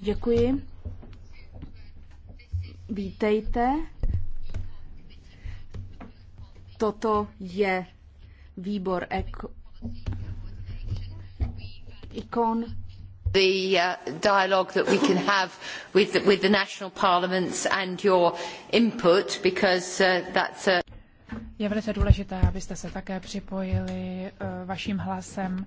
Děkuji. Vítejte. Toto je výbor ICON. the uh, dialogue that we can have with the, with the national parliaments and your input because uh, that's a Je velice důležité, abyste se také připojili uh, vaším hlasem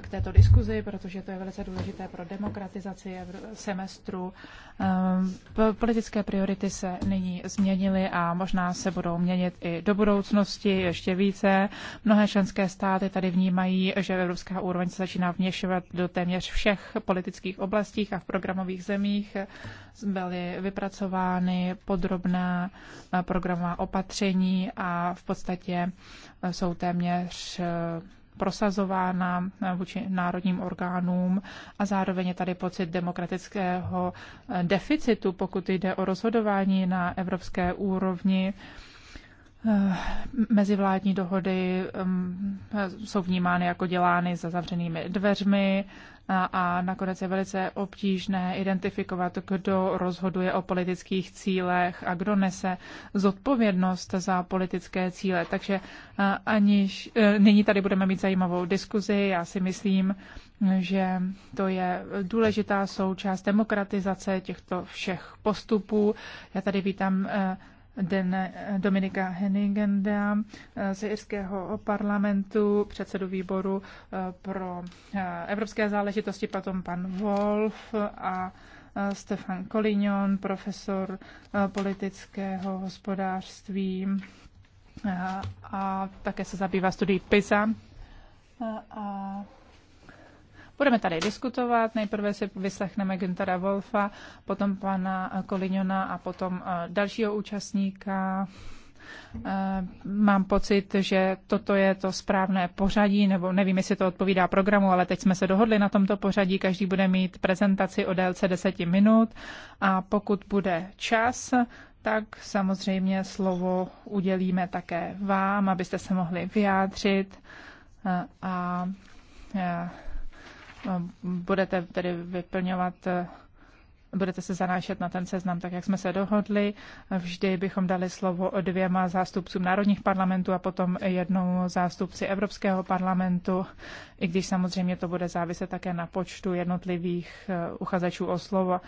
k této diskuzi, protože to je velice důležité pro demokratizaci semestru. Ehm, politické priority se nyní změnily a možná se budou měnit i do budoucnosti ještě více. Mnohé členské státy tady vnímají, že evropská úroveň se začíná vněšovat do téměř všech politických oblastích a v programových zemích byly vypracovány podrobná eh, programová opatření a v podstatě eh, jsou téměř eh, prosazována eh, vůči národním orgánům a zároveň je tady pocit demokratického eh, deficitu, pokud jde o rozhodování na evropské úrovni. Eh, mezivládní dohody mm, jsou vnímány jako dělány za zavřenými dveřmi a, a nakonec je velice obtížné identifikovat, kdo rozhoduje o politických cílech a kdo nese zodpovědnost za politické cíle. Takže aniž e, nyní tady budeme mít zajímavou diskuzi, já si myslím, že to je důležitá součást demokratizace těchto všech postupů. Já tady vítám e, Den eh, Dominika Henningenda eh, z irského parlamentu, předsedu výboru eh, pro evropské záležitosti, potom pan Wolf a Stefan Kolignon, profesor politického hospodářství a také se zabývá studií PISA. A Budeme tady diskutovat. Nejprve si vyslechneme Günthera Wolfa, potom pana eh, Koliňona a potom eh, dalšího účastníka. Eh, mám pocit, že toto je to správné pořadí, nebo nevím, jestli to odpovídá programu, ale teď jsme se dohodli na tomto pořadí. Každý bude mít prezentaci o délce 10 minut a pokud bude čas, tak samozřejmě slovo udělíme také vám, abyste se mohli vyjádřit a, a budete tedy vyplňovat budete se zanášet na ten seznam, tak jak jsme se dohodli. Vždy bychom dali slovo o dvěma zástupcům národních parlamentů a potom jednou zástupci Evropského parlamentu, i když samozřejmě to bude záviset také na počtu jednotlivých eh, uchazečů o slovo.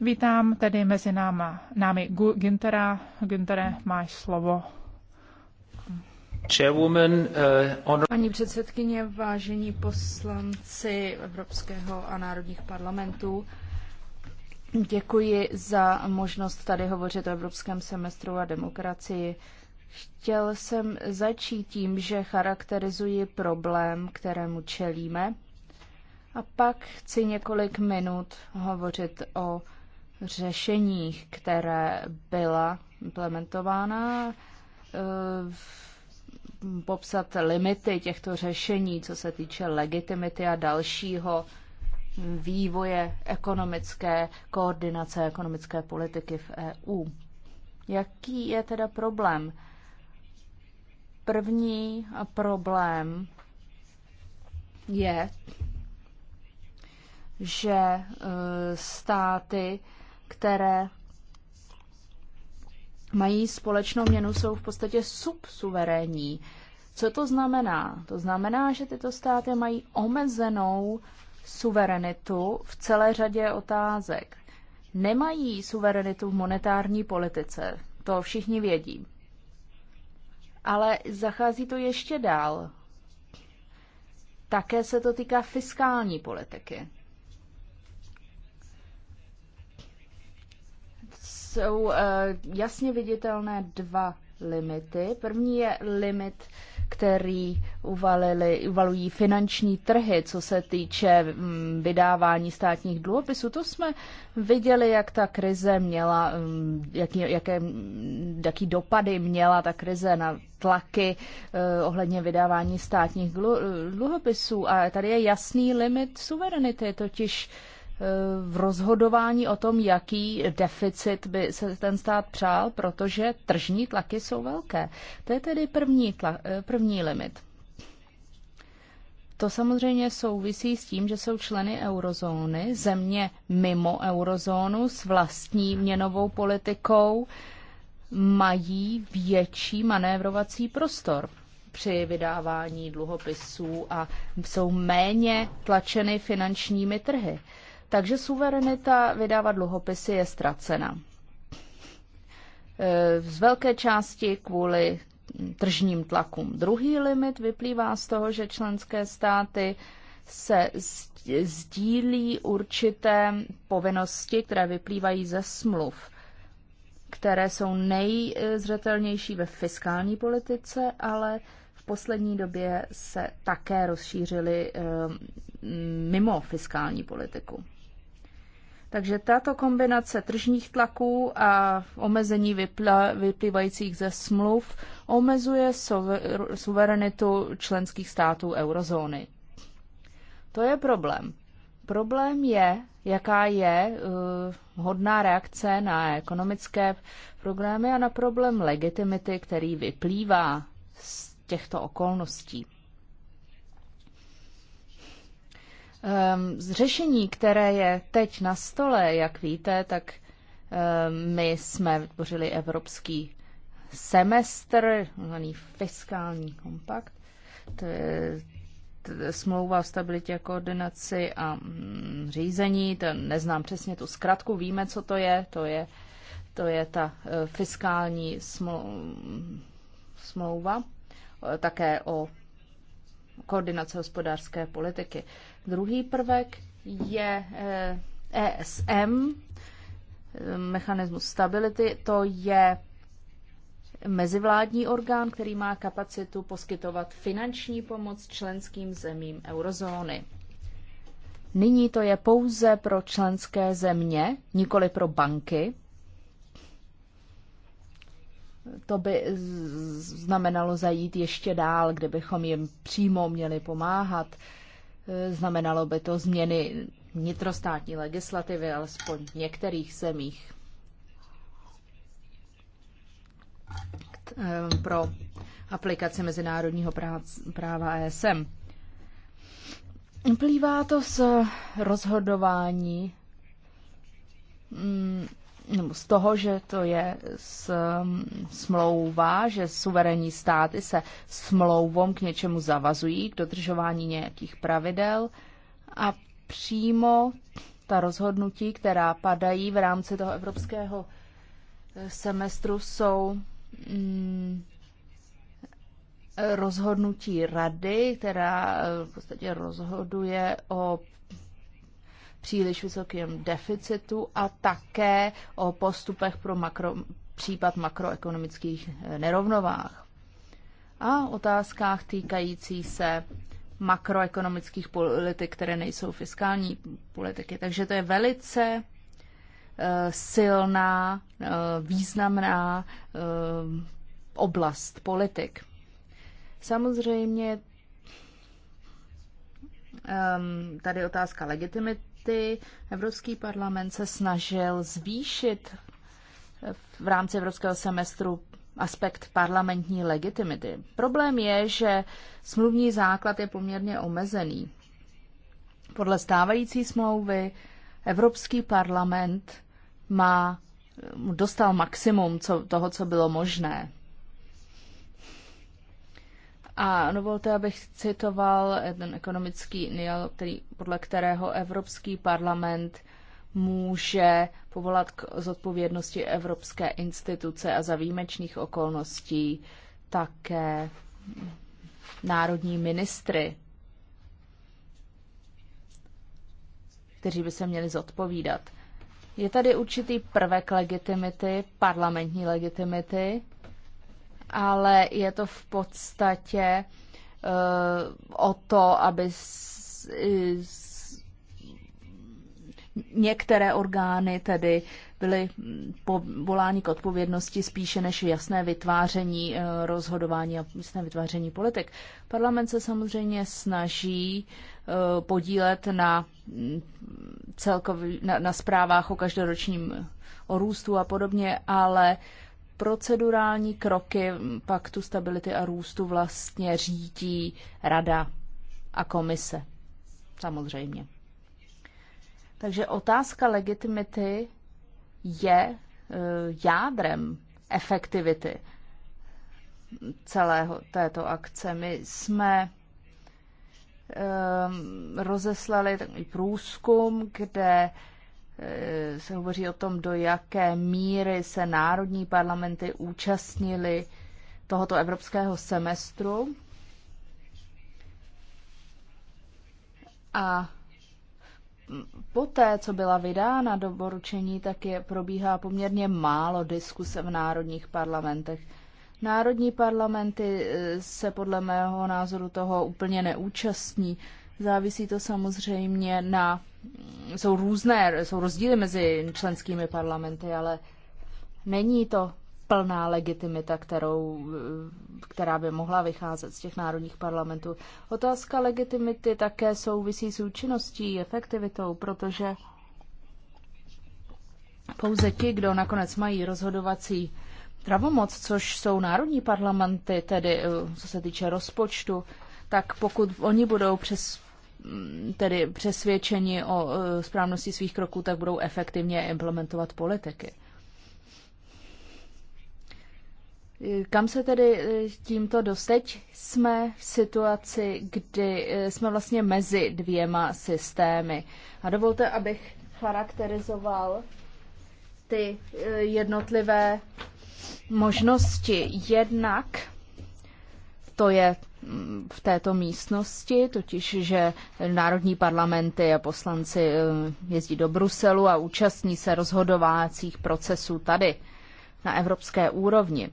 Vítám tedy mezi náma, námi Guntera. Güntere, máš slovo. Uh, Paní předsedkyně, vážení poslanci Evropského a národních parlamentů, děkuji za možnost tady hovořit o Evropském semestru a demokracii. Chtěl jsem začít tím, že charakterizuji problém, kterému čelíme, a pak chci několik minut hovořit o řešeních, které byla implementována eh, v popsat limity těchto řešení, co se týče legitimity a dalšího vývoje ekonomické koordinace ekonomické politiky v EU. Jaký je teda problém? První problém je, že e, státy, které mají společnou měnu, jsou v podstatě subsuverénní. Co to znamená? To znamená, že tyto státy mají omezenou suverenitu v celé řadě otázek. Nemají suverenitu v monetární politice, to všichni vědí. Ale zachází to ještě dál. Také se to týká fiskální politiky. jsou eh, jasně viditelné dva limity. První je limit, který uvalili, uvalují finanční trhy, co se týče mm, vydávání státních dluhopisů. To jsme viděli, jak ta krize měla, mm, jaký, jaké, mm, jaký dopady měla ta krize na tlaky eh, ohledně vydávání státních dluhopisů. A tady je jasný limit suverenity, totiž v rozhodování o tom, jaký deficit by se ten stát přál, protože tržní tlaky jsou velké. To je tedy první, tla, eh, první limit. To samozřejmě souvisí s tím, že jsou členy eurozóny, země mimo eurozónu s vlastní měnovou politikou mají větší manévrovací prostor při vydávání dluhopisů a jsou méně tlačeny finančními trhy. Takže suverenita vydávat dluhopisy je ztracena. E, z velké části kvůli tržním tlakům. Druhý limit vyplývá z toho, že členské státy se sdílí určité povinnosti, které vyplývají ze smluv, které jsou nejzřetelnější ve fiskální politice, ale v poslední době se také rozšířily e, mimo fiskální politiku. Takže tato kombinace tržních tlaků a omezení vyplývajících ze smluv omezuje suverenitu členských států eurozóny. To je problém. Problém je, jaká je uh, hodná reakce na ekonomické problémy a na problém legitimity, který vyplývá z těchto okolností. Um, z řešení, které je teď na stole, jak víte, tak um, my jsme vytvořili evropský semestr, zvaný fiskální kompakt. To je smlouva o stabilitě, koordinaci a mm, řízení. To neznám přesně tu zkratku, víme, co to je. To je, to je ta e, fiskální smlouva, e, také o koordinaci hospodářské politiky. Druhý prvek je ESM, eh, e mechanismus stability, to je mezivládní orgán, který má kapacitu poskytovat finanční pomoc členským zemím eurozóny. Nyní to je pouze pro členské země, nikoli pro banky. To by znamenalo zajít ještě dál, kdybychom jim přímo měli pomáhat. Eh, znamenalo by to změny vnitrostátní legislativy, alespoň v některých zemích. Eh, pro aplikaci mezinárodního práva ESM. Plývá to z rozhodování mm, nebo z toho, že to je mm, smlouva, že suverénní státy se smlouvom k něčemu zavazují, k dodržování nějakých pravidel a přímo ta rozhodnutí, která padají v rámci toho evropského eh, semestru, jsou mm, rozhodnutí rady, která eh, v podstatě rozhoduje o příliš vysokém deficitu a také o postupech pro makro, případ makroekonomických eh, nerovnovách a otázkách týkající se makroekonomických politik, které nejsou fiskální politiky. Takže to je velice eh, silná, eh, významná oblast politik. Samozřejmě ehm, tady otázka legitimity ty Evropský parlament se snažil zvýšit v rámci evropského semestru aspekt parlamentní legitimity. Problém je, že smluvní základ je poměrně omezený. Podle stávající smlouvy Evropský parlament má dostal maximum co, toho, co bylo možné. A dovolte, abych citoval ten ekonomický NIL, který, podle kterého Evropský parlament může povolat k zodpovědnosti evropské instituce a za výjimečných okolností také národní ministry, kteří by se měli zodpovídat. Je tady určitý prvek legitimity, parlamentní legitimity, ale je to v podstatě eh, o to, aby některé orgány tedy byly mm, povolány k odpovědnosti spíše než jasné vytváření eh, rozhodování a jasné vytváření politik. Parlament se samozřejmě snaží eh, podílet na mm, celkový, na, na zprávách o každoročním o růstu a podobně, ale Procedurální kroky Paktu stability a růstu vlastně řídí Rada a komise. Samozřejmě. Takže otázka legitimity je eh, jádrem efektivity celého této akce. My jsme eh, rozeslali takový průzkum, kde Eh, se hovoří o tom, do jaké míry se národní parlamenty účastnily tohoto evropského semestru. A poté, co byla vydána doporučení, tak je probíhá poměrně málo diskuse v národních parlamentech. Národní parlamenty eh, se podle mého názoru toho úplně neúčastní. Závisí to samozřejmě na jsou různé, jsou rozdíly mezi členskými parlamenty, ale není to plná legitimita, kterou, která by mohla vycházet z těch národních parlamentů. Otázka legitimity také souvisí s účinností, efektivitou, protože pouze ti, kdo nakonec mají rozhodovací pravomoc, což jsou národní parlamenty, tedy eh, co se týče rozpočtu, tak pokud oni budou přes Mm, tedy přesvědčeni o e, správnosti svých kroků, tak budou efektivně implementovat politiky. E, kam se tedy e, tímto dosteď? Jsme v situaci, kdy jsme vlastně mezi dvěma systémy. A dovolte, abych charakterizoval ty jednotlivé možnosti. Jednak to je v této místnosti, totiž, že národní parlamenty a poslanci eh, jezdí do Bruselu a účastní se rozhodovacích procesů tady na evropské úrovni.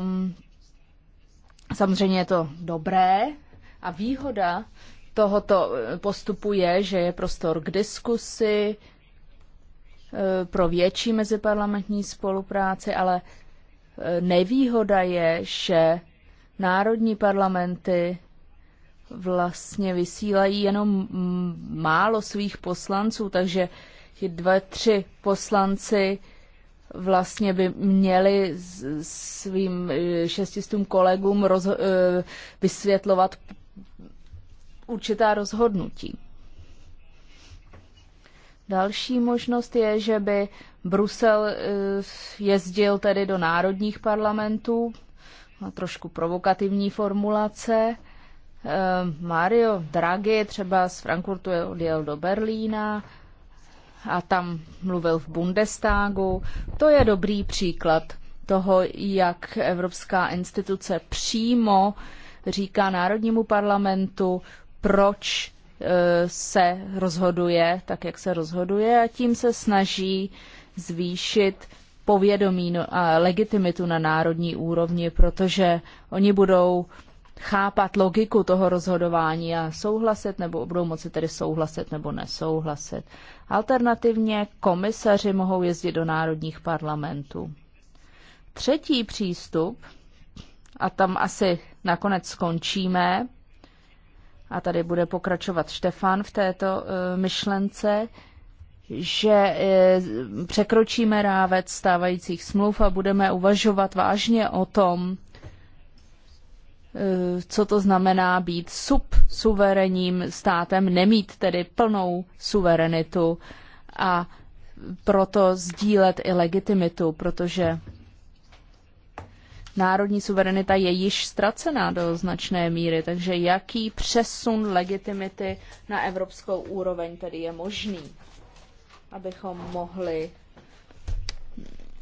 Um, samozřejmě je to dobré a výhoda tohoto eh, postupu je, že je prostor k diskusi eh, pro větší meziparlamentní spolupráci, ale Nevýhoda je, že národní parlamenty vlastně vysílají jenom málo svých poslanců, takže ti dva, tři poslanci vlastně by měli svým eh, šestistům kolegům eh, vysvětlovat určitá rozhodnutí. Další možnost je, že by Brusel eh, jezdil tedy do národních parlamentů, má trošku provokativní formulace. Eh, Mario Draghi třeba z Frankfurtu odjel do Berlína a tam mluvil v Bundestagu. To je dobrý příklad toho, jak Evropská instituce přímo říká Národnímu parlamentu, proč se rozhoduje tak, jak se rozhoduje a tím se snaží zvýšit povědomí no a legitimitu na národní úrovni, protože oni budou chápat logiku toho rozhodování a souhlasit, nebo budou moci tedy souhlasit nebo nesouhlasit. Alternativně komisaři mohou jezdit do národních parlamentů. Třetí přístup, a tam asi nakonec skončíme, a tady bude pokračovat Štefan v této e, myšlence, že e, překročíme rávec stávajících smluv a budeme uvažovat vážně o tom, e, co to znamená být subsuverénním státem, nemít tedy plnou suverenitu a proto sdílet i legitimitu, protože národní suverenita je již ztracená do značné míry, takže jaký přesun legitimity na evropskou úroveň tedy je možný, abychom mohli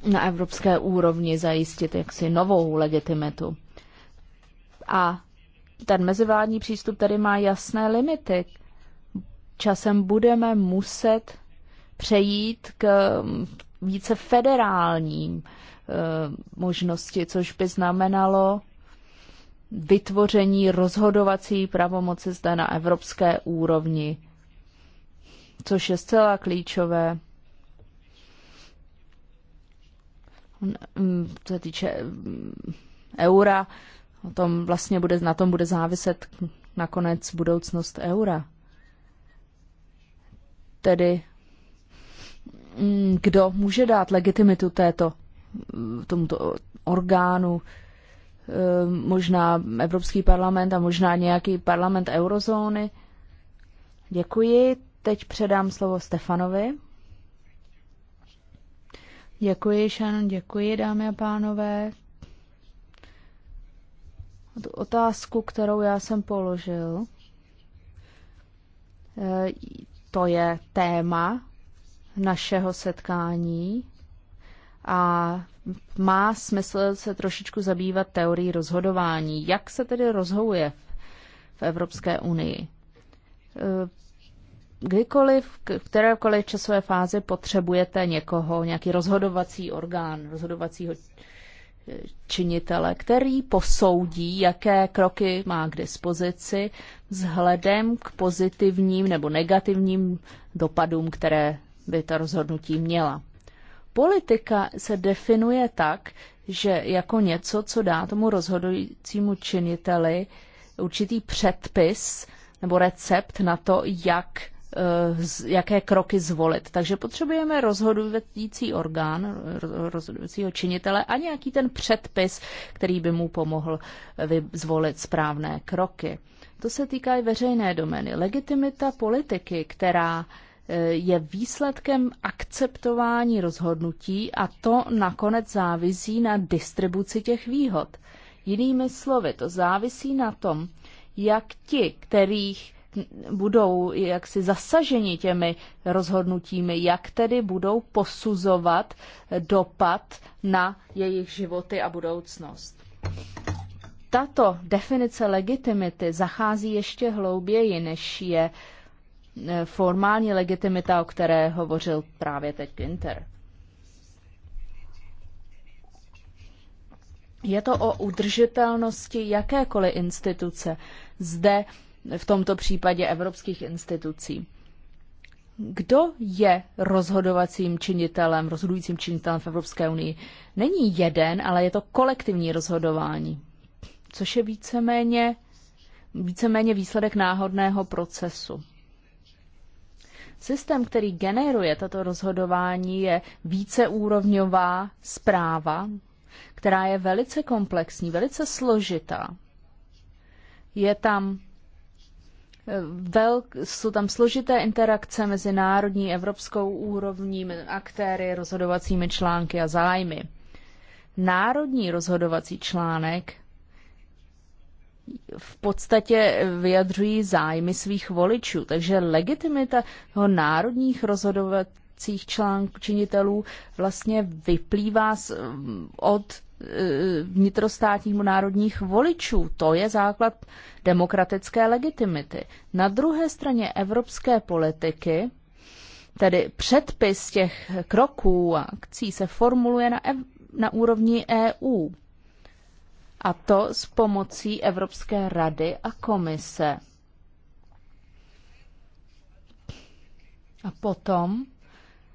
na evropské úrovni zajistit jaksi novou legitimitu. A ten mezivládní přístup tady má jasné limity. Časem budeme muset přejít k více federálním Eh, možnosti, což by znamenalo vytvoření rozhodovací pravomoci zde na evropské úrovni, což je zcela klíčové. Mm, co se týče mm, eura, o tom vlastně bude, na tom bude záviset nakonec budoucnost eura. Tedy mm, kdo může dát legitimitu této tomuto orgánu eh, možná Evropský parlament a možná nějaký parlament eurozóny. Děkuji. Teď předám slovo Stefanovi. Děkuji, Shannon, děkuji, dámy a pánové. Tu otázku, kterou já jsem položil, eh, to je téma našeho setkání a má smysl se trošičku zabývat teorií rozhodování. Jak se tedy rozhouje v Evropské unii? E, kdykoliv, v kterékoliv časové fázi potřebujete někoho, nějaký rozhodovací orgán, rozhodovacího e, činitele, který posoudí, jaké kroky má k dispozici vzhledem k pozitivním nebo negativním dopadům, které by ta rozhodnutí měla politika se definuje tak, že jako něco, co dá tomu rozhodujícímu činiteli určitý předpis nebo recept na to, jak eh, jaké kroky zvolit. Takže potřebujeme rozhodující orgán, rozhodujícího činitele a nějaký ten předpis, který by mu pomohl eh, zvolit správné kroky. To se týká i veřejné domény. Legitimita politiky, která je výsledkem akceptování rozhodnutí a to nakonec závisí na distribuci těch výhod. Jinými slovy, to závisí na tom, jak ti, kterých budou jaksi zasaženi těmi rozhodnutími, jak tedy budou posuzovat dopad na jejich životy a budoucnost. Tato definice legitimity zachází ještě hlouběji, než je uh, Eh, formální legitimita, o které hovořil právě teď Ginter. Je to o udržitelnosti jakékoliv instituce, zde v tomto případě evropských institucí. Kdo je rozhodovacím činitelem, rozhodujícím činitelem v Evropské unii? Není jeden, ale je to kolektivní rozhodování, což je víceméně, víceméně výsledek náhodného procesu. Systém, který generuje tato rozhodování, je víceúrovňová zpráva, která je velice komplexní, velice složitá. Je tam eh, Velk, jsou tam složité interakce mezi národní evropskou úrovní, aktéry, rozhodovacími články a zájmy. Národní rozhodovací článek v podstatě vyjadřují zájmy svých voličů. Takže legitimita toho národních rozhodovacích článků činitelů vlastně vyplývá z, od eh, vnitrostátních národních voličů. To je základ demokratické legitimity. Na druhé straně evropské politiky, tedy předpis těch kroků a akcí se formuluje na, ev- na úrovni EU a to s pomocí Evropské rady a komise. A potom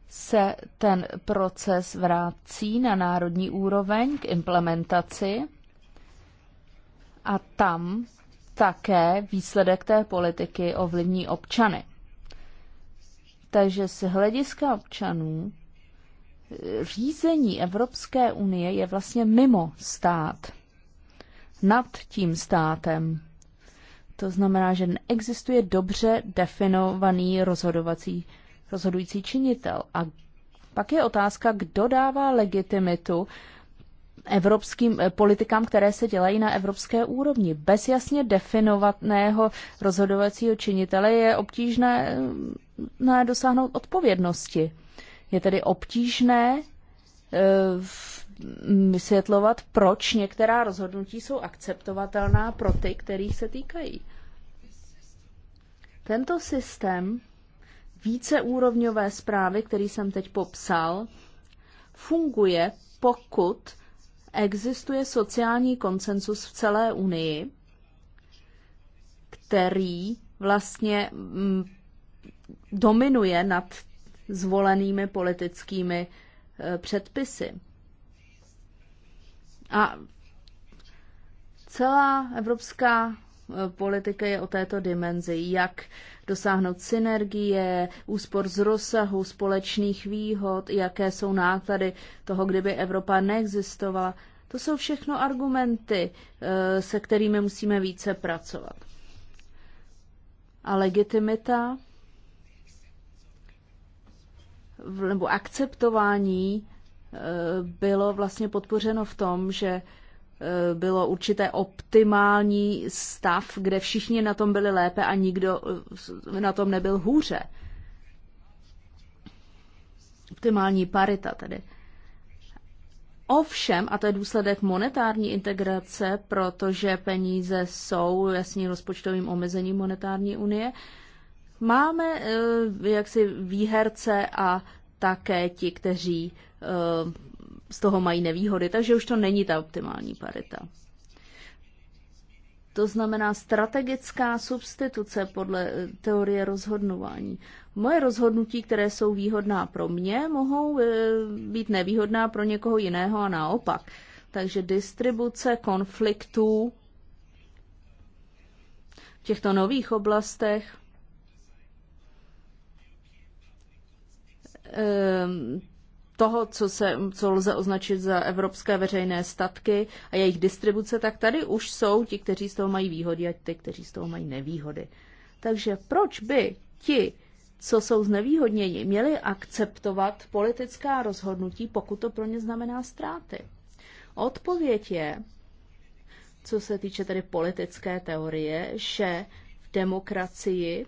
se ten proces vrací na národní úroveň k implementaci a tam také výsledek té politiky ovlivní občany. Takže z hlediska občanů eh, řízení Evropské unie je vlastně mimo stát nad tím státem. To znamená, že neexistuje dobře definovaný rozhodovací, rozhodující činitel. A pak je otázka, kdo dává legitimitu evropským eh, politikám, které se dělají na evropské úrovni. Bez jasně definovaného rozhodovacího činitele je obtížné eh, na dosáhnout odpovědnosti. Je tedy obtížné eh, vysvětlovat, proč některá rozhodnutí jsou akceptovatelná pro ty, kterých se týkají. Tento systém víceúrovňové zprávy, který jsem teď popsal, funguje, pokud existuje sociální konsensus v celé Unii, který vlastně mm, dominuje nad zvolenými politickými eh, předpisy. A celá evropská eh, politika je o této dimenzi, jak dosáhnout synergie, úspor z rozsahu, společných výhod, jaké jsou náklady toho, kdyby Evropa neexistovala. To jsou všechno argumenty, eh, se kterými musíme více pracovat. A legitimita nebo akceptování Eh, bylo vlastně podpořeno v tom, že eh, bylo určité optimální stav, kde všichni na tom byli lépe a nikdo eh, na tom nebyl hůře. Optimální parita tedy. Ovšem, a to je důsledek monetární integrace, protože peníze jsou jasně rozpočtovým omezením monetární unie, máme jaksi výherce a také ti, kteří eh, z toho mají nevýhody, takže už to není ta optimální parita. To znamená strategická substituce podle eh, teorie rozhodnování. Moje rozhodnutí, které jsou výhodná pro mě, mohou eh, být nevýhodná pro někoho jiného a naopak. Takže distribuce konfliktů v těchto nových oblastech Eh, toho, co, se, co lze označit za evropské veřejné statky a jejich distribuce, tak tady už jsou ti, kteří z toho mají výhody a ti, kteří z toho mají nevýhody. Takže proč by ti, co jsou znevýhodněni, měli akceptovat politická rozhodnutí, pokud to pro ně znamená ztráty? Odpověď je, co se týče tedy politické teorie, že v demokracii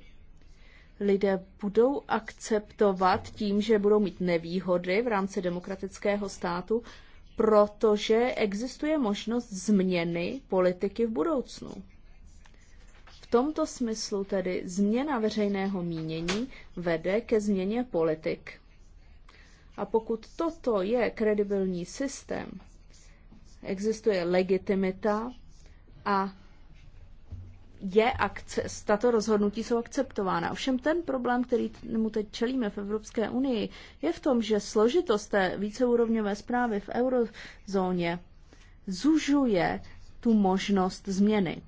lidé budou akceptovat tím, že budou mít nevýhody v rámci demokratického státu, protože existuje možnost změny politiky v budoucnu. V tomto smyslu tedy změna veřejného mínění vede ke změně politik. A pokud toto je kredibilní systém, existuje legitimita a je akce, tato rozhodnutí jsou akceptována. Ovšem ten problém, který mu teď čelíme v Evropské unii, je v tom, že složitost té víceúrovňové zprávy v eurozóně zužuje tu možnost změny.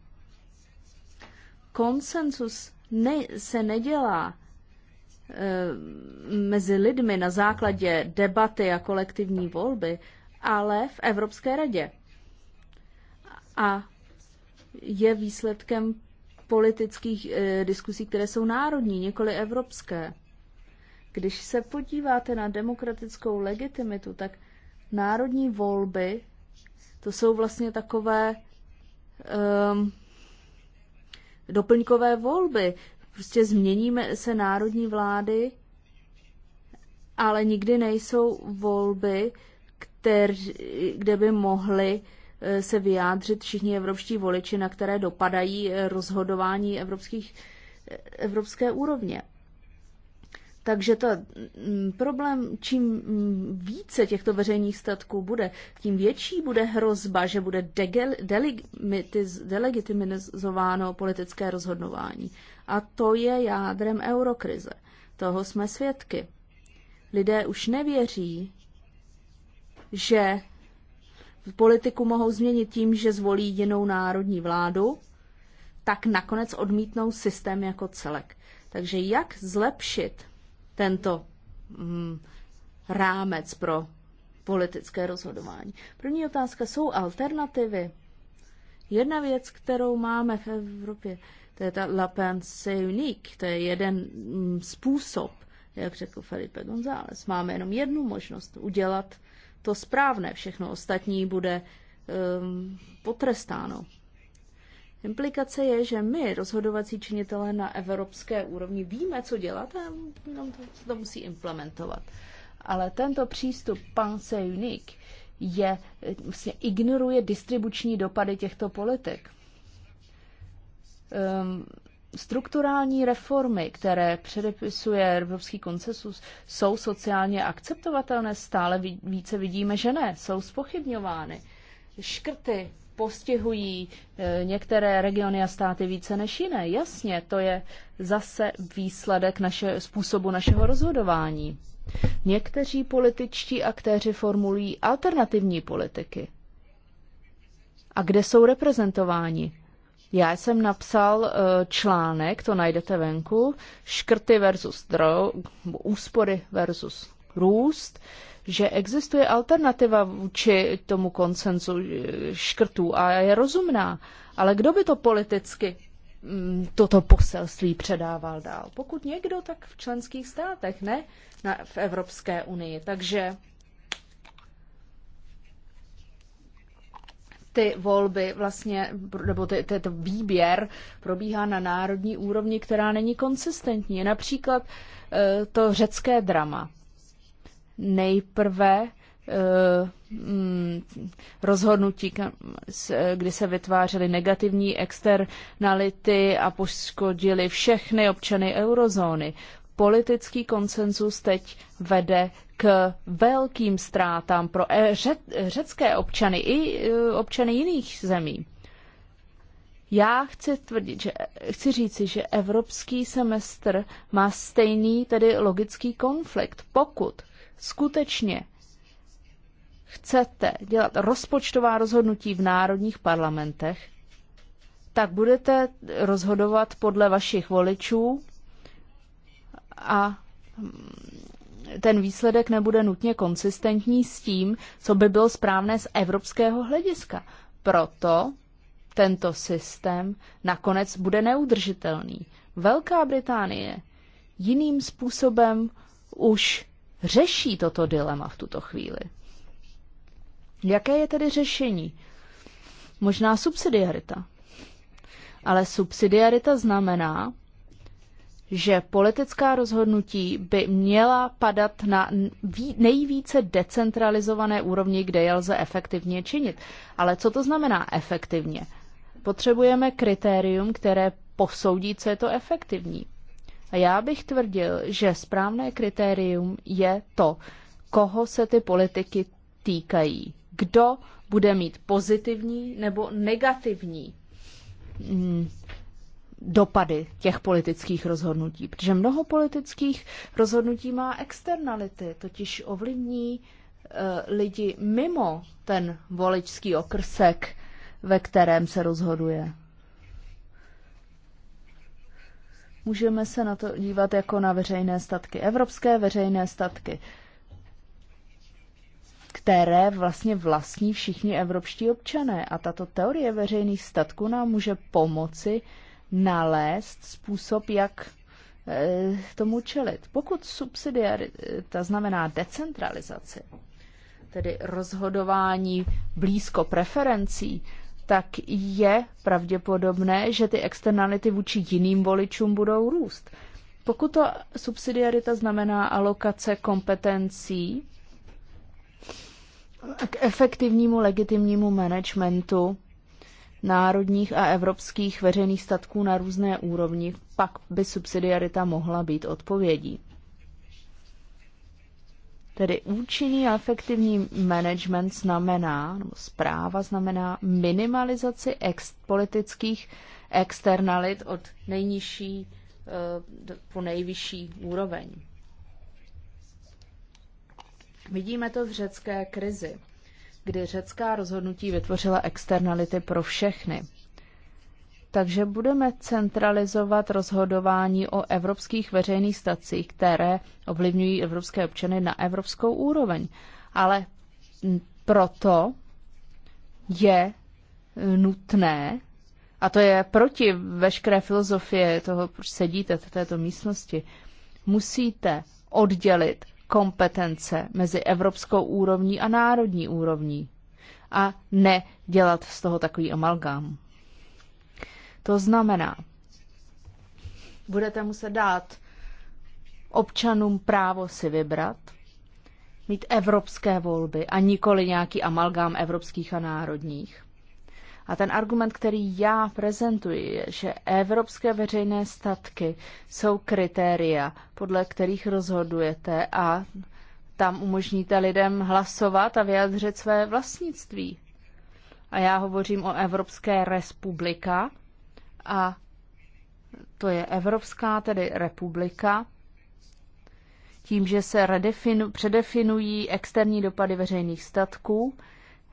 Konsensus ne, se nedělá e, mezi lidmi na základě debaty a kolektivní volby, ale v Evropské radě. A je výsledkem politických e, diskusí, které jsou národní, nikoli evropské. Když se podíváte na demokratickou legitimitu, tak národní volby, to jsou vlastně takové um, doplňkové volby. Prostě změníme se národní vlády, ale nikdy nejsou volby, kter, kde by mohly Eh, se vyjádřit všichni evropští voliči, na které dopadají eh, rozhodování evropských, eh, evropské úrovně. Takže to mm, problém, čím mm, více těchto veřejných statků bude, tím větší bude hrozba, že bude delegitimizováno politické rozhodování. A to je jádrem eurokrize. Toho jsme svědky. Lidé už nevěří, že politiku mohou změnit tím, že zvolí jinou národní vládu, tak nakonec odmítnou systém jako celek. Takže jak zlepšit tento mm, rámec pro politické rozhodování? První otázka jsou alternativy. Jedna věc, kterou máme v Evropě, to je ta La Pensée unique, to je jeden mm, způsob, jak řekl Felipe González. Máme jenom jednu možnost udělat to správné, všechno ostatní bude um, potrestáno. Implikace je, že my, rozhodovací činitelé na evropské úrovni, víme, co dělat a nám to, to musí implementovat. Ale tento přístup Pense Unique je, vlastně ignoruje distribuční dopady těchto politik. Um, strukturální reformy, které předepisuje Evropský koncesus, jsou sociálně akceptovatelné? Stále více vidíme, že ne, jsou spochybňovány. Škrty postihují e, některé regiony a státy více než jiné. Jasně, to je zase výsledek naše, způsobu našeho rozhodování. Někteří političtí aktéři formulují alternativní politiky. A kde jsou reprezentováni? Já jsem napsal eh, článek, to najdete venku, škrty versus drog, úspory versus růst, že existuje alternativa vůči tomu konsenzu eh, škrtů a je rozumná. Ale kdo by to politicky mm, toto poselství předával dál? Pokud někdo, tak v členských státech, ne na, v Evropské unii. Takže ty volby vlastně, nebo tento výběr probíhá na národní úrovni, která není konsistentní. Například eh, to řecké drama. Nejprve eh, mm, rozhodnutí, kdy se vytvářely negativní externality a poškodili všechny občany eurozóny politický konsenzus teď vede k velkým ztrátám pro eh, řecké občany i eh, občany jiných zemí. Já chci, tvrdit, že, chci říci, že evropský semestr má stejný, tedy logický konflikt. Pokud skutečně chcete dělat rozpočtová rozhodnutí v národních parlamentech, tak budete rozhodovat podle vašich voličů a mm, ten výsledek nebude nutně konsistentní s tím, co by bylo správné z evropského hlediska. Proto tento systém nakonec bude neudržitelný. Velká Británie jiným způsobem už řeší toto dilema v tuto chvíli. Jaké je tedy řešení? Možná subsidiarita. Ale subsidiarita znamená, že politická rozhodnutí by měla padat na nejvíce decentralizované úrovni, kde je lze efektivně činit. Ale co to znamená efektivně? Potřebujeme kritérium, které posoudí, co je to efektivní. A já bych tvrdil, že správné kritérium je to, koho se ty politiky týkají. Kdo bude mít pozitivní nebo negativní hmm dopady těch politických rozhodnutí, protože mnoho politických rozhodnutí má externality, totiž ovlivní eh, lidi mimo ten voličský okrsek, ve kterém se rozhoduje. Můžeme se na to dívat jako na veřejné statky, evropské veřejné statky, které vlastně vlastní všichni evropští občané. A tato teorie veřejných statků nám může pomoci uh, nalézt způsob, jak eh, tomu čelit. Pokud subsidiarita znamená decentralizaci, tedy rozhodování blízko preferencí, tak je pravděpodobné, že ty externality vůči jiným voličům budou růst. Pokud to subsidiarita znamená alokace kompetencí k efektivnímu legitimnímu managementu národních a evropských veřejných statků na různé úrovni, pak by subsidiarita mohla být odpovědí. Tedy účinný a efektivní management znamená, nebo zpráva znamená minimalizaci ex- politických externalit od nejnižší eh, po nejvyšší úroveň. Vidíme to v řecké krizi kdy řecká rozhodnutí vytvořila externality pro všechny. Takže budeme centralizovat rozhodování o evropských veřejných stacích, které ovlivňují evropské občany na evropskou úroveň. Ale proto je nutné, a to je proti veškeré filozofie toho, proč sedíte v této místnosti, musíte oddělit kompetence mezi evropskou úrovní a národní úrovní a ne dělat z toho takový amalgám. To znamená, budete muset dát občanům právo si vybrat, mít evropské volby a nikoli nějaký amalgám evropských a národních. A ten argument, který já prezentuji, je, že evropské veřejné statky jsou kritéria, podle kterých rozhodujete a tam umožníte lidem hlasovat a vyjadřit své vlastnictví. A já hovořím o Evropské republika a to je Evropská tedy republika, tím, že se redefinu, předefinují externí dopady veřejných statků,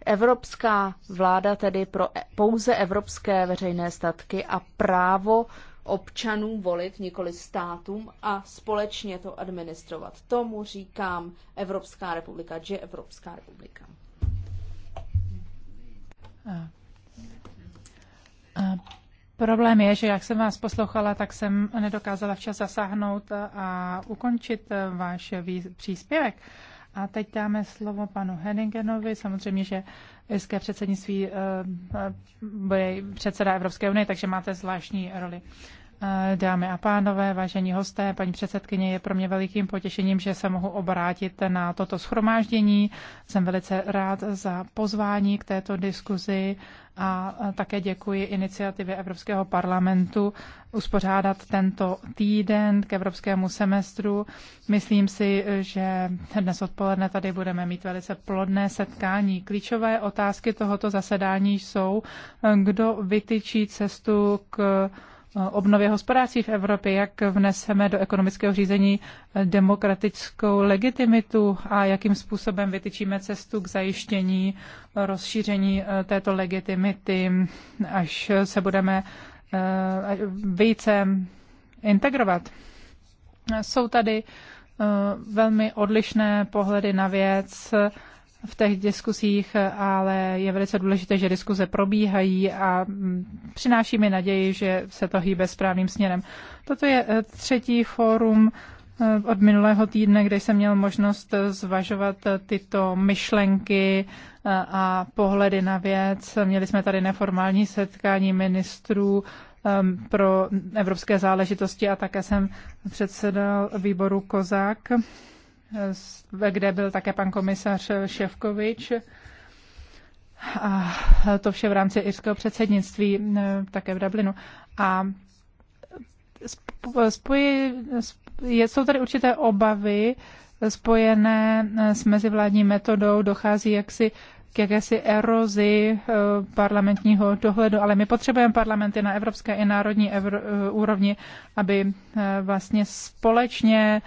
Evropská vláda tedy pro e- pouze evropské veřejné statky a právo občanům volit, nikoli státům, a společně to administrovat. Tomu říkám Evropská republika, že Evropská republika. A. A problém je, že jak jsem vás poslouchala, tak jsem nedokázala včas zasáhnout a ukončit váš příspěvek. A teď dáme slovo panu Henningenovi. Samozřejmě, že irské předsednictví eh, eh, bude předseda Evropské unie, takže máte zvláštní roli. Dámy a pánové, vážení hosté, paní předsedkyně, je pro mě velikým potěšením, že se mohu obrátit na toto schromáždění. Jsem velice rád za pozvání k této diskuzi a také děkuji iniciativě Evropského parlamentu uspořádat tento týden k Evropskému semestru. Myslím si, že dnes odpoledne tady budeme mít velice plodné setkání. Klíčové otázky tohoto zasedání jsou, kdo vytyčí cestu k obnově hospodářství v Evropě, jak vneseme do ekonomického řízení demokratickou legitimitu a jakým způsobem vytyčíme cestu k zajištění rozšíření eh, této legitimity, až se budeme eh, více integrovat. Jsou tady eh, velmi odlišné pohledy na věc v těch diskusích, ale je velice důležité, že diskuze probíhají a mm, přináší mi naději, že se to hýbe správným směrem. Toto je eh, třetí fórum eh, od minulého týdne, kde jsem měl možnost eh, zvažovat tyto myšlenky a pohledy na věc. Měli jsme tady neformální setkání ministrů ehm, pro evropské záležitosti a také jsem předsedal výboru Kozák kde byl také pan komisař Ševkovič. A to vše v rámci irského předsednictví, eh, také v Dublinu. A spoji, jsou tady určité obavy spojené eh, s mezivládní metodou, dochází jaksi k jakési erozi eh, parlamentního dohledu, ale my potřebujeme parlamenty na evropské i národní evro, úrovni, aby vlastně společně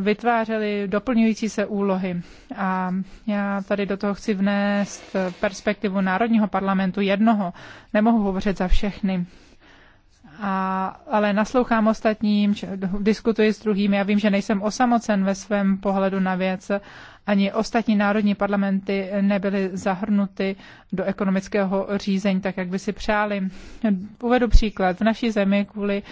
vytvářely doplňující se úlohy. A já tady do toho chci vnést perspektivu Národního parlamentu jednoho. Nemohu hovořit za všechny. A, ale naslouchám ostatním, či, diskutuji s druhými. Já vím, že nejsem osamocen ve svém pohledu na věc. Ani ostatní národní parlamenty nebyly zahrnuty do ekonomického řízení, tak jak by si přáli. Uvedu příklad. V naší zemi kvůli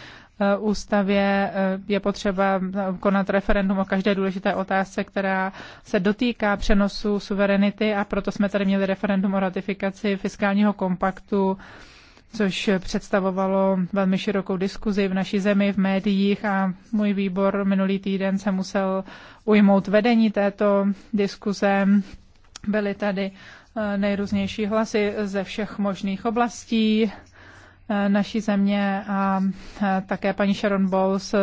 Eh, ústavě eh, je potřeba konat referendum o každé důležité otázce, která se dotýká přenosu suverenity a proto jsme tady měli referendum o ratifikaci fiskálního kompaktu což představovalo velmi širokou diskuzi v naší zemi, v médiích a můj výbor minulý týden se musel ujmout vedení této diskuze. Byly tady eh, nejrůznější hlasy ze všech možných oblastí Eh, naší země a eh, také paní Sharon Bowles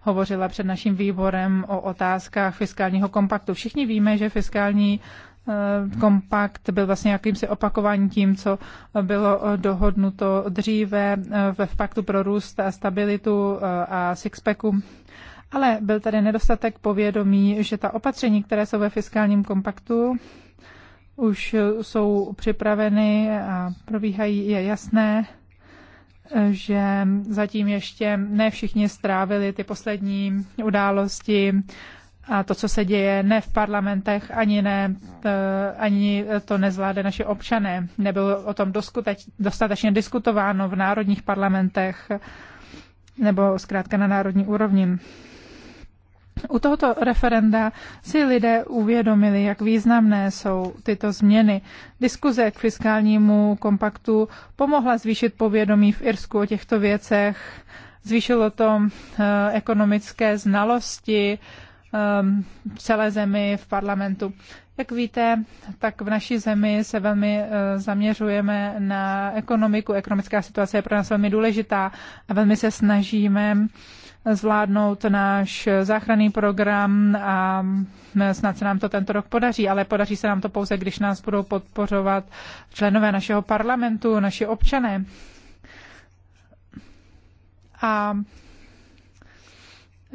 hovořila před naším výborem o otázkách fiskálního kompaktu. Všichni víme, že fiskální eh, kompakt byl vlastně jakýmsi opakováním tím, co bylo dohodnuto dříve ve paktu pro růst a stabilitu a sixpacku. Ale byl tady nedostatek povědomí, že ta opatření, které jsou ve fiskálním kompaktu, už jsou připraveny a probíhají, je jasné, že zatím ještě ne všichni strávili ty poslední události a to, co se děje ne v parlamentech, ani, ne, e, ani to nezvládne naše občané. Nebylo o tom dostatečně diskutováno v národních parlamentech nebo zkrátka na národní úrovni. U tohoto referenda si lidé uvědomili, jak významné jsou tyto změny. Diskuze k fiskálnímu kompaktu pomohla zvýšit povědomí v Irsku o těchto věcech, zvýšilo to eh, ekonomické znalosti ehm, v celé zemi, v parlamentu. Jak víte, tak v naší zemi se velmi eh, zaměřujeme na ekonomiku. Ekonomická situace je pro nás velmi důležitá a velmi se snažíme zvládnout náš záchranný program a snad se nám to tento rok podaří, ale podaří se nám to pouze, když nás budou podporovat členové našeho parlamentu, naši občané. A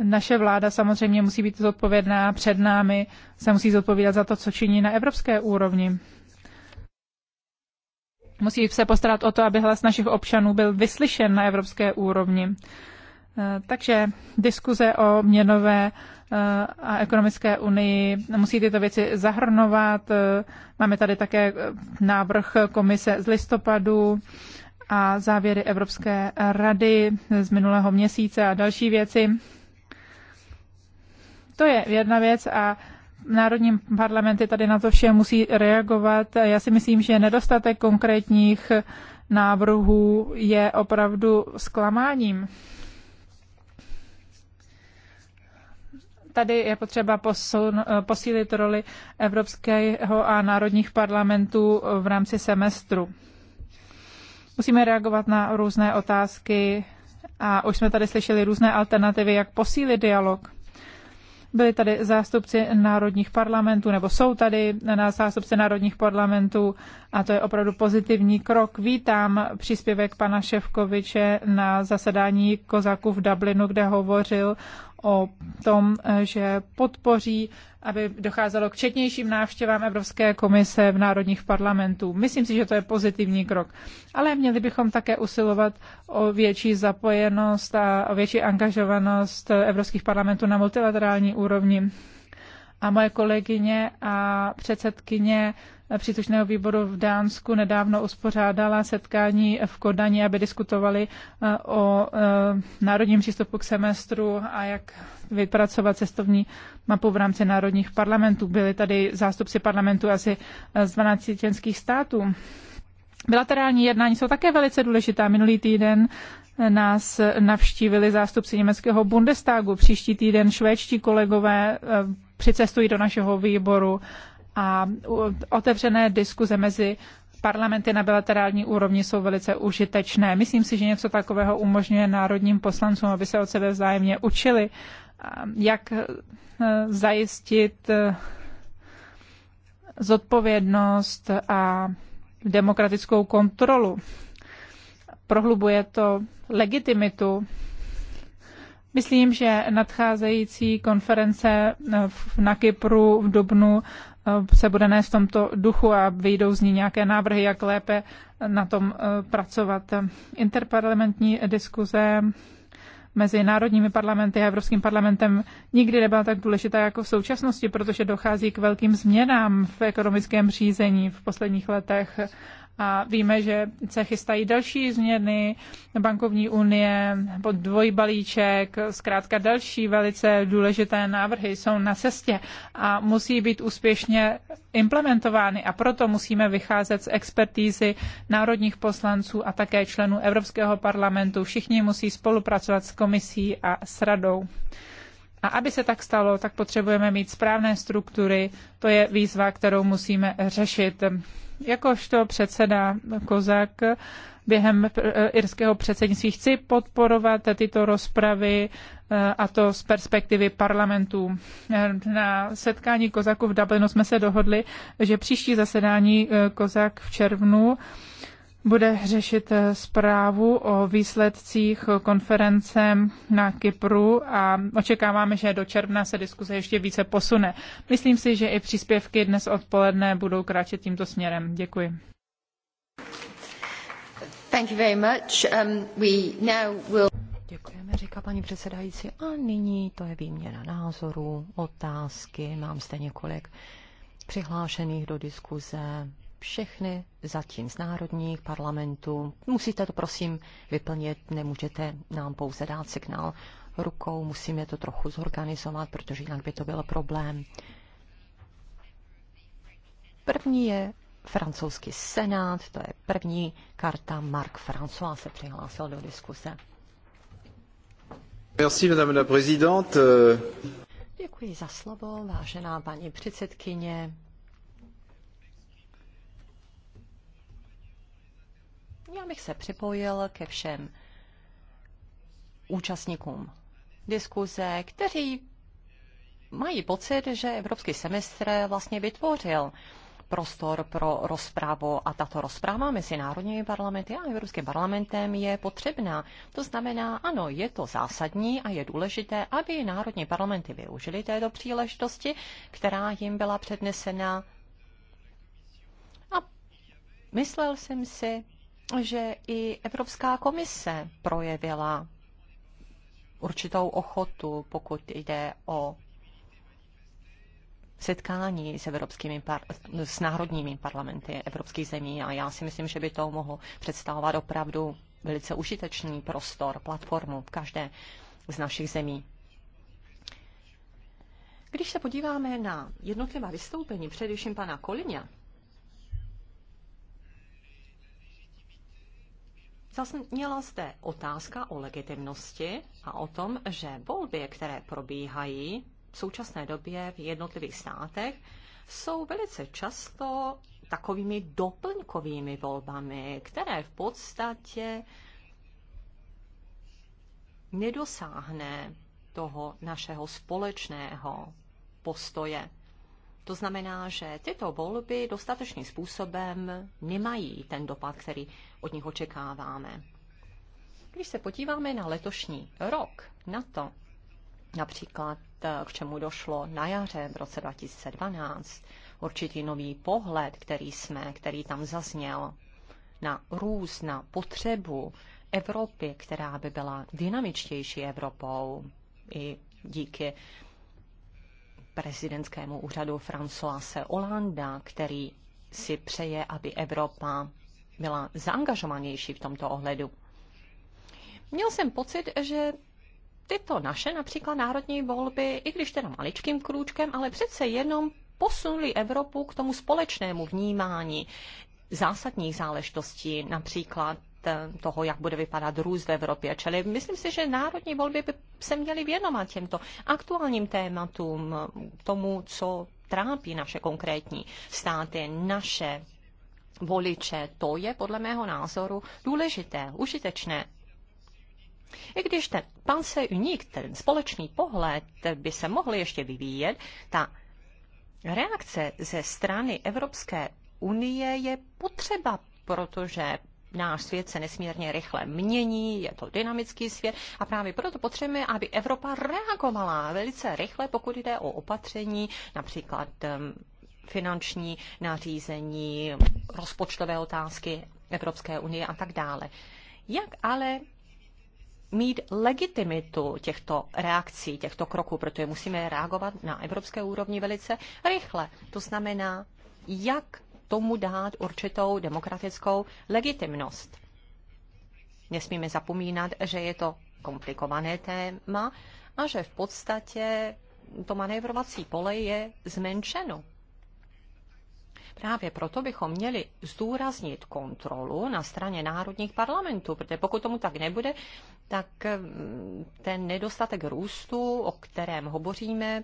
naše vláda samozřejmě musí být zodpovědná před námi, se musí zodpovídat za to, co činí na evropské úrovni. Musí se postarat o to, aby hlas našich občanů byl vyslyšen na evropské úrovni. Eh, takže diskuze o měnové eh, a ekonomické unii musí tyto věci zahrnovat. Eh, máme tady také návrh komise z listopadu a závěry Evropské rady z minulého měsíce a další věci. To je jedna věc a národní parlamenty tady na to vše musí reagovat. Já si myslím, že nedostatek konkrétních návrhů je opravdu zklamáním. tady je potřeba posun, eh, posílit roli Evropského a národních parlamentů v rámci semestru. Musíme reagovat na různé otázky a už jsme tady slyšeli různé alternativy, jak posílit dialog. Byli tady zástupci národních parlamentů, nebo jsou tady na zástupci národních parlamentů a to je opravdu pozitivní krok. Vítám příspěvek pana Ševkoviče na zasedání Kozaku v Dublinu, kde hovořil o tom, že podpoří, aby docházelo k četnějším návštěvám Evropské komise v národních parlamentů. Myslím si, že to je pozitivní krok. Ale měli bychom také usilovat o větší zapojenost a o větší angažovanost Evropských parlamentů na multilaterální úrovni. A moje kolegyně a předsedkyně příslušného výboru v Dánsku nedávno uspořádala setkání v Kodani, aby diskutovali eh, o eh, národním přístupu k semestru a jak vypracovat cestovní mapu v rámci národních parlamentů. Byli tady zástupci parlamentu asi eh, z 12 členských států. Bilaterální jednání jsou také velice důležitá. Minulý týden nás navštívili zástupci německého Bundestagu. Příští týden švédští kolegové přicestují do našeho výboru a otevřené diskuze mezi parlamenty na bilaterální úrovni jsou velice užitečné. Myslím si, že něco takového umožňuje národním poslancům, aby se od sebe vzájemně učili, jak e, zajistit e, zodpovědnost a demokratickou kontrolu. Prohlubuje to legitimitu. Myslím, že nadcházející konference e, na Kypru v Dubnu Eh, se bude nést v tomto duchu a vyjdou z ní nějaké návrhy, jak lépe na tom eh, pracovat. Interparlamentní diskuze mezi národními parlamenty a Evropským parlamentem nikdy nebyla tak důležitá jako v současnosti, protože dochází k velkým změnám v ekonomickém řízení v posledních letech a víme, že se chystají další změny bankovní unie, pod dvojbalíček, zkrátka další velice důležité návrhy jsou na cestě a musí být úspěšně implementovány a proto musíme vycházet z expertízy národních poslanců a také členů Evropského parlamentu. Všichni musí spolupracovat s komisí a s radou. A aby se tak stalo, tak potřebujeme mít správné struktury. To je výzva, kterou musíme řešit. Jakožto předseda Kozak během eh, irského předsednictví chci podporovat tyto rozpravy eh, a to z perspektivy parlamentů. Eh, na setkání Kozaku v Dublinu jsme se dohodli, že příští zasedání Kozak v červnu bude řešit eh, zprávu o výsledcích konference na Kypru a očekáváme, že do června se diskuze ještě více posune. Myslím si, že i příspěvky dnes odpoledne budou kráčet tímto směrem. Děkuji. Thank you very much. Um, we now will... Děkujeme, říká paní předsedající. A nyní to je výměna názorů, otázky. Mám zde několik přihlášených do diskuze všechny zatím z národních parlamentů. Musíte to prosím vyplnit, nemůžete nám pouze dát signál rukou, musíme to trochu zorganizovat, protože jinak by to byl problém. První je francouzský senát, to je první karta. Mark François se přihlásil do diskuse. Merci, madame la présidente. Děkuji za slovo, vážená paní předsedkyně, Já bych se připojil ke všem účastníkům diskuze, kteří mají pocit, že evropský semestr vlastně vytvořil prostor pro rozprávu a tato rozpráva mezi národními parlamenty a Evropským parlamentem je potřebná. To znamená, ano, je to zásadní a je důležité, aby národní parlamenty využili této příležitosti, která jim byla přednesena. A myslel jsem si, že i Evropská komise projevila určitou ochotu, pokud jde o setkání s, evropskými par- s národními parlamenty evropských zemí a já si myslím, že by to mohlo představovat opravdu velice užitečný prostor, platformu v každé z našich zemí. Když se podíváme na jednotlivá vystoupení, především pana Kolinia, Zasněla zde otázka o legitimnosti a o tom, že volby, které probíhají v současné době v jednotlivých státech, jsou velice často takovými doplňkovými volbami, které v podstatě nedosáhne toho našeho společného postoje. To znamená, že tyto volby dostatečným způsobem nemají ten dopad, který od nich očekáváme. Když se podíváme na letošní rok, na to, například eh, k čemu došlo na jaře v roce 2012, určitý nový pohled, který jsme, který tam zazněl, na růst, na potřebu Evropy, která by byla dynamičtější Evropou i díky prezidentskému úřadu Françoise Hollanda, který si přeje, aby Evropa byla zaangažovanější v tomto ohledu. Měl jsem pocit, že tyto naše například národní volby, i když teda maličkým krůčkem, ale přece jenom posunuli Evropu k tomu společnému vnímání zásadních záležitostí, například eh, toho, jak bude vypadat růst v Evropě. Čili myslím si, že národní volby by se měly věnovat těmto aktuálním tématům, eh, tomu, co trápí naše konkrétní státy, naše voliče. To je podle mého názoru důležité, užitečné. I když ten pan se unik, ten společný pohled by se mohl ještě vyvíjet, ta reakce ze strany Evropské unie je potřeba, protože náš svět se nesmírně rychle mění, je to dynamický svět a právě proto potřebujeme, aby Evropa reagovala velice rychle, pokud jde o opatření, například finanční nařízení, rozpočtové otázky Evropské unie a tak dále. Jak ale mít legitimitu těchto reakcí, těchto kroků, protože musíme reagovat na evropské úrovni velice rychle. To znamená, jak tomu dát určitou demokratickou legitimnost. Nesmíme zapomínat, že je to komplikované téma a že v podstatě to manévrovací pole je zmenšeno Právě proto bychom měli zdůraznit kontrolu na straně národních parlamentů, protože pokud tomu tak nebude, tak mm, ten nedostatek růstu, o kterém hovoříme,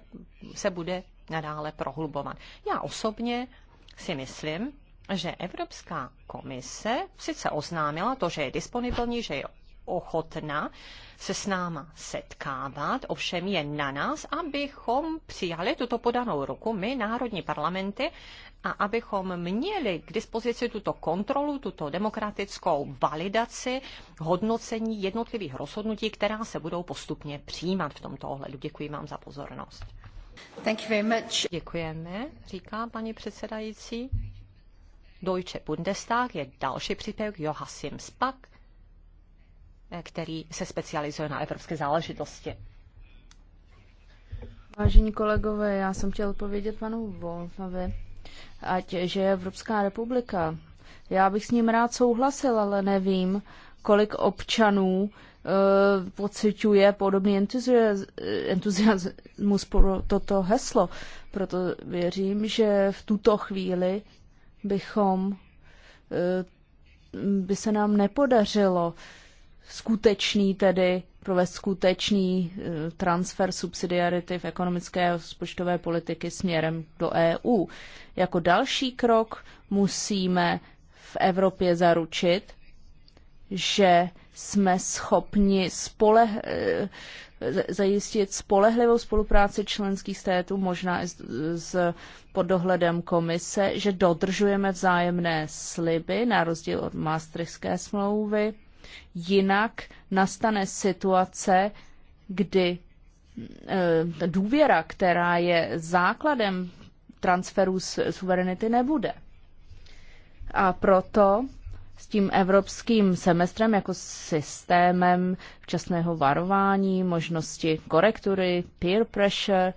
se bude nadále prohlubovat. Já osobně si myslím, že Evropská komise sice oznámila to, že je disponibilní, že je ochotna se s náma setkávat, ovšem je na nás, abychom přijali tuto podanou ruku, my, národní parlamenty, a abychom měli k dispozici tuto kontrolu, tuto demokratickou validaci, hodnocení jednotlivých rozhodnutí, která se budou postupně přijímat v tomto ohledu. Děkuji vám za pozornost. Thank you very much. Děkujeme, říká paní předsedající. Deutsche Bundestag je další příspěvek Johasim Spak který se specializuje na evropské záležitosti. Vážení kolegové, já jsem chtěl povědět panu Wolfovi, ať že je Evropská republika. Já bych s ním rád souhlasil, ale nevím, kolik občanů e, pociťuje podobný entuziasmus pro toto heslo. Proto věřím, že v tuto chvíli bychom e, by se nám nepodařilo e, skutečný tedy, provést skutečný e, transfer subsidiarity v ekonomické a rozpočtové politiky směrem do EU. Jako další krok musíme v Evropě zaručit, že jsme schopni spole, e, zajistit spolehlivou spolupráci členských států, možná i s, pod dohledem komise, že dodržujeme vzájemné sliby na rozdíl od Maastrichtské smlouvy Jinak nastane situace, kdy eh, důvěra, která je základem transferu suverenity, nebude. A proto s tím evropským semestrem jako systémem včasného varování, možnosti korektury, peer pressure,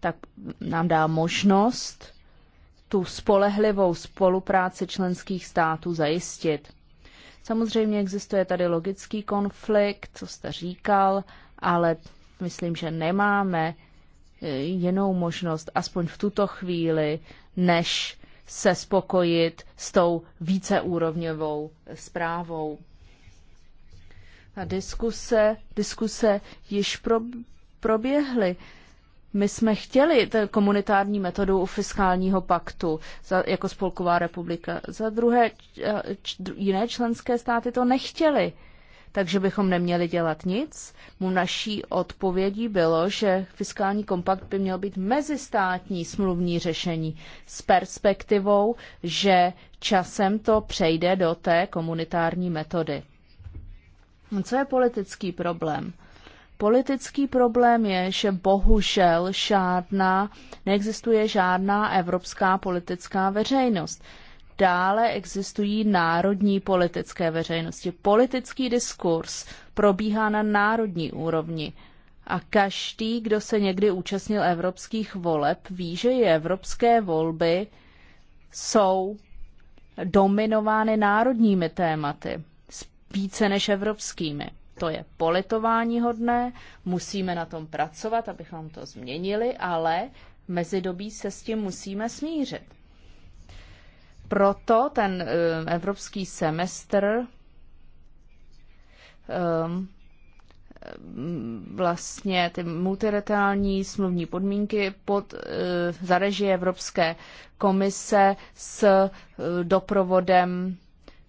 tak nám dá možnost tu spolehlivou spolupráci členských států zajistit. Samozřejmě existuje tady logický konflikt, co jste říkal, ale myslím, že nemáme eh, jinou možnost, aspoň v tuto chvíli, než se spokojit s tou víceúrovňovou zprávou. A diskuse, diskuse již pro, proběhly my jsme chtěli komunitární metodu u fiskálního paktu za, jako Spolková republika. Za druhé, č, eh, jiné členské státy to nechtěli. Takže bychom neměli dělat nic. Mu naší odpovědí bylo, že fiskální kompakt by měl být mezistátní smluvní řešení s perspektivou, že časem to přejde do té komunitární metody. Co je politický problém? Politický problém je, že bohužel žádná, neexistuje žádná evropská politická veřejnost. Dále existují národní politické veřejnosti. Politický diskurs probíhá na národní úrovni. A každý, kdo se někdy účastnil evropských voleb, ví, že i evropské volby jsou dominovány národními tématy, více než evropskými. To je politování hodné, musíme na tom pracovat, abychom to změnili, ale mezi dobí se s tím musíme smířit. Proto ten eh, evropský semestr ehm, vlastně ty multilaterální smluvní podmínky pod eh, za Evropské komise s eh, doprovodem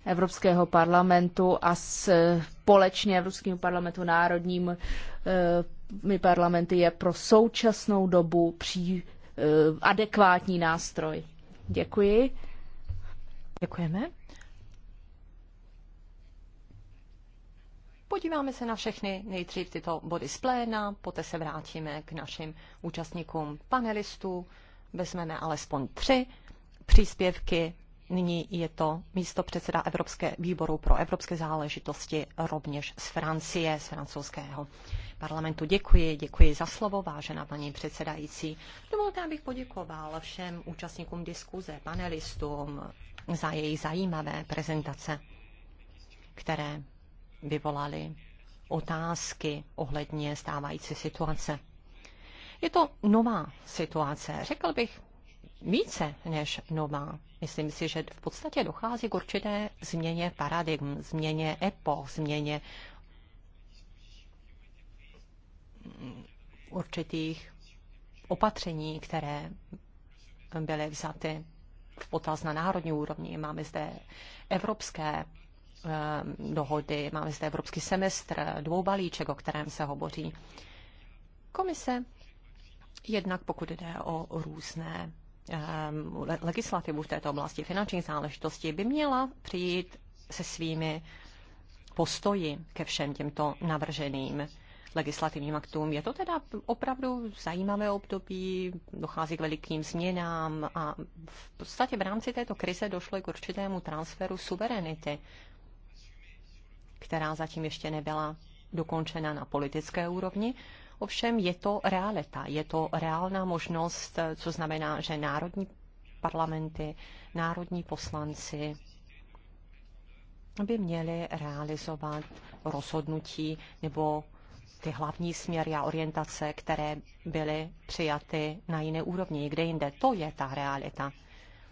Evropského parlamentu a společně Evropským parlamentu národním my eh, parlamenty je pro současnou dobu pří, eh, adekvátní nástroj. Děkuji. Děkujeme. Podíváme se na všechny nejdřív tyto body z pléna, poté se vrátíme k našim účastníkům panelistů. Vezmeme alespoň tři příspěvky Nyní je to místo předseda Evropské výboru pro evropské záležitosti rovněž z Francie, z francouzského parlamentu. Děkuji, děkuji za slovo, vážená paní předsedající. Dovolte, abych poděkoval všem účastníkům diskuze, panelistům za jejich zajímavé prezentace, které vyvolaly otázky ohledně stávající situace. Je to nová situace, řekl bych více než nová. Myslím si, že v podstatě dochází k určité změně paradigm, změně epoch, změně určitých opatření, které byly vzaty v potaz na národní úrovni. Máme zde evropské eh, dohody, máme zde evropský semestr, dvou balíček, o kterém se hovoří. Komise jednak pokud jde o různé Ehm, legislativu v této oblasti finančních záležitostí by měla přijít se svými postoji ke všem těmto navrženým legislativním aktům. Je to teda opravdu zajímavé období, dochází k velikým změnám a v podstatě v rámci této krize došlo i k určitému transferu suverenity, která zatím ještě nebyla dokončena na politické úrovni Ovšem je to realita, je to reálná možnost, co znamená, že národní parlamenty, národní poslanci by měli realizovat rozhodnutí nebo ty hlavní směry a orientace, které byly přijaty na jiné úrovni, kde jinde. To je ta realita.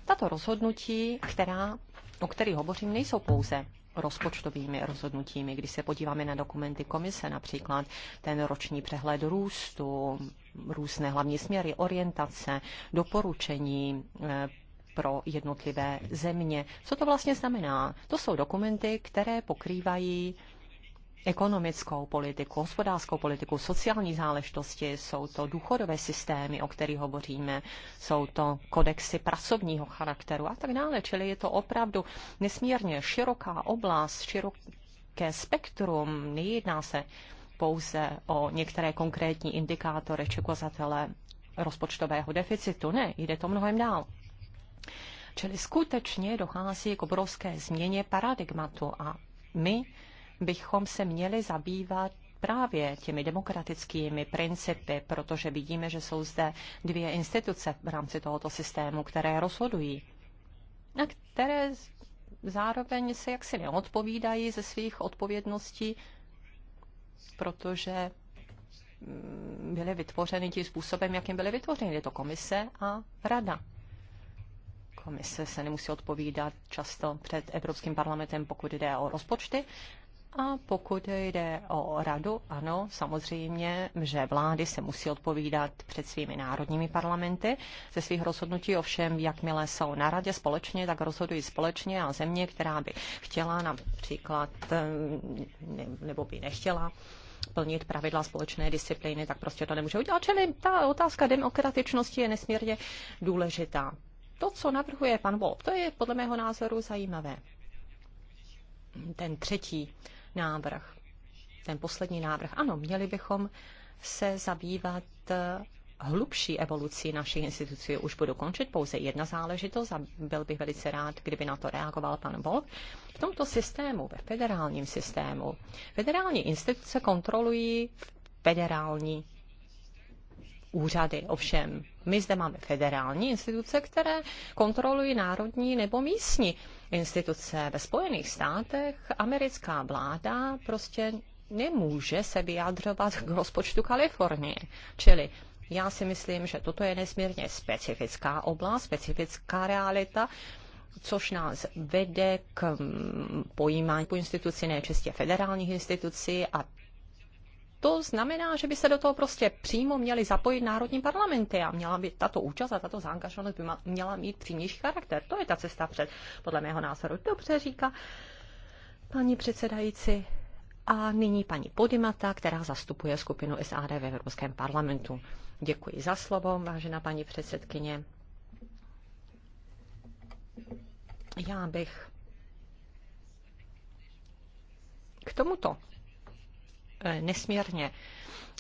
Tato rozhodnutí, která, o kterých hovořím, nejsou pouze rozpočtovými rozhodnutími. Když se podíváme na dokumenty komise, například ten roční přehled růstu, různé hlavní směry, orientace, doporučení eh, pro jednotlivé země. Co to vlastně znamená? To jsou dokumenty, které pokrývají ekonomickou politiku, hospodářskou politiku, sociální záležitosti, jsou to důchodové systémy, o kterých hovoříme, jsou to kodexy pracovního charakteru a tak dále. Čili je to opravdu nesmírně široká oblast, široké spektrum, nejedná se pouze o některé konkrétní indikátory či kozatele rozpočtového deficitu. Ne, jde to mnohem dál. Čili skutečně dochází k obrovské změně paradigmatu a my bychom se měli zabývat právě těmi demokratickými principy, protože vidíme, že jsou zde dvě instituce v rámci tohoto systému, které rozhodují a které zároveň se jaksi neodpovídají ze svých odpovědností, protože mm, byly vytvořeny tím způsobem, jakým byly vytvořeny. Je to komise a rada. Komise se nemusí odpovídat často před Evropským parlamentem, pokud jde o rozpočty, a pokud jde o radu, ano, samozřejmě, že vlády se musí odpovídat před svými národními parlamenty. Ze svých rozhodnutí ovšem, jakmile jsou na radě společně, tak rozhodují společně a země, která by chtěla například eh, nebo by nechtěla plnit pravidla společné disciplíny, tak prostě to nemůže udělat. Čili ta otázka demokratičnosti je nesmírně důležitá. To, co navrhuje pan Wolf, to je podle mého názoru zajímavé. Ten třetí návrh, ten poslední návrh, ano, měli bychom se zabývat eh, hlubší evolucí našich institucí. Už budu končit pouze jedna záležitost a byl bych velice rád, kdyby na to reagoval pan Volk. V tomto systému, ve federálním systému, federální instituce kontrolují federální úřady. Ovšem, my zde máme federální instituce, které kontrolují národní nebo místní instituce. Ve Spojených státech americká vláda prostě nemůže se vyjadřovat k rozpočtu Kalifornie. Čili já si myslím, že toto je nesmírně specifická oblast, specifická realita, což nás vede k mm, pojímání po instituci, ne čistě federálních institucí a to znamená, že by se do toho prostě přímo měly zapojit národní parlamenty a měla by tato účast a tato zaangažovanost by měla mít přímější charakter. To je ta cesta před, podle mého názoru. Dobře říká paní předsedající. A nyní paní Podimata, která zastupuje skupinu SAD ve Evropském parlamentu. Děkuji za slovo, vážená paní předsedkyně. Já bych k tomuto Eh, nesmírně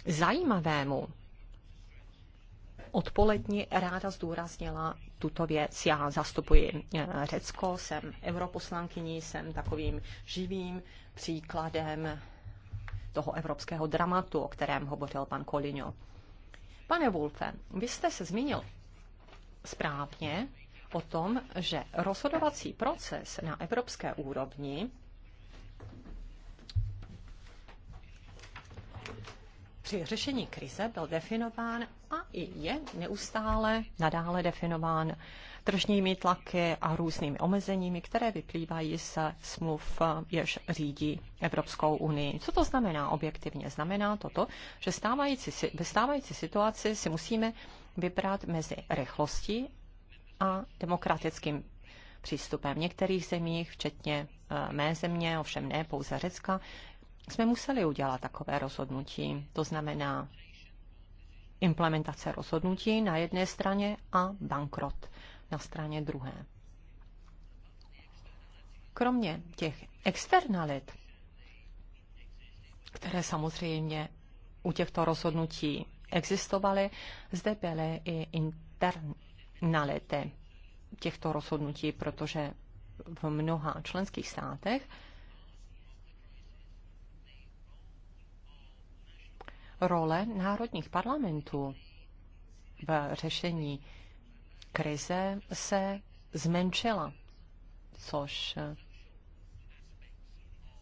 zajímavému odpolední ráda zdůraznila tuto věc. Já zastupuji eh, Řecko, jsem europoslankyní, jsem takovým živým příkladem toho evropského dramatu, o kterém hovořil pan Kolino. Pane Wolfe, vy jste se zmínil správně o tom, že rozhodovací proces na evropské úrovni při řešení krize byl definován a i je neustále nadále definován tržními tlaky a různými omezeními, které vyplývají z smluv, jež řídí Evropskou unii. Co to znamená objektivně? Znamená to to, že stávající, ve stávající situaci si musíme vybrat mezi rychlostí a demokratickým přístupem. V některých zemích, včetně eh, mé země, ovšem ne pouze Řecka, jsme museli udělat takové rozhodnutí. To znamená implementace rozhodnutí na jedné straně a bankrot na straně druhé. Kromě těch externalit, které samozřejmě u těchto rozhodnutí existovaly, zde byly i internality těchto rozhodnutí, protože v mnoha členských státech role národních parlamentů v řešení krize se zmenšila, což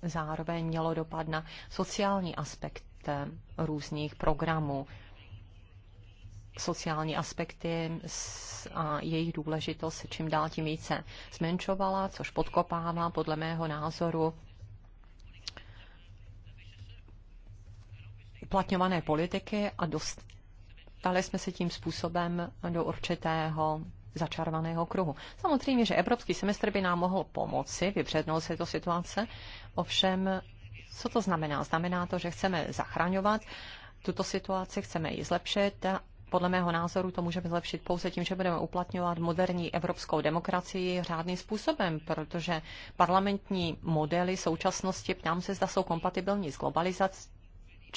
zároveň mělo dopad na sociální aspekt různých programů. Sociální aspekty a jejich důležitost se čím dál tím více zmenšovala, což podkopává podle mého názoru uplatňované politiky a dostali jsme se tím způsobem do určitého začarovaného kruhu. Samozřejmě, že evropský semestr by nám mohl pomoci vypřednout se to situace, ovšem co to znamená? Znamená to, že chceme zachraňovat tuto situaci, chceme ji zlepšit. Podle mého názoru to můžeme zlepšit pouze tím, že budeme uplatňovat moderní evropskou demokracii řádným způsobem, protože parlamentní modely současnosti, ptám se, zda jsou kompatibilní s globalizací,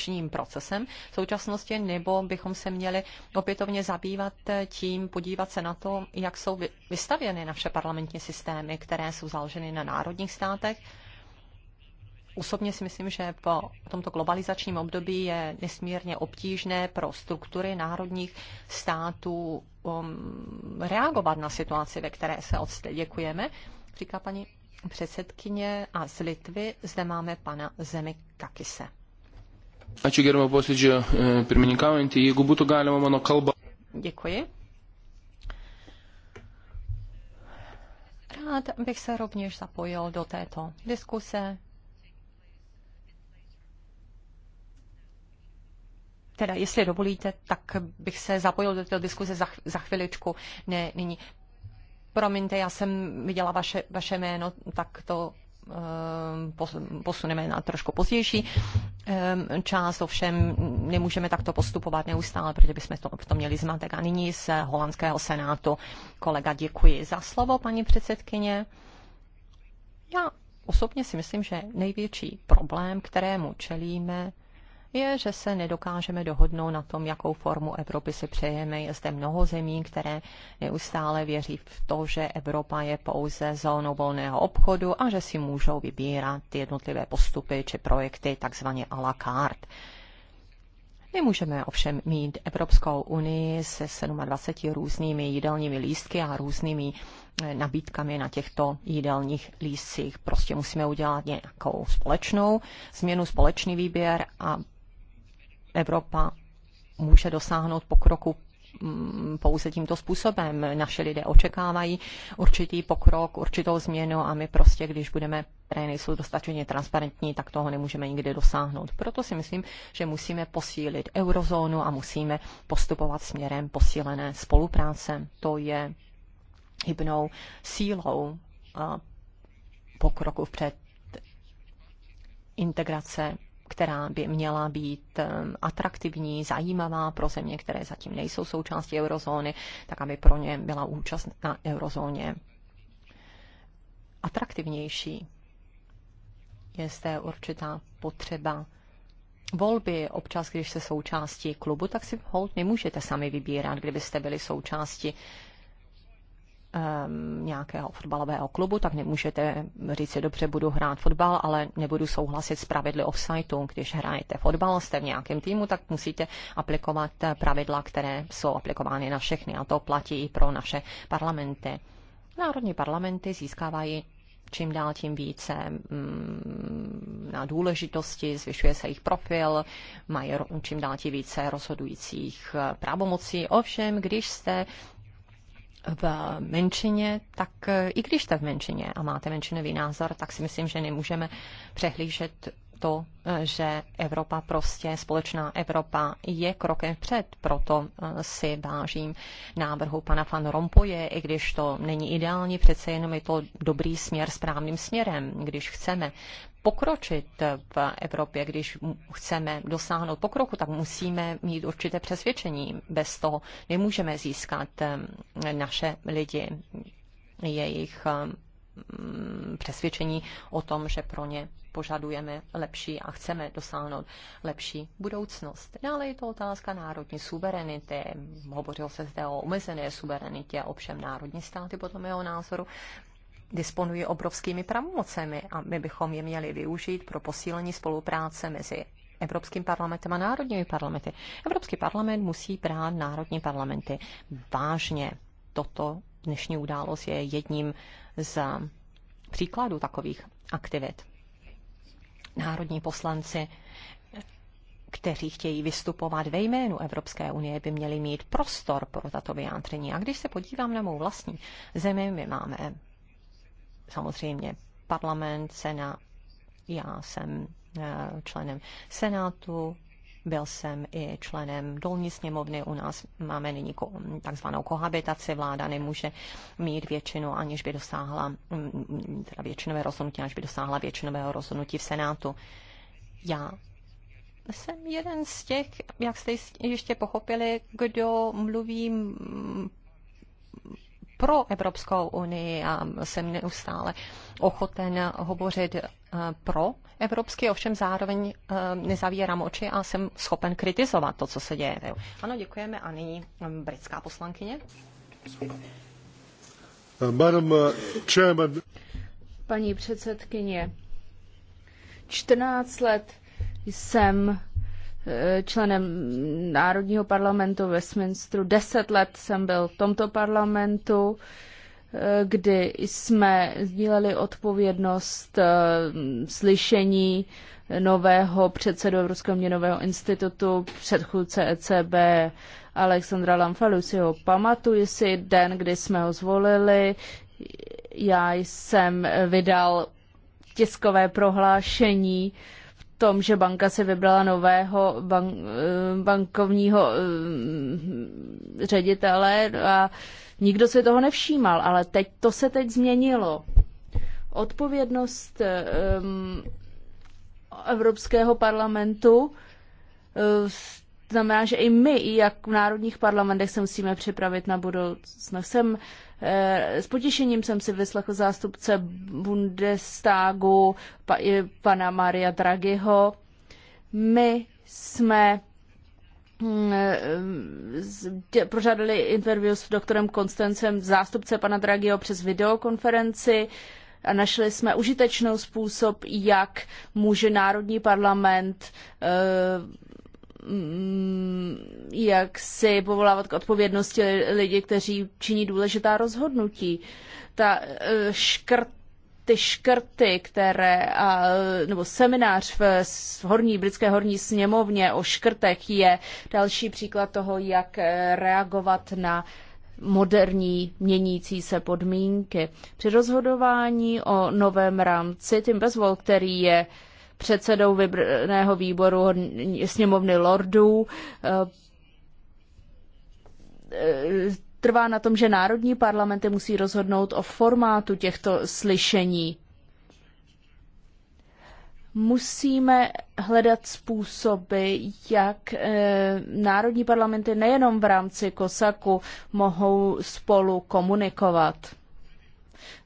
ním procesem v současnosti, nebo bychom se měli opětovně zabývat eh, tím, podívat se na to, jak jsou vystavěny naše parlamentní systémy, které jsou založeny na národních státech. Osobně si myslím, že po tomto globalizačním období je nesmírně obtížné pro struktury národních států um, reagovat na situaci, ve které se odstě. Děkujeme, říká paní předsedkyně a z Litvy zde máme pana Zemi Kakise. Ačiū gerimo posėdžio e, pirmininkaujantį. Jeigu būtų galima mano kalbą. Děkuji. Rád bych se rovněž zapojil do této diskuse. Teda, jestli dovolíte, tak bych se zapojil do této diskuse za, za chviličku, ne nyní. Promiňte, já jsem viděla vaše, vaše jméno, tak to posuneme na trošku pozdější ehm, čas, ovšem nemůžeme takto postupovat neustále, protože bychom to, v tom měli zmatek. A nyní z holandského senátu kolega děkuji za slovo, paní předsedkyně. Já osobně si myslím, že největší problém, kterému čelíme, je, že se nedokážeme dohodnout na tom, jakou formu Evropy si přejeme. Je zde mnoho zemí, které neustále věří v to, že Evropa je pouze zónou volného obchodu a že si můžou vybírat ty jednotlivé postupy či projekty takzvaně à la carte. Nemůžeme ovšem mít Evropskou unii se 27 různými jídelními lístky a různými eh, nabídkami na těchto jídelních lístcích. Prostě musíme udělat nějakou společnou změnu, společný výběr a Evropa může dosáhnout pokroku mm, pouze tímto způsobem. Naše lidé očekávají určitý pokrok, určitou změnu a my prostě, když budeme, které nejsou dostatečně transparentní, tak toho nemůžeme nikdy dosáhnout. Proto si myslím, že musíme posílit eurozónu a musíme postupovat směrem posílené spolupráce. To je hybnou sílou pokroku vpřed integrace která by měla být ehm, atraktivní, zajímavá pro země, které zatím nejsou součástí eurozóny, tak aby pro ně byla účast na eurozóně atraktivnější. Je zde určitá potřeba volby. Občas, když se součástí klubu, tak si hold nemůžete sami vybírat. Kdybyste byli součástí um, nějakého fotbalového klubu, tak nemůžete říct že dobře, budu hrát fotbal, ale nebudu souhlasit s pravidly offsiteu. Když hrajete fotbal, jste v nějakém týmu, tak musíte aplikovat eh, pravidla, které jsou aplikovány na všechny a to platí i pro naše parlamenty. Národní parlamenty získávají čím dál tím více mm, na důležitosti, zvyšuje se jejich profil, mají čím dál tím více rozhodujících eh, pravomocí. Ovšem, když jste v menšině, tak eh, i když jste v menšině a máte menšinový názor, tak si myslím, že nemůžeme přehlížet to, eh, že Evropa prostě, společná Evropa je krokem před. Proto eh, si vážím návrhu pana Van Rompoje, i když to není ideální, přece jenom je to dobrý směr správným směrem, když chceme pokročit v Evropě, když chceme dosáhnout pokroku, tak musíme mít určité přesvědčení. Bez toho nemůžeme získat ehm, naše lidi, jejich ehm, přesvědčení o tom, že pro ně požadujeme lepší a chceme dosáhnout lepší budoucnost. Dále je to otázka národní suverenity. Hovořilo se zde o omezené suverenitě, ovšem národní státy podle mého názoru disponují obrovskými pravomocemi a my bychom je měli využít pro posílení spolupráce mezi Evropským parlamentem a národními parlamenty. Evropský parlament musí brát národní parlamenty vážně. Toto dnešní událost je jedním z příkladů takových aktivit. Národní poslanci kteří chtějí vystupovat ve jménu Evropské unie, by měli mít prostor pro tato vyjádření. A když se podívám na mou vlastní zemi, my máme samozřejmě parlament, sena. Já jsem eh, členem senátu, byl jsem i členem dolní sněmovny, u nás máme nyní takzvanou kohabitaci, vláda nemůže mít většinu, aniž by dosáhla, mm, mm, teda většinové rozhodnutí, aniž by dosáhla většinového rozhodnutí v Senátu. Já jsem jeden z těch, jak jste ještě pochopili, kdo mluví mm, pro Evropskou unii a jsem neustále ochoten hovořit eh, pro evropský, ovšem zároveň eh, nezavírám oči a jsem schopen kritizovat to, co se děje. Ano, děkujeme a nyní eh, britská poslankyně. Chairman. Paní předsedkyně, 14 let jsem Eh, členem Národního parlamentu Westminsteru. Deset let jsem byl v tomto parlamentu, eh, kdy jsme sdíleli odpovědnost eh, slyšení nového předsedu Evropského měnového institutu, předchůdce ECB Alexandra ho Pamatuji si den, kdy jsme ho zvolili. Já jsem vydal tiskové prohlášení, tom, že banka si vybrala nového bank, eh, bankovního eh, ředitele a nikdo si toho nevšímal, ale teď to se teď změnilo. Odpovědnost um, Evropského parlamentu znamená, že i my, i jak v národních parlamentech se musíme připravit na budoucnost. Jsem s potěšením jsem si vyslechl zástupce Bundestagu, pa, pana Maria Draghiho. My jsme hm, prožádali interview s doktorem Konstancem, zástupce pana Draghiho přes videokonferenci a našli jsme užitečnou způsob, jak může Národní parlament eh, Mm, jak si povolávat k odpovědnosti lidi, kteří činí důležitá rozhodnutí. Ta eh, škrt ty škrty, které, a, nebo seminář v, v horní, britské horní sněmovně o škrtech je další příklad toho, jak eh, reagovat na moderní měnící se podmínky. Při rozhodování o novém rámci tím Bezvol, který je uh, předsedou vybraného výboru sněmovny lordů. Trvá na tom, že národní parlamenty musí rozhodnout o formátu těchto slyšení. Musíme hledat způsoby, jak eh, národní parlamenty nejenom v rámci Kosaku mohou spolu komunikovat.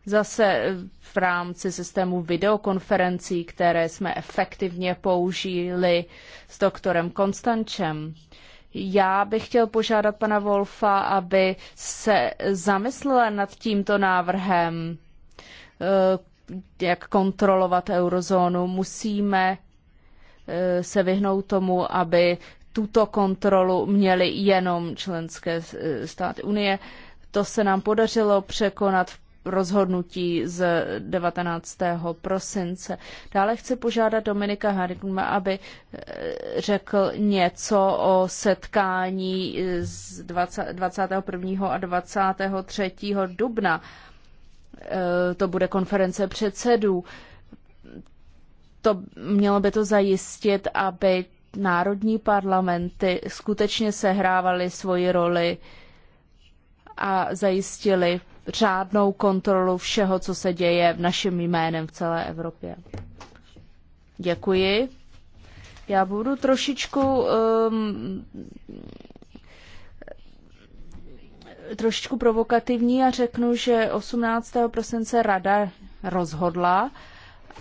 Zase eh, v rámci systému videokonferencí, které jsme efektivně použili s doktorem Konstančem. Já bych chtěl požádat pana Wolfa, aby se zamyslel nad tímto návrhem, eh, jak kontrolovat eurozónu. Musíme eh, se vyhnout tomu, aby tuto kontrolu měly jenom členské státy Unie. To se nám podařilo překonat v rozhodnutí z 19. prosince. Dále chci požádat Dominika Harikuma, aby eh, řekl něco o setkání eh, z 20, 21. a 23. dubna. Eh, to bude konference předsedů. To, mělo by to zajistit, aby národní parlamenty skutečně sehrávaly svoji roli a zajistili řádnou kontrolu všeho, co se děje v našem jménem v celé Evropě. Děkuji. Já budu trošičku um, trošičku provokativní a řeknu, že 18. prosince rada rozhodla,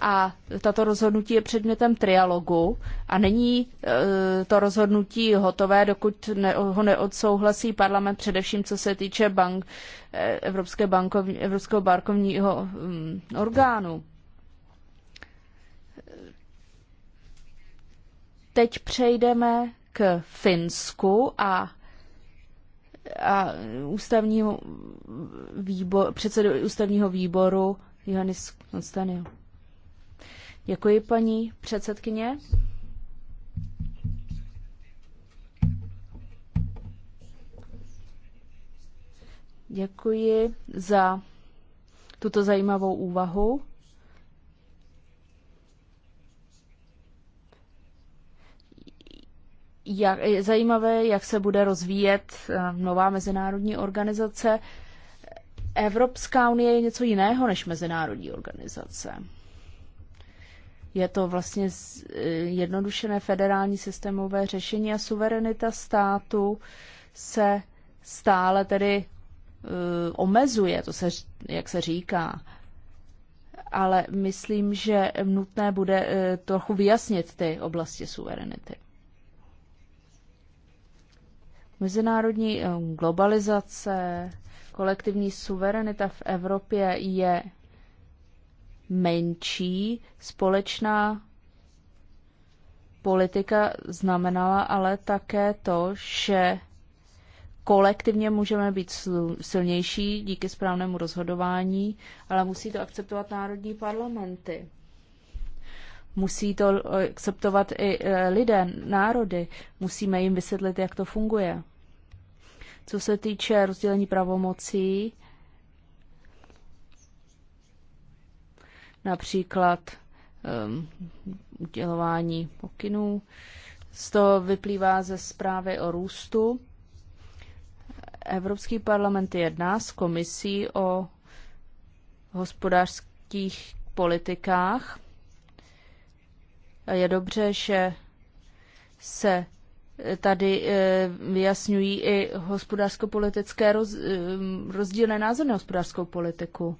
a tato rozhodnutí je předmětem trialogu a není e, to rozhodnutí hotové, dokud ho neodsouhlasí parlament, především co se týče bank, e, Evropské bankovní, Evropského bankovního mm, orgánu. Teď přejdeme k Finsku a a ústavního výboru, předsedu ústavního výboru Johannes Konstantinou. Děkuji, paní předsedkyně. Děkuji za tuto zajímavou úvahu. Jak, je zajímavé, jak se bude rozvíjet eh, nová mezinárodní organizace. Evropská unie je něco jiného než mezinárodní organizace. Je to vlastně eh, jednodušené federální systémové řešení a suverenita státu se stále tedy uh, omezuje, to se, jak se říká. Ale myslím, že nutné bude uh, trochu vyjasnit ty oblasti suverenity. Mezinárodní globalizace, kolektivní suverenita v Evropě je menší. Společná politika znamenala ale také to, že kolektivně můžeme být silnější díky správnému rozhodování, ale musí to akceptovat národní parlamenty. Musí to akceptovat i e, lidé, národy. Musíme jim vysvětlit, jak to funguje. Co se týče rozdělení pravomocí, například um, udělování pokynů. Z toho vyplývá ze zprávy o růstu. Evropský parlament jedná s komisí o hospodářských politikách. Je dobře, že se tady eh, vyjasňují i hospodářsko-politické eh, rozdílné názory na hospodářskou politiku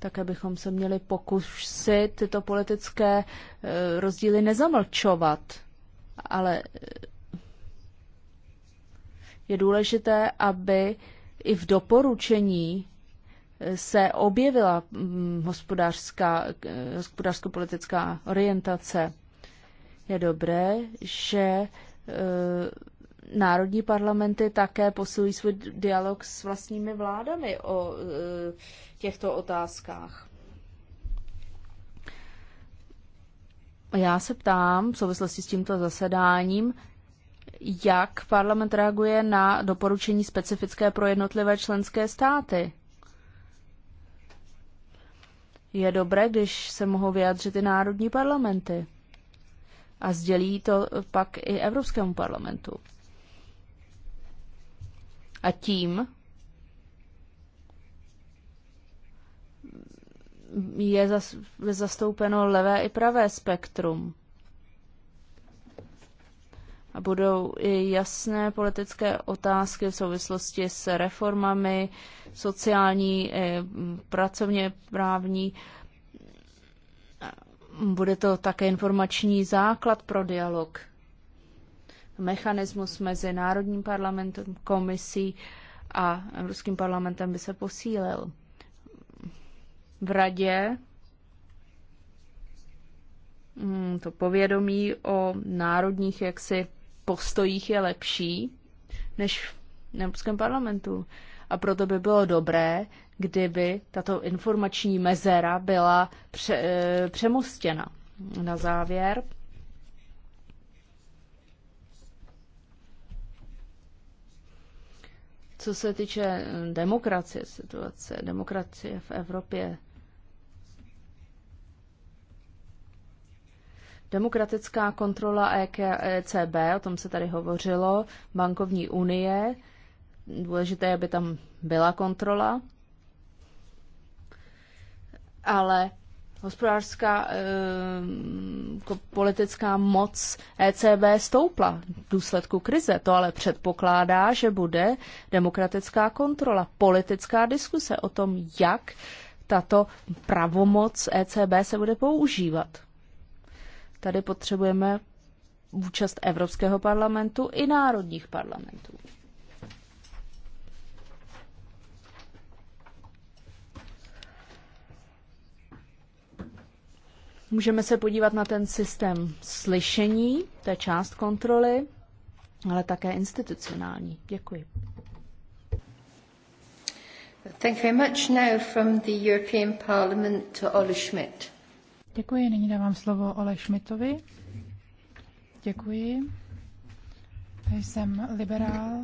tak abychom se měli pokusit tyto politické eh, rozdíly nezamlčovat. Ale eh, je důležité, aby i v doporučení eh, se objevila mm, hospodářská, hospodářsko-politická orientace. Je dobré, že národní parlamenty také posilují svůj dialog s vlastními vládami o e, těchto otázkách. Já se ptám v souvislosti s tímto zasedáním, jak parlament reaguje na doporučení specifické pro jednotlivé členské státy. Je dobré, když se mohou vyjádřit i národní parlamenty a sdělí to pak i Evropskému parlamentu a tím je zastoupeno levé i pravé spektrum. A budou i jasné politické otázky v souvislosti s reformami sociální, eh, pracovně právní. Bude to také informační základ pro dialog mechanismus mezi Národním parlamentem, komisí a Evropským parlamentem by se posílil. V radě mm, to povědomí o národních jaksi postojích je lepší než v Evropském parlamentu. A proto by bylo dobré, kdyby tato informační mezera byla pře- eh, přemostěna. Na závěr Co se týče eh, demokracie, situace demokracie v Evropě, Demokratická kontrola ECB, e o tom se tady hovořilo, bankovní unie, důležité, aby tam byla kontrola, ale hospodářská e, politická moc ECB stoupla v důsledku krize. To ale předpokládá, že bude demokratická kontrola, politická diskuse o tom, jak tato pravomoc ECB se bude používat. Tady potřebujeme účast Evropského parlamentu i národních parlamentů. Můžeme se podívat na ten systém slyšení, to je část kontroly, ale také institucionální. Děkuji. Thank you very much. Now from the European Parliament to Ole Schmidt. Děkuji, nyní dávám slovo Ole Schmidtovi. Děkuji. Jsem liberál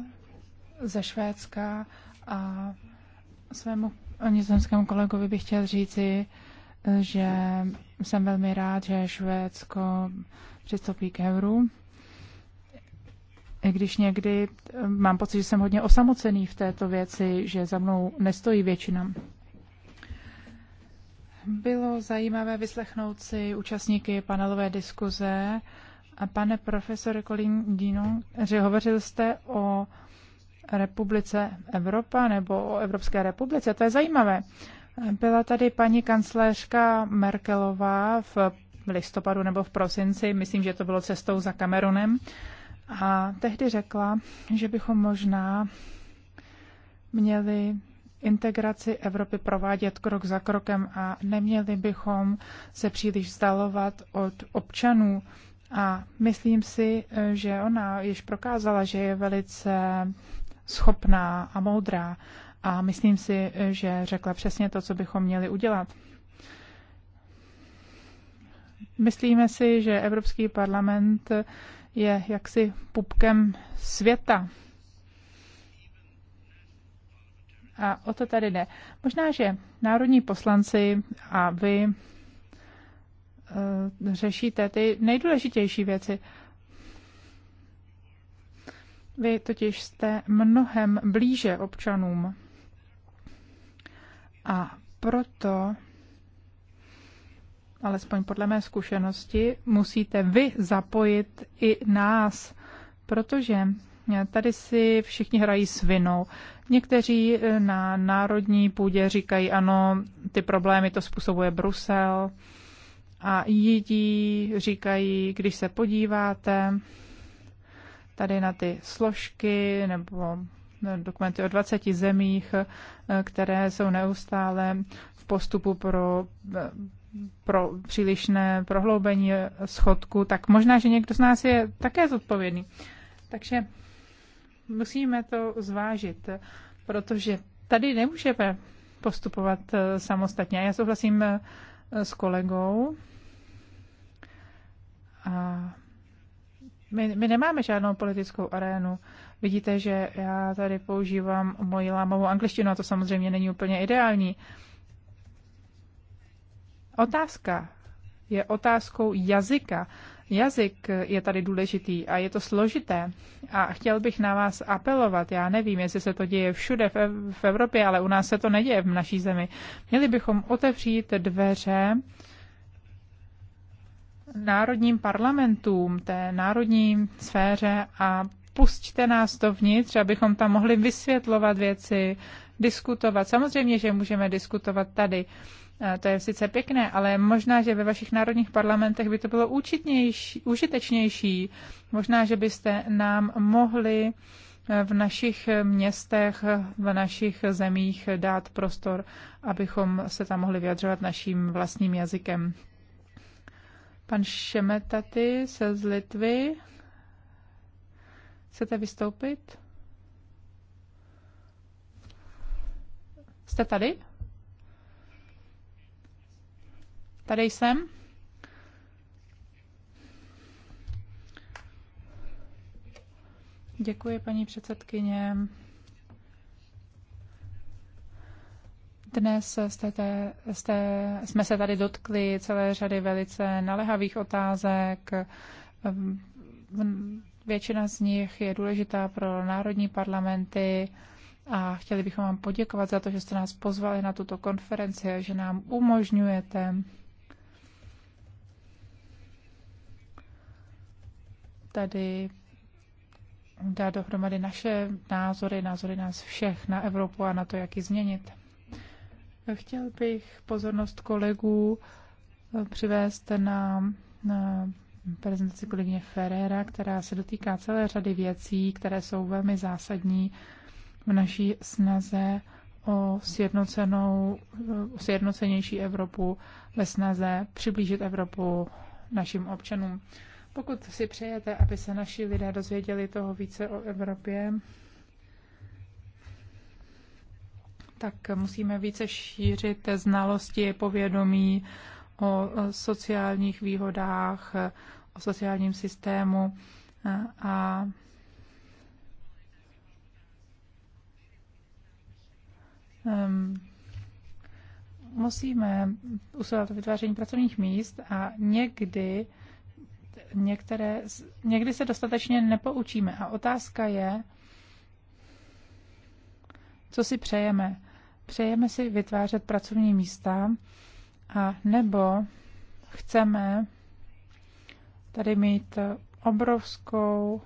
ze Švédska a svému nizozemskému kolegovi bych chtěl říci, že jsem velmi rád, že Švédsko přistoupí k euru. I když někdy mám pocit, že jsem hodně osamocený v této věci, že za mnou nestojí většina. Bylo zajímavé vyslechnout si účastníky panelové diskuze. A pane profesore Colin Dino, že hovořil jste o republice Evropa nebo o Evropské republice. To je zajímavé. Byla tady paní kancléřka Merkelová v listopadu nebo v prosinci, myslím, že to bylo cestou za Kamerunem, a tehdy řekla, že bychom možná měli integraci Evropy provádět krok za krokem a neměli bychom se příliš vzdalovat od občanů. A myslím si, že ona již prokázala, že je velice schopná a moudrá a myslím si, že řekla přesně to, co bychom měli udělat. Myslíme si, že Evropský parlament je jaksi pupkem světa. A o to tady jde. Možná, že národní poslanci a vy eh, řešíte ty nejdůležitější věci. Vy totiž jste mnohem blíže občanům. A proto, alespoň podle mé zkušenosti, musíte vy zapojit i nás, protože tady si všichni hrají s vinou. Někteří na národní půdě říkají, ano, ty problémy to způsobuje Brusel. A jidí říkají, když se podíváte tady na ty složky nebo dokumenty o 20 zemích, eh, které jsou neustále v postupu pro eh, pro přílišné prohloubení schodku, tak možná, že někdo z nás je také zodpovědný. Takže musíme to zvážit, protože tady nemůžeme postupovat eh, samostatně. Já souhlasím s kolegou. A my, my nemáme žádnou politickou arénu. Vidíte, že já tady používám moji lámovou angličtinu a to samozřejmě není úplně ideální. Otázka je otázkou jazyka. Jazyk je tady důležitý a je to složité. A chtěl bych na vás apelovat, já nevím, jestli se to děje všude v Evropě, ale u nás se to neděje v naší zemi. Měli bychom otevřít dveře národním parlamentům, té národní sféře a pusťte nás dovnitř, abychom tam mohli vysvětlovat věci, diskutovat. Samozřejmě, že můžeme diskutovat tady. To je sice pěkné, ale možná, že ve vašich národních parlamentech by to bylo užitečnější. Možná, že byste nám mohli eh, v našich městech, v našich zemích dát prostor, abychom se tam mohli vyjadřovat naším vlastním jazykem. Pan Šemetaty se z Litvy Chcete vystoupit? Jste tady? Tady jsem. Děkuji, paní předsedkyně. Dnes jste te, jste, jsme se tady dotkli celé řady velice nalehavých otázek. Ehm, Většina z nich je důležitá pro národní parlamenty a chtěli bychom vám poděkovat za to, že jste nás pozvali na tuto konferenci a že nám umožňujete tady dát dohromady naše názory, názory nás všech na Evropu a na to, jak ji změnit. Chtěl bych pozornost kolegů přivést na, na prezentaci kolegyně Ferrera, která se dotýká celé řady věcí, které jsou velmi zásadní v naší snaze o sjednocenou, o sjednocenější Evropu, ve snaze přiblížit Evropu našim občanům. Pokud si přejete, aby se naši lidé dozvěděli toho více o Evropě, tak musíme více šířit znalosti, povědomí o sociálních výhodách, o sociálním systému a um, musíme usilovat o vytváření pracovních míst a někdy některé, někdy se dostatečně nepoučíme. A otázka je, co si přejeme. Přejeme si vytvářet pracovní místa, a nebo chceme tady mít obrovskou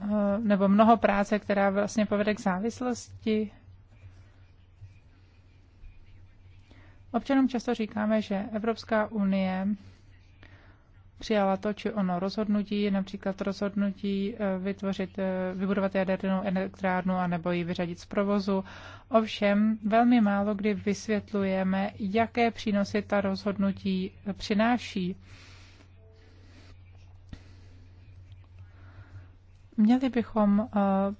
eh, nebo mnoho práce, která vlastně povede k závislosti. Občanům často říkáme, že Evropská unie přijala to či ono rozhodnutí, například rozhodnutí eh, vytvořit, eh, vybudovat jadernou elektrárnu a nebo ji vyřadit z provozu. Ovšem, velmi málo kdy vysvětlujeme, jaké přínosy ta rozhodnutí eh, přináší. Měli bychom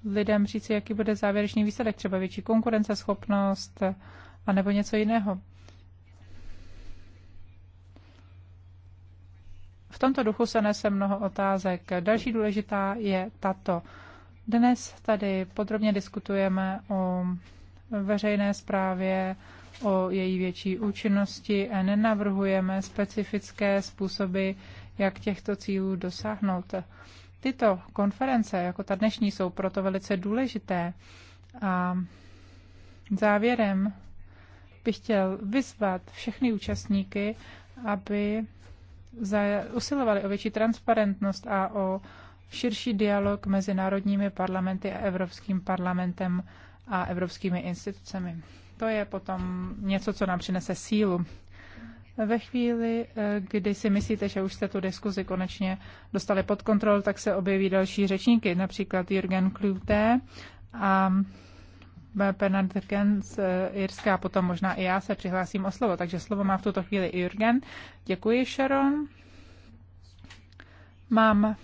lidem říci, jaký bude závěrečný výsledek, třeba větší konkurenceschopnost, nebo něco jiného. V tomto duchu se nese mnoho otázek. Další důležitá je tato. Dnes tady podrobně diskutujeme o veřejné správě, o její větší účinnosti a nenavrhujeme specifické způsoby, jak těchto cílů dosáhnout. Tyto konference, jako ta dnešní, jsou proto velice důležité. A závěrem bych chtěl vyzvat všechny účastníky, aby usilovali o větší transparentnost a o širší dialog mezi národními parlamenty a Evropským parlamentem a evropskými institucemi. To je potom něco, co nám přinese sílu. Ve chvíli, eh, kdy si myslíte, že už jste tu diskuzi konečně dostali pod kontrol, tak se objeví další řečníky, například Jürgen Klute a Bernard Jürgen z eh, Jirska a potom možná i já se přihlásím o slovo. Takže slovo má v tuto chvíli Jürgen. Děkuji, Sharon. Mám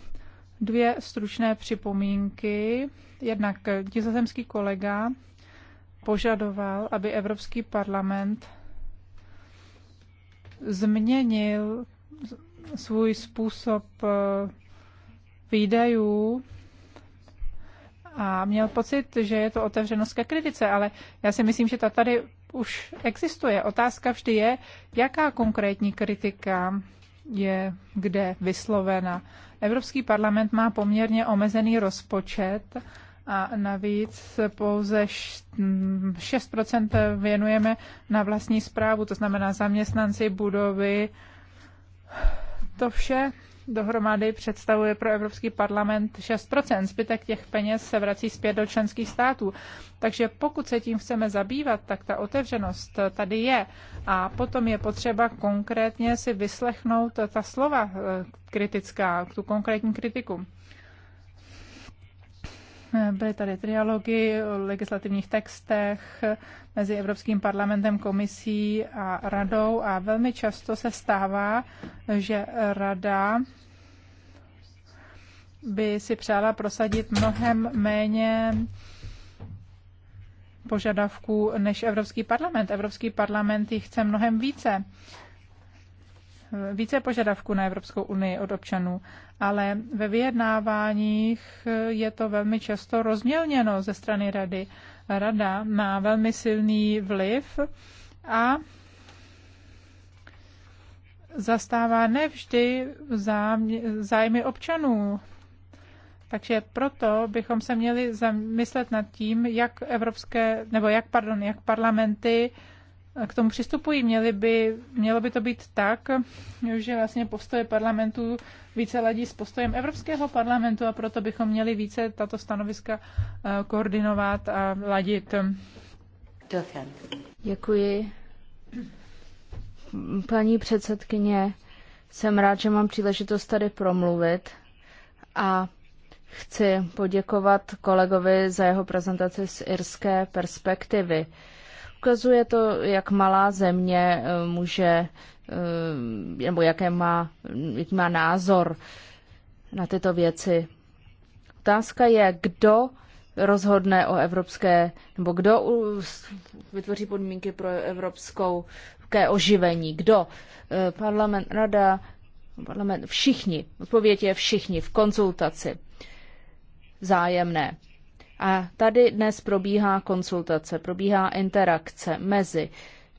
dvě stručné připomínky. Jednak nizozemský kolega požadoval, aby Evropský parlament změnil svůj způsob eh, výdajů a měl pocit, že je to otevřenost ke kritice, ale já si myslím, že ta tady už existuje. Otázka vždy je, jaká konkrétní kritika je kde vyslovena. Evropský parlament má poměrně omezený rozpočet a navíc pouze 6% věnujeme na vlastní zprávu, to znamená zaměstnanci, budovy, to vše dohromady představuje pro Evropský parlament 6%. Zbytek těch peněz se vrací zpět do členských států. Takže pokud se tím chceme zabývat, tak ta otevřenost tady je. A potom je potřeba konkrétně si vyslechnout ta slova eh, kritická, tu konkrétní kritiku. Byly tady trialogy o legislativních textech mezi Evropským parlamentem, komisí a radou a velmi často se stává, že rada by si přála prosadit mnohem méně požadavků než Evropský parlament. Evropský parlament jich chce mnohem více více požadavků na Evropskou unii od občanů, ale ve vyjednáváních je to velmi často rozmělněno ze strany rady. Rada má velmi silný vliv a zastává nevždy zájmy občanů. Takže proto bychom se měli zamyslet nad tím, jak evropské, nebo jak, pardon, jak parlamenty uh, k tomu přistupují. Měli by, mělo by to být tak, že vlastně postoje parlamentu více ladí s postojem Evropského parlamentu a proto bychom měli více tato stanoviska eh, koordinovat a ladit. Děkuji. Paní předsedkyně, jsem rád, že mám příležitost tady promluvit a chci poděkovat kolegovi za jeho prezentaci z irské perspektivy. Ukazuje to, jak malá země eh, může, eh, nebo jaké má, jaký má názor na tyto věci. Otázka je, kdo rozhodne o evropské, nebo kdo vytvoří podmínky pro evropskou ke oživení. Kdo? Eh, parlament, rada, parlament, všichni. Odpověď je všichni v konzultaci. Zájemné. A tady dnes probíhá konsultace, probíhá interakce mezi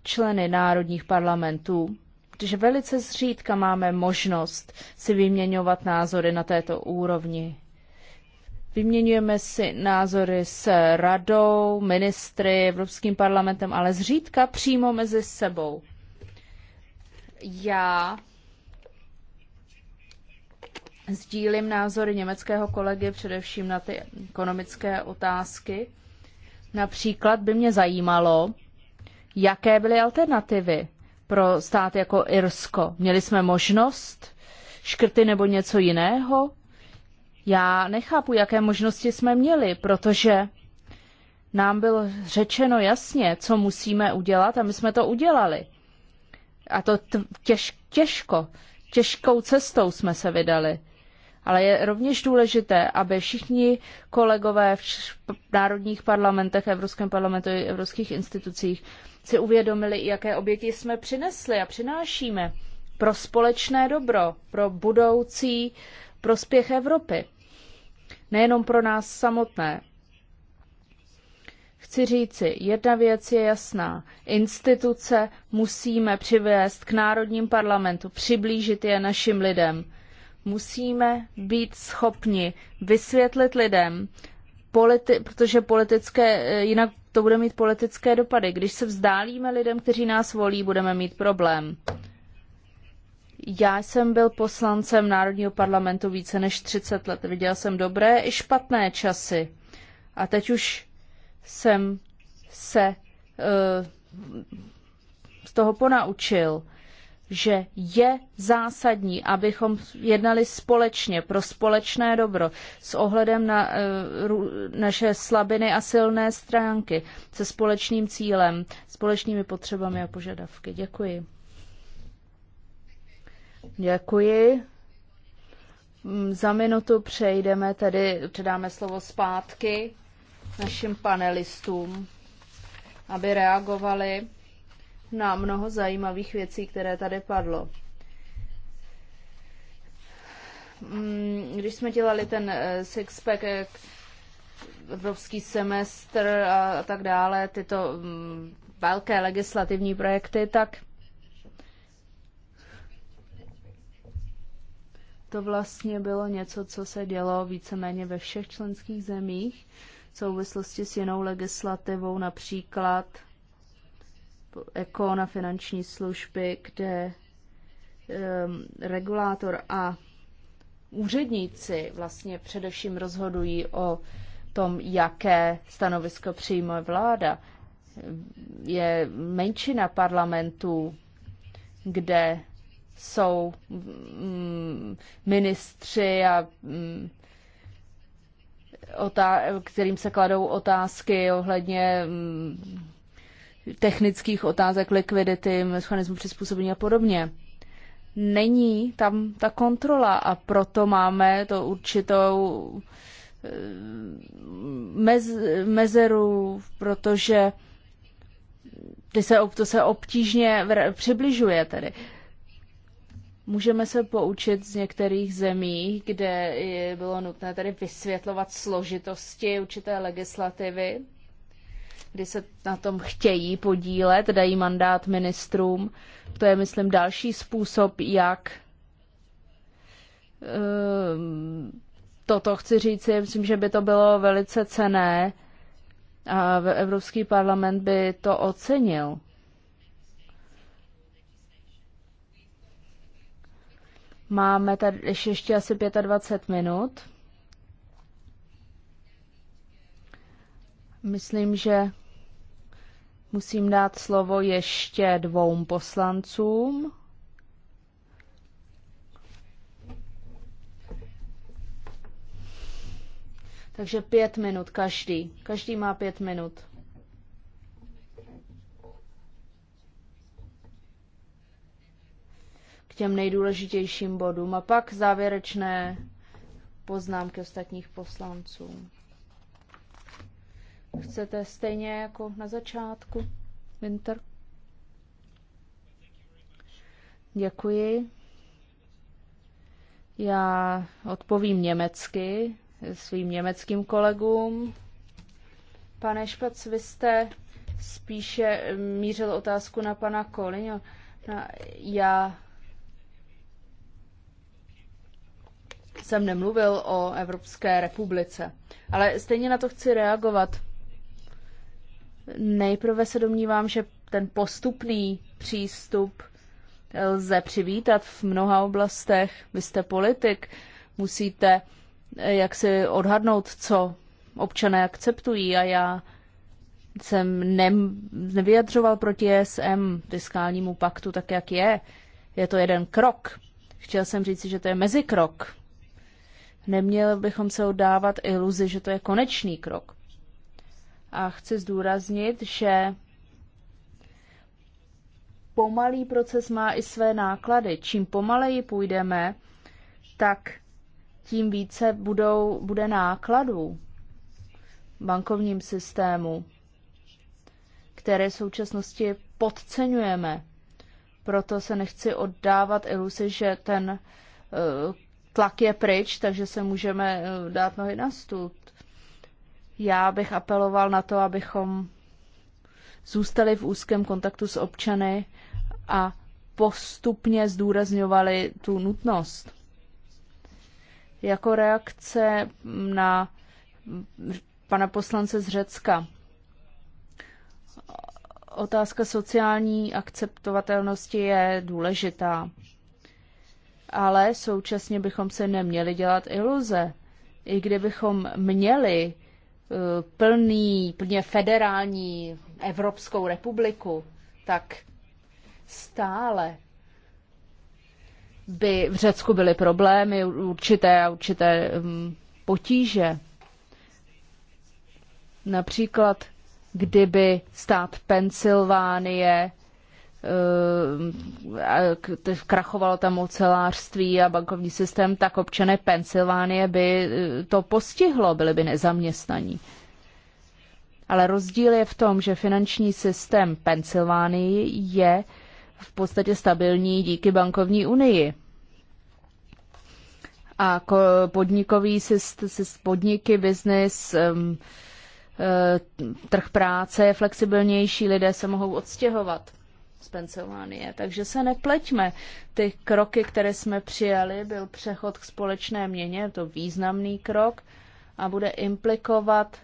členy národních parlamentů, protože velice zřídka máme možnost si vyměňovat názory na této úrovni. Vyměňujeme si názory s radou, ministry, Evropským parlamentem, ale zřídka přímo mezi sebou. Já Sdílím názory německého kolegy především na ty ekonomické otázky. Například by mě zajímalo, jaké byly alternativy pro stát jako Irsko. Měli jsme možnost škrty nebo něco jiného? Já nechápu, jaké možnosti jsme měli, protože nám bylo řečeno jasně, co musíme udělat a my jsme to udělali. A to těž, těžko, těžkou cestou jsme se vydali. Ale je rovněž důležité, aby všichni kolegové v národních parlamentech, Evropském parlamentu i evropských institucích si uvědomili, jaké oběti jsme přinesli a přinášíme pro společné dobro, pro budoucí prospěch Evropy. Nejenom pro nás samotné. Chci říci, jedna věc je jasná. Instituce musíme přivést k národním parlamentu, přiblížit je našim lidem musíme být schopni vysvětlit lidem, politi- protože politické, eh, jinak to bude mít politické dopady. Když se vzdálíme lidem, kteří nás volí, budeme mít problém. Já jsem byl poslancem Národního parlamentu více než 30 let. Viděl jsem dobré i špatné časy. A teď už jsem se uh, z toho ponaučil že je zásadní, abychom jednali společně pro společné dobro s ohledem na eh, naše slabiny a silné stránky se společným cílem, společnými potřebami a požadavky. Děkuji. Děkuji. Mm, za minutu přejdeme tedy, předáme slovo zpátky našim panelistům, aby reagovali na mnoho zajímavých věcí, které tady padlo. Mm, když jsme dělali ten eh, sixpack, eh, evropský semestr a tak dále, tyto mm, velké legislativní projekty, tak to vlastně bylo něco, co se dělo víceméně ve všech členských zemích v souvislosti s jinou legislativou, například jako na finanční služby, kde um, regulátor a úředníci vlastně především rozhodují o tom, jaké stanovisko přijme vláda. Je menšina parlamentů, kde jsou mm, ministři a mm, otá- kterým se kladou otázky ohledně mm, technických otázek likvidity, mechanismu přizpůsobení a podobně. Není tam ta kontrola a proto máme to určitou eh, mez, mezeru, protože ty se, to se obtížně přibližuje tedy. Můžeme se poučit z některých zemí, kde bylo nutné tady vysvětlovat složitosti určité legislativy, kdy se na tom chtějí podílet, dají mandát ministrům. To je, myslím, další způsob, jak eh, toto chci říct, myslím, že by to bylo velice cené a Evropský parlament by to ocenil. Máme tady ještě asi 25 minut. Myslím, že Musím dát slovo ještě dvou poslancům. Takže pět minut každý. Každý má pět minut. K těm nejdůležitějším bodům a pak závěrečné poznámky ostatních poslanců. Chcete stejně jako na začátku, Winter? Děkuji. Já odpovím německy svým německým kolegům. Pane Špac, vy jste spíše mířil otázku na pana Kolino. Já jsem nemluvil o Evropské republice, ale stejně na to chci reagovat. Nejprve se domnívám, že ten postupný přístup lze přivítat v mnoha oblastech. Vy jste politik, musíte eh, jak si odhadnout, co občané akceptují a já jsem ne, nevyjadřoval proti ESM, fiskálnímu paktu, tak jak je. Je to jeden krok. Chtěl jsem říct, že to je mezikrok. Neměli bychom se oddávat iluzi, že to je konečný krok. A chci zdůraznit, že pomalý proces má i své náklady. Čím pomaleji půjdeme, tak tím více budou, bude nákladů bankovním systému, které v současnosti podceňujeme. Proto se nechci oddávat iluzi, že ten eh, tlak je pryč, takže se můžeme eh, dát nohy na stůl já bych apeloval na to, abychom zůstali v úzkém kontaktu s občany a postupně zdůrazňovali tu nutnost. Jako reakce na pana poslance z Řecka. Otázka sociální akceptovatelnosti je důležitá, ale současně bychom se neměli dělat iluze. I kdybychom měli plný, plně federální Evropskou republiku, tak stále by v Řecku byly problémy určité a určité mm, potíže. Například, kdyby stát Pensylvánie Eh, krachovalo tam ocelářství a bankovní systém, tak občané Pensylvánie by eh, to postihlo, byli by nezaměstnaní. Ale rozdíl je v tom, že finanční systém Pensylvánie je v podstatě stabilní díky bankovní unii. A podnikový systém, podniky, biznis, eh, trh práce je flexibilnější, lidé se mohou odstěhovat z Pensylvánie. Takže se nepleťme. Ty kroky, které jsme přijali, byl přechod k společné měně, to významný krok a bude implikovat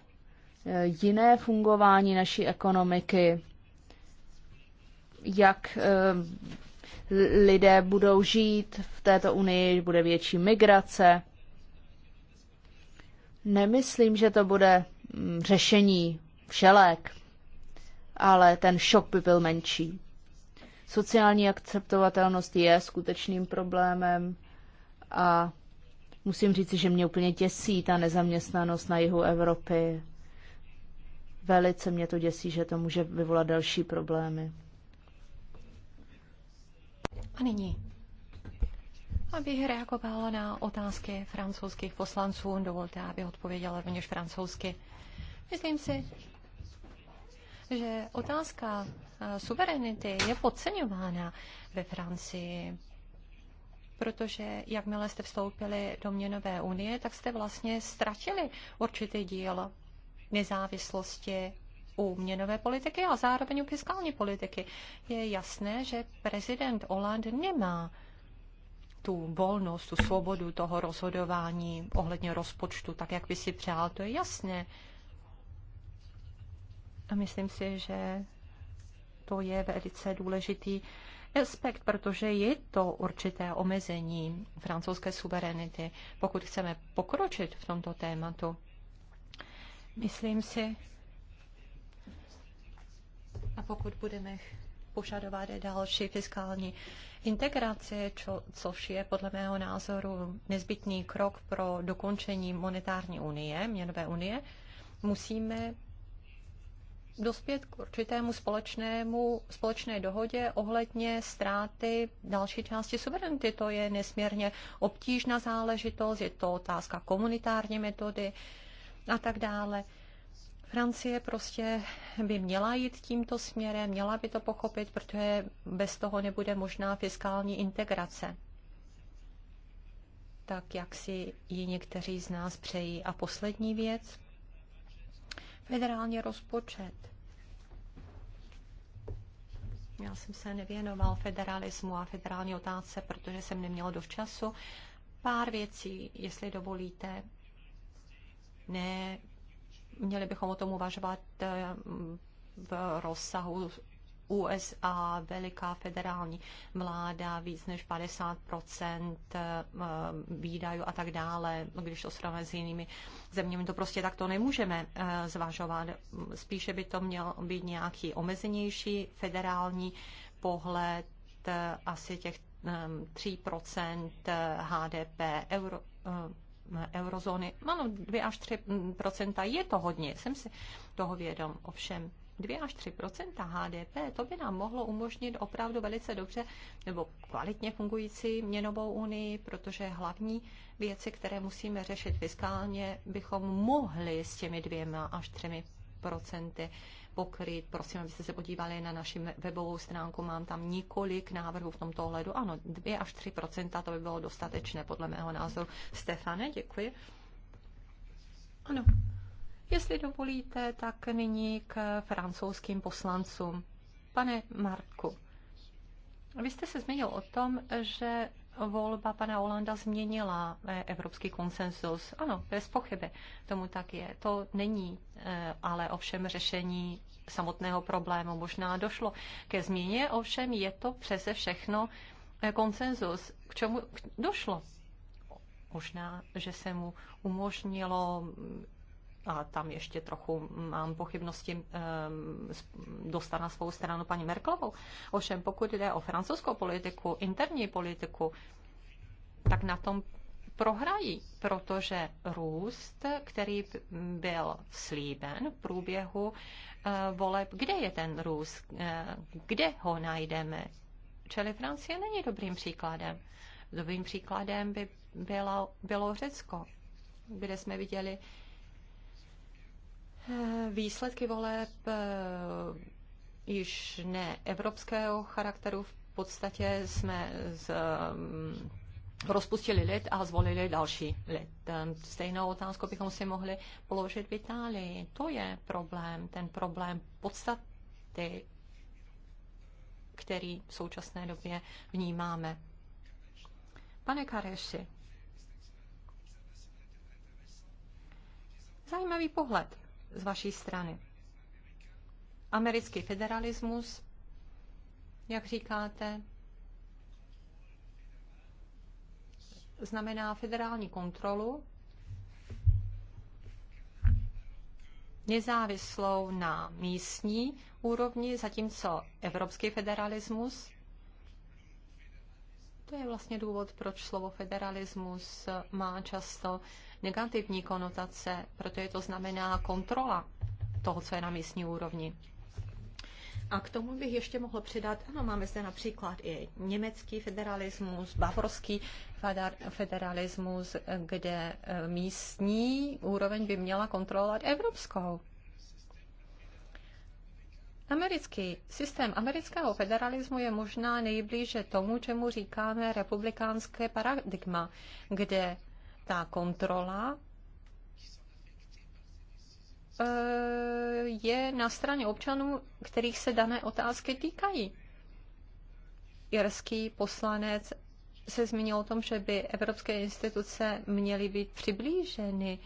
eh, jiné fungování naší ekonomiky, jak eh, lidé budou žít v této unii, bude větší migrace. Nemyslím, že to bude mm, řešení všelek, ale ten šok by byl menší. Sociální akceptovatelnost je skutečným problémem a musím říct, že mě úplně děsí ta nezaměstnanost na jihu Evropy. Velice mě to děsí, že to může vyvolat další problémy. A nyní, abych reagovala na otázky francouzských poslanců, dovolte, aby odpověděla rovněž francouzsky. Myslím si, že otázka suverenity je podceňována ve Francii protože jakmile jste vstoupili do měnové unie, tak jste vlastně ztratili určitý díl nezávislosti u měnové politiky a zároveň u fiskální politiky. Je jasné, že prezident Hollande nemá tu volnost, tu svobodu toho rozhodování ohledně rozpočtu, tak jak by si přál, to je jasné. A myslím si, že to je velice důležitý aspekt, protože je to určité omezení francouzské suverenity, pokud chceme pokročit v tomto tématu. Myslím si, a pokud budeme požadovat další fiskální integraci, čo, což je podle mého názoru nezbytný krok pro dokončení monetární unie, měnové unie, musíme dospět k určitému společnému, společné dohodě ohledně ztráty další části suverenity. To je nesmírně obtížná záležitost, je to otázka komunitární metody a tak dále. Francie prostě by měla jít tímto směrem, měla by to pochopit, protože bez toho nebude možná fiskální integrace. Tak jak si ji někteří z nás přejí. A poslední věc, Federální rozpočet. Já jsem se nevěnoval federalismu a federální otázce, protože jsem neměl dost času. Pár věcí, jestli dovolíte. Ne, měli bychom o tom uvažovat eh, v rozsahu USA, veliká federální vláda, víc než 50 eh, výdajů a tak dále, když to srovnáme s jinými zeměmi, to prostě takto nemůžeme eh, zvažovat. Spíše by to měl být nějaký omezenější federální pohled eh, asi těch 3 HDP euro, eurozóny. Ano, 2 až 3 je to hodně, jsem si toho vědom. Ovšem, 2 až 3 HDP, to by nám mohlo umožnit opravdu velice dobře nebo kvalitně fungující měnovou unii, protože hlavní věci, které musíme řešit fiskálně, bychom mohli s těmi dvěma až třemi procenty pokryt. Prosím, abyste se podívali na naši webovou stránku, mám tam několik návrhů v tomto ohledu. Ano, 2 až 3 to by bylo dostatečné, podle mého názoru. Stefane, děkuji. Ano, Jestli dovolíte, tak nyní k francouzským poslancům. Pane Marku, vy jste se zmínil o tom, že volba pana Olanda změnila eh, evropský konsenzus. Ano, bez pochyby tomu tak je. To není eh, ale ovšem řešení samotného problému. Možná došlo ke změně, ovšem je to přese všechno eh, konsenzus. K čemu došlo? Možná, že se mu umožnilo a tam ještě trochu mám pochybnosti, ehm, dostat na svou stranu paní Merklovou. Ovšem, pokud jde o francouzskou politiku, interní politiku, tak na tom prohrají, protože růst, který byl slíben v průběhu eh, voleb, kde je ten růst, eh, kde ho najdeme. Čili Francie není dobrým příkladem. Dobrým příkladem by bylo, bylo Řecko, kde jsme viděli Výsledky voleb eh, již ne evropského charakteru, v podstatě jsme z, eh, rozpustili lid a zvolili další lid. Eh, stejnou otázku bychom si mohli položit v Itálii. To je problém, ten problém podstaty, který v současné době vnímáme. Pane Kareši, zajímavý pohled z vaší strany. Americký federalismus, jak říkáte, znamená federální kontrolu nezávislou na místní úrovni, zatímco evropský federalismus to je vlastně důvod, proč slovo federalismus má často negativní konotace, protože to znamená kontrola toho, co je na místní úrovni. A k tomu bych ještě mohl přidat, ano, máme zde například i německý federalismus, bavorský federalismus, kde eh, místní úroveň by měla kontrolovat evropskou. Americký systém amerického federalismu je možná nejblíže tomu, čemu říkáme republikánské paradigma, kde ta kontrola eh, je na straně občanů, kterých se dané otázky týkají. Irský poslanec se zmínil o tom, že by evropské instituce měly být přiblíženy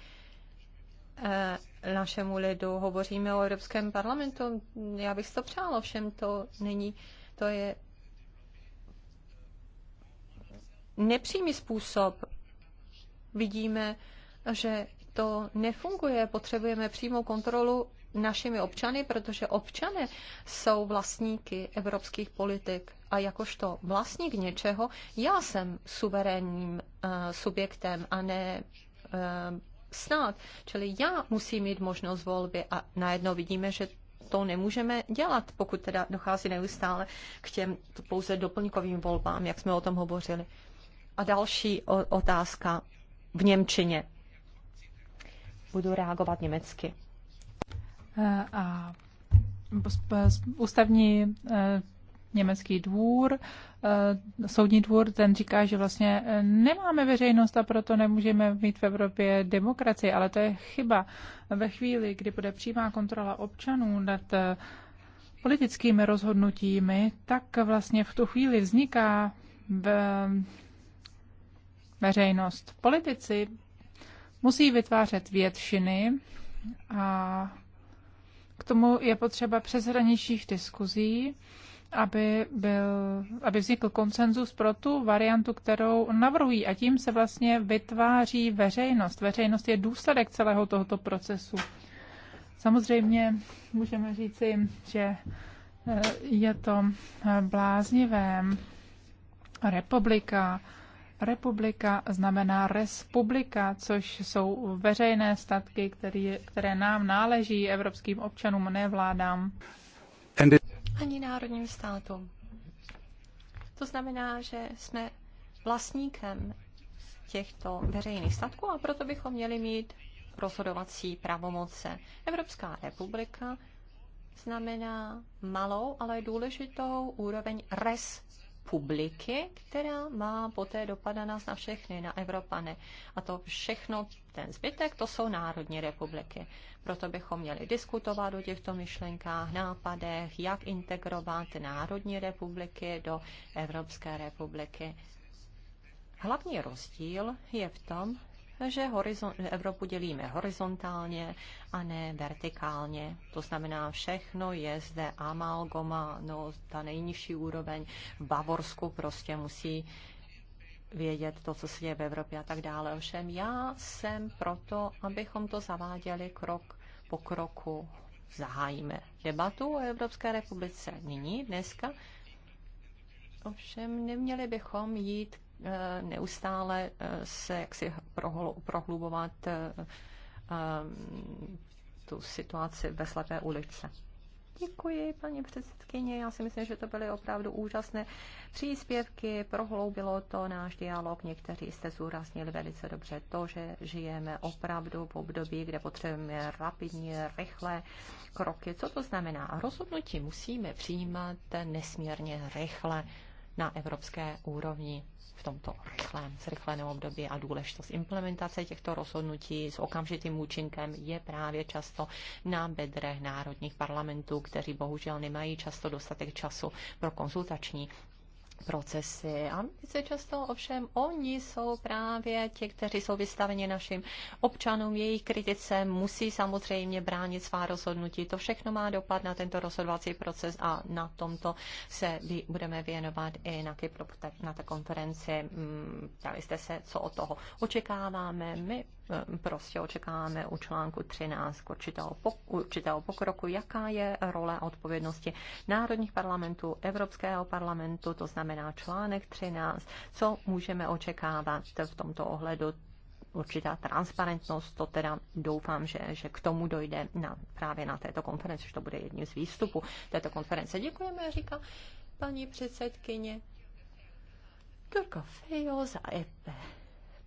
eh, našemu lidu, hovoříme o Evropském parlamentu. Já bych to přál, ovšem to není, to je nepřímý způsob. Vidíme, že to nefunguje. Potřebujeme přímou kontrolu našimi občany, protože občany jsou vlastníky evropských politik. A jakožto vlastník něčeho, já jsem suverénním uh, subjektem a ne uh, Snad, Čili já musím mít možnost volby a najednou vidíme, že to nemůžeme dělat, pokud teda dochází neustále k těm pouze doplňkovým volbám, jak jsme o tom hovořili. A další otázka v Němčině. Budu reagovat německy. Eh, a ústavní eh, německý dvůr, eh, soudní dvůr, ten říká, že vlastně eh, nemáme veřejnost a proto nemůžeme mít v Evropě demokracii, ale to je chyba. Ve chvíli, kdy bude přímá kontrola občanů nad eh, politickými rozhodnutími, tak vlastně v tu chvíli vzniká veřejnost. Politici musí vytvářet většiny a k tomu je potřeba přeshraničních diskuzí aby, byl, aby vznikl konsenzus pro tu variantu, kterou navrhují. A tím se vlastně vytváří veřejnost. Veřejnost je důsledek celého tohoto procesu. Samozřejmě můžeme říci, že eh, je to eh, bláznivé. Republika. Republika znamená respublika, což jsou veřejné statky, které, které nám náleží, evropským občanům, ne vládám ani národním státům. To znamená, že jsme vlastníkem těchto veřejných statků a proto bychom měli mít rozhodovací pravomoce. Evropská republika znamená malou, ale důležitou úroveň res publiky, která má poté dopada na nás na všechny, na Evropany. A to všechno, ten zbytek, to jsou národní republiky. Proto bychom měli diskutovat o těchto myšlenkách, nápadech, jak integrovat národní republiky do Evropské republiky. Hlavní rozdíl je v tom, že, horizon, že Evropu dělíme horizontálně a ne vertikálně. To znamená, všechno je zde amalgoma, no ta nejnižší úroveň v Bavorsku prostě musí vědět to, co se děje v Evropě a tak dále. Ovšem já jsem proto, abychom to zaváděli krok po kroku. Zahájíme debatu o Evropské republice nyní, dneska. Ovšem neměli bychom jít Eh, neustále eh, se jaksi prohlubovat eh, tu situaci ve Slepé ulice. Děkuji, paní předsedkyně. Já si myslím, že to byly opravdu úžasné příspěvky. Prohloubilo to náš dialog. Někteří jste zúraznili velice dobře to, že žijeme opravdu v období, kde potřebujeme rapidně, rychlé kroky. Co to znamená? Rozhodnutí musíme přijímat nesmírně rychle na evropské úrovni v tomto rychlém, zrychleném období a důležitost implementace těchto rozhodnutí s okamžitým účinkem je právě často na bedrech národních parlamentů, kteří bohužel nemají často dostatek času pro konzultační procesy. A velice často ovšem oni jsou právě ti, kteří jsou vystaveni našim občanům, jejich kritice, musí samozřejmě bránit svá rozhodnutí. To všechno má dopad na tento rozhodovací proces a na tomto se budeme věnovat i na Kypru na té konferenci. Mm, ptali jste se, co od toho očekáváme. My Ehm, prostě očekáváme u článku 13 k určitého, pok- určitého pokroku, jaká je role a odpovědnosti národních parlamentů, Evropského parlamentu, to znamená článek 13, co můžeme očekávat v tomto ohledu určitá transparentnost, to teda doufám, že, že k tomu dojde na, právě na této konferenci, že to bude jedním z výstupů této konference. Děkujeme, říká paní předsedkyně. Turko Fejo za EPE.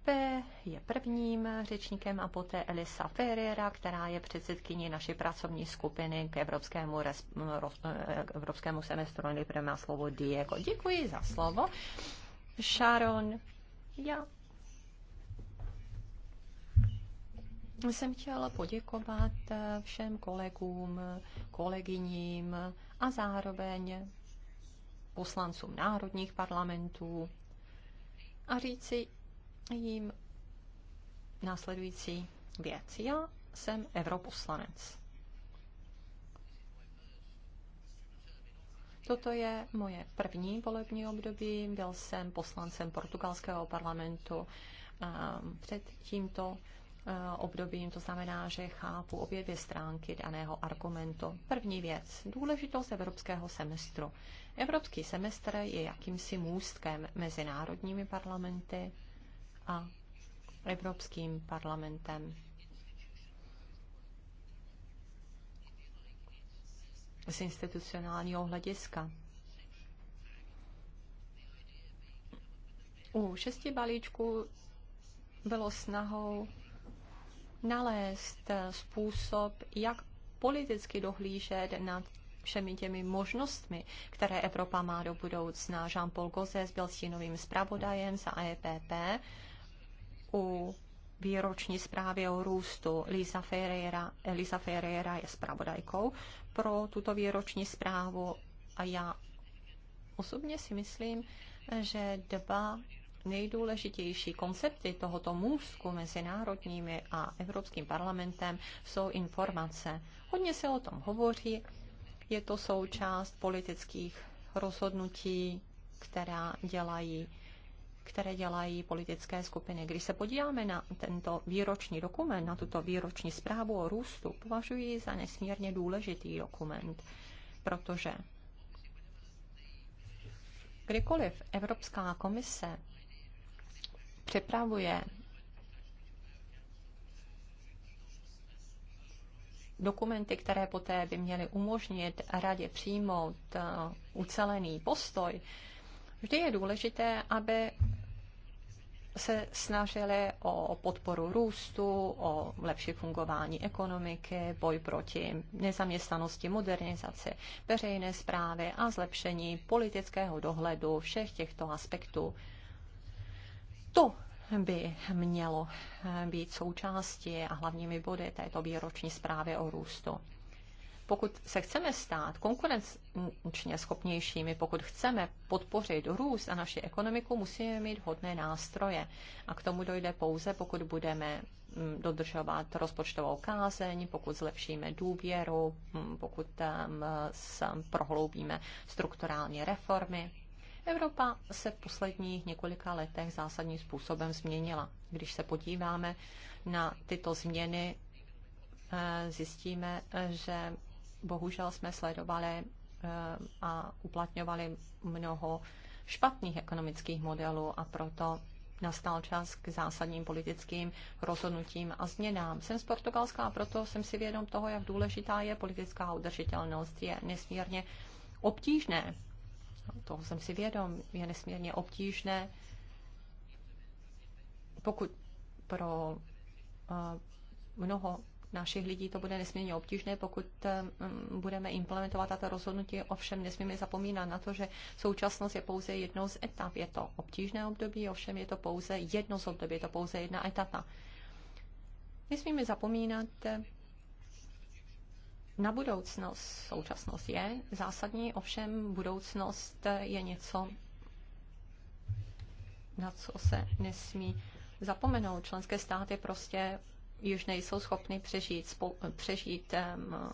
Pepe je prvním řečníkem a poté Elisa Ferreira, která je předsedkyní naší pracovní skupiny k evropskému, res, roz, eh, evropskému semestru. Nejprve má slovo Diego. Děkuji za slovo. Sharon, já jsem chtěla poděkovat eh, všem kolegům, kolegyním a zároveň poslancům národních parlamentů a říci, jim následující věc. Já jsem europoslanec. Toto je moje první volební období. Byl jsem poslancem portugalského parlamentu před tímto obdobím, to znamená, že chápu obě dvě stránky daného argumentu. První věc, důležitost evropského semestru. Evropský semestr je jakýmsi můstkem mezi národními parlamenty, a Evropským parlamentem. Z institucionálního hlediska. U šesti balíčků bylo snahou nalézt způsob, jak politicky dohlížet nad všemi těmi možnostmi, které Evropa má do budoucna. Jean-Paul Gozes byl stínovým zpravodajem za EPP u výroční zprávy o růstu. Lisa Ferreira, Elisa Ferreira je zpravodajkou pro tuto výroční zprávu a já osobně si myslím, že dva nejdůležitější koncepty tohoto můzku mezi národními a Evropským parlamentem jsou informace. Hodně se o tom hovoří, je to součást politických rozhodnutí, která dělají které dělají politické skupiny. Když se podíváme na tento výroční dokument, na tuto výroční zprávu o růstu, považuji za nesmírně důležitý dokument, protože kdykoliv Evropská komise připravuje dokumenty, které poté by měly umožnit radě přijmout eh, ucelený postoj, Vždy je důležité, aby se snažili o podporu růstu, o lepší fungování ekonomiky, boj proti nezaměstnanosti, modernizaci veřejné zprávy a zlepšení politického dohledu všech těchto aspektů. To by mělo být součástí a hlavními body této výroční zprávy o růstu pokud se chceme stát konkurenčně schopnějšími, pokud chceme podpořit růst a naši ekonomiku, musíme mít hodné nástroje. A k tomu dojde pouze, pokud budeme mm, dodržovat rozpočtovou kázeň, pokud zlepšíme důvěru, mm, pokud eh, prohloubíme strukturální reformy. Evropa se v posledních několika letech zásadním způsobem změnila. Když se podíváme na tyto změny, eh, zjistíme, eh, že bohužel jsme sledovali eh, a uplatňovali mnoho špatných ekonomických modelů a proto nastal čas k zásadním politickým rozhodnutím a změnám. Jsem z Portugalska a proto jsem si vědom toho, jak důležitá je politická udržitelnost. Je nesmírně obtížné, toho jsem si vědom, je nesmírně obtížné, pokud pro eh, mnoho našich lidí to bude nesmírně obtížné, pokud eh, budeme implementovat tato rozhodnutí. Ovšem nesmíme zapomínat na to, že současnost je pouze jednou z etap. Je to obtížné období, ovšem je to pouze jedno z období, je to pouze jedna etapa. Nesmíme zapomínat eh, na budoucnost. Současnost je zásadní, ovšem budoucnost je něco, na co se nesmí zapomenout. Členské státy prostě již nejsou schopny přežít, spol, přežít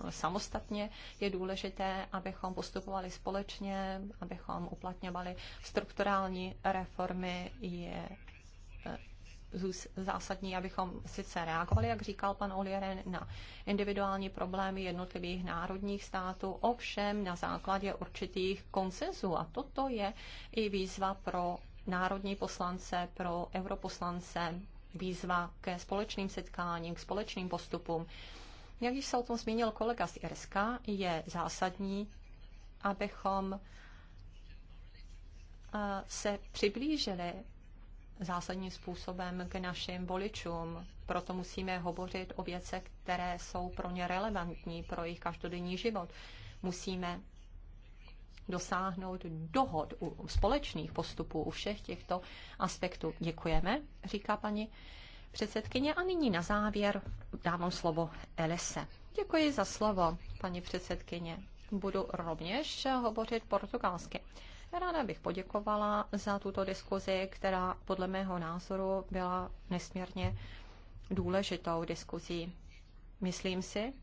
samostatně. Je důležité, abychom postupovali společně, abychom uplatňovali strukturální reformy. Je e, zásadní, abychom sice reagovali, jak říkal pan Olieren, na individuální problémy jednotlivých národních států, ovšem na základě určitých konsenzů A toto je i výzva pro národní poslance, pro europoslance, výzva ke společným setkáním, k společným postupům. Jak již se o tom zmínil kolega z Irska, je zásadní, abychom eh, se přiblížili zásadním způsobem k našim voličům. Proto musíme hovořit o věcech, které jsou pro ně relevantní, pro jejich každodenní život. Musíme dosáhnout dohod u společných postupů u všech těchto aspektů. Děkujeme, říká paní předsedkyně. A nyní na závěr dávám slovo Elise. Děkuji za slovo, paní předsedkyně. Budu rovněž hovořit portugalsky. Ráda bych poděkovala za tuto diskuzi, která podle mého názoru byla nesmírně důležitou diskuzí. Myslím si,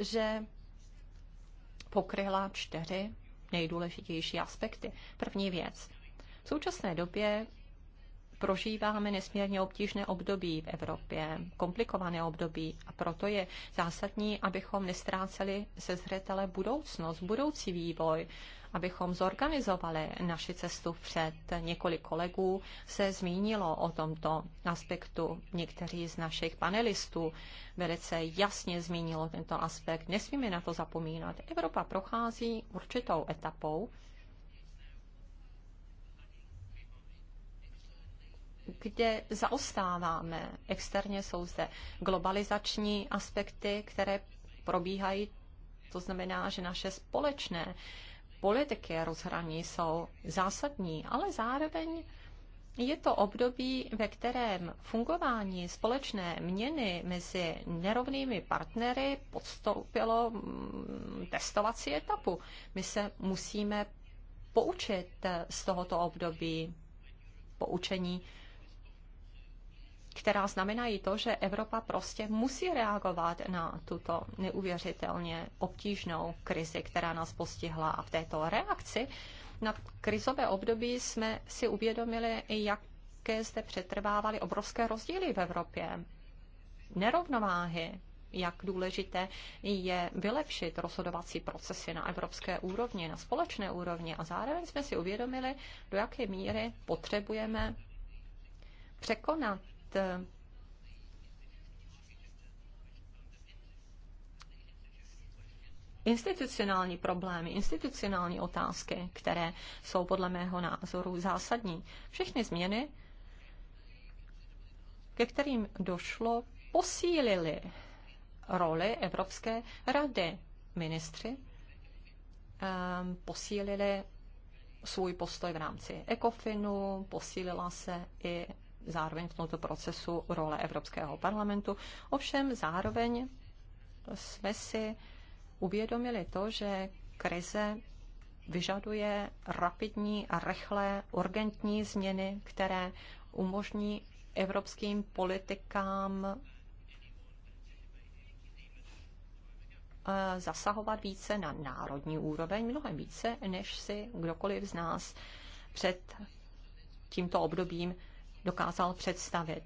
že pokryla čtyři nejdůležitější aspekty. První věc. V současné době prožíváme nesmírně obtížné období v Evropě, komplikované období a proto je zásadní, abychom nestráceli se zřetele budoucnost, budoucí vývoj, abychom zorganizovali naši cestu před. Několik kolegů se zmínilo o tomto aspektu. Někteří z našich panelistů velice jasně zmínilo tento aspekt. Nesmíme na to zapomínat. Evropa prochází určitou etapou, kde zaostáváme. Externě jsou zde globalizační aspekty, které probíhají. To znamená, že naše společné uh, politiky rozhraní jsou zásadní, ale zároveň je to období, ve kterém fungování společné měny mezi nerovnými partnery podstoupilo mm, testovací etapu. My se musíme poučit z tohoto období poučení která znamenají to, že Evropa prostě musí reagovat na tuto neuvěřitelně obtížnou krizi, která nás postihla. A v této reakci na krizové období jsme si uvědomili, jaké zde přetrvávaly obrovské rozdíly v Evropě. Nerovnováhy, jak důležité je vylepšit rozhodovací procesy na evropské úrovni, na společné úrovni. A zároveň jsme si uvědomili, do jaké míry potřebujeme překonat Eh, institucionální problémy, institucionální otázky, které jsou podle mého názoru zásadní. Všechny změny, ke kterým došlo, posílily roli Evropské rady. Ministři ehm, posílili svůj postoj v rámci ECOFINu, posílila se i zároveň v tomto procesu role Evropského parlamentu. Ovšem zároveň jsme si uvědomili to, že krize vyžaduje rapidní a rychlé urgentní změny, které umožní evropským politikám eh, zasahovat více na národní úroveň, mnohem více, než si kdokoliv z nás před tímto obdobím dokázal představit.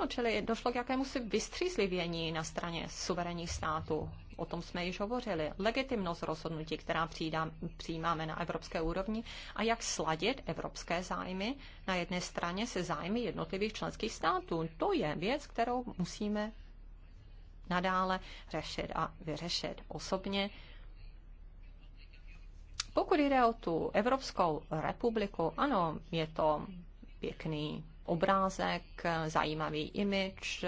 No, čili došlo k jakému si vystřízlivění na straně suverénních států. O tom jsme již hovořili. Legitimnost rozhodnutí, která přijdám, přijímáme na evropské úrovni a jak sladit evropské zájmy na jedné straně se zájmy jednotlivých členských států. To je věc, kterou musíme nadále řešit a vyřešit. Osobně pokud jde o tu Evropskou republiku, ano, je to pěkný obrázek, zajímavý image.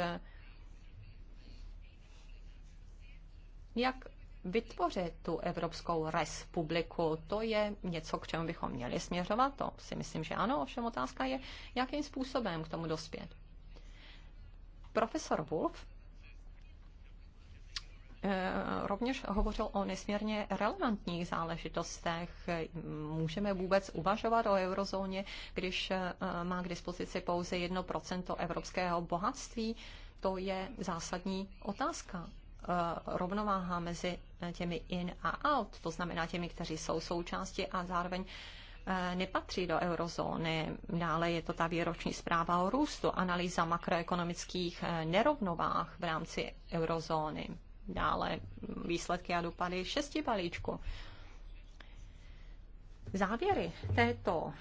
Jak vytvořit tu Evropskou republiku, to je něco, k čemu bychom měli směřovat. To si myslím, že ano, ovšem otázka je, jakým způsobem k tomu dospět. Profesor Wolf Eh, rovněž hovořil o nesmírně relevantních záležitostech. Můžeme vůbec uvažovat o eurozóně, když eh, má k dispozici pouze 1% evropského bohatství? To je zásadní otázka eh, rovnováha mezi těmi in a out, to znamená těmi, kteří jsou součástí a zároveň nepatří do eurozóny. Dále je to ta výroční zpráva o růstu, analýza makroekonomických nerovnovách v rámci eurozóny dále výsledky a dopady šesti balíčku. Závěry této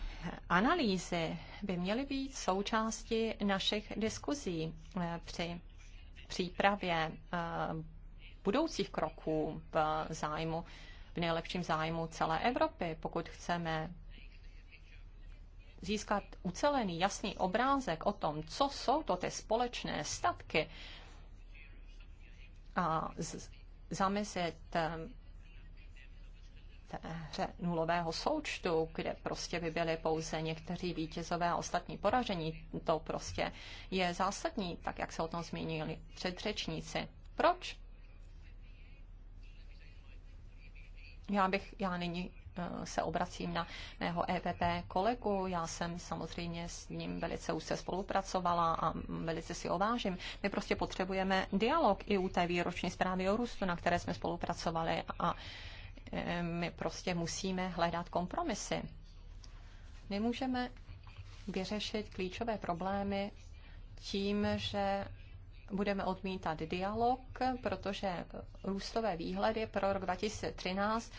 analýzy by měly být součástí našich diskuzí eh, při přípravě eh, budoucích kroků v zájmu, v nejlepším zájmu celé Evropy, pokud chceme získat ucelený, jasný obrázek o tom, co jsou to ty společné statky a zamezit ehm, hře nulového součtu, kde prostě by byly pouze někteří vítězové a ostatní poražení, to prostě je zásadní, tak jak se o tom zmínili předřečníci. Proč? Já bych, já nyní Eh, se obracím na mého EPP kolegu. Já jsem samozřejmě s ním velice úzce spolupracovala a velice si ovážím. My prostě potřebujeme dialog i u té výroční zprávy o růstu, na které jsme spolupracovali a eh, my prostě musíme hledat kompromisy. My můžeme vyřešit klíčové problémy tím, že budeme odmítat dialog, protože růstové výhledy pro rok 2013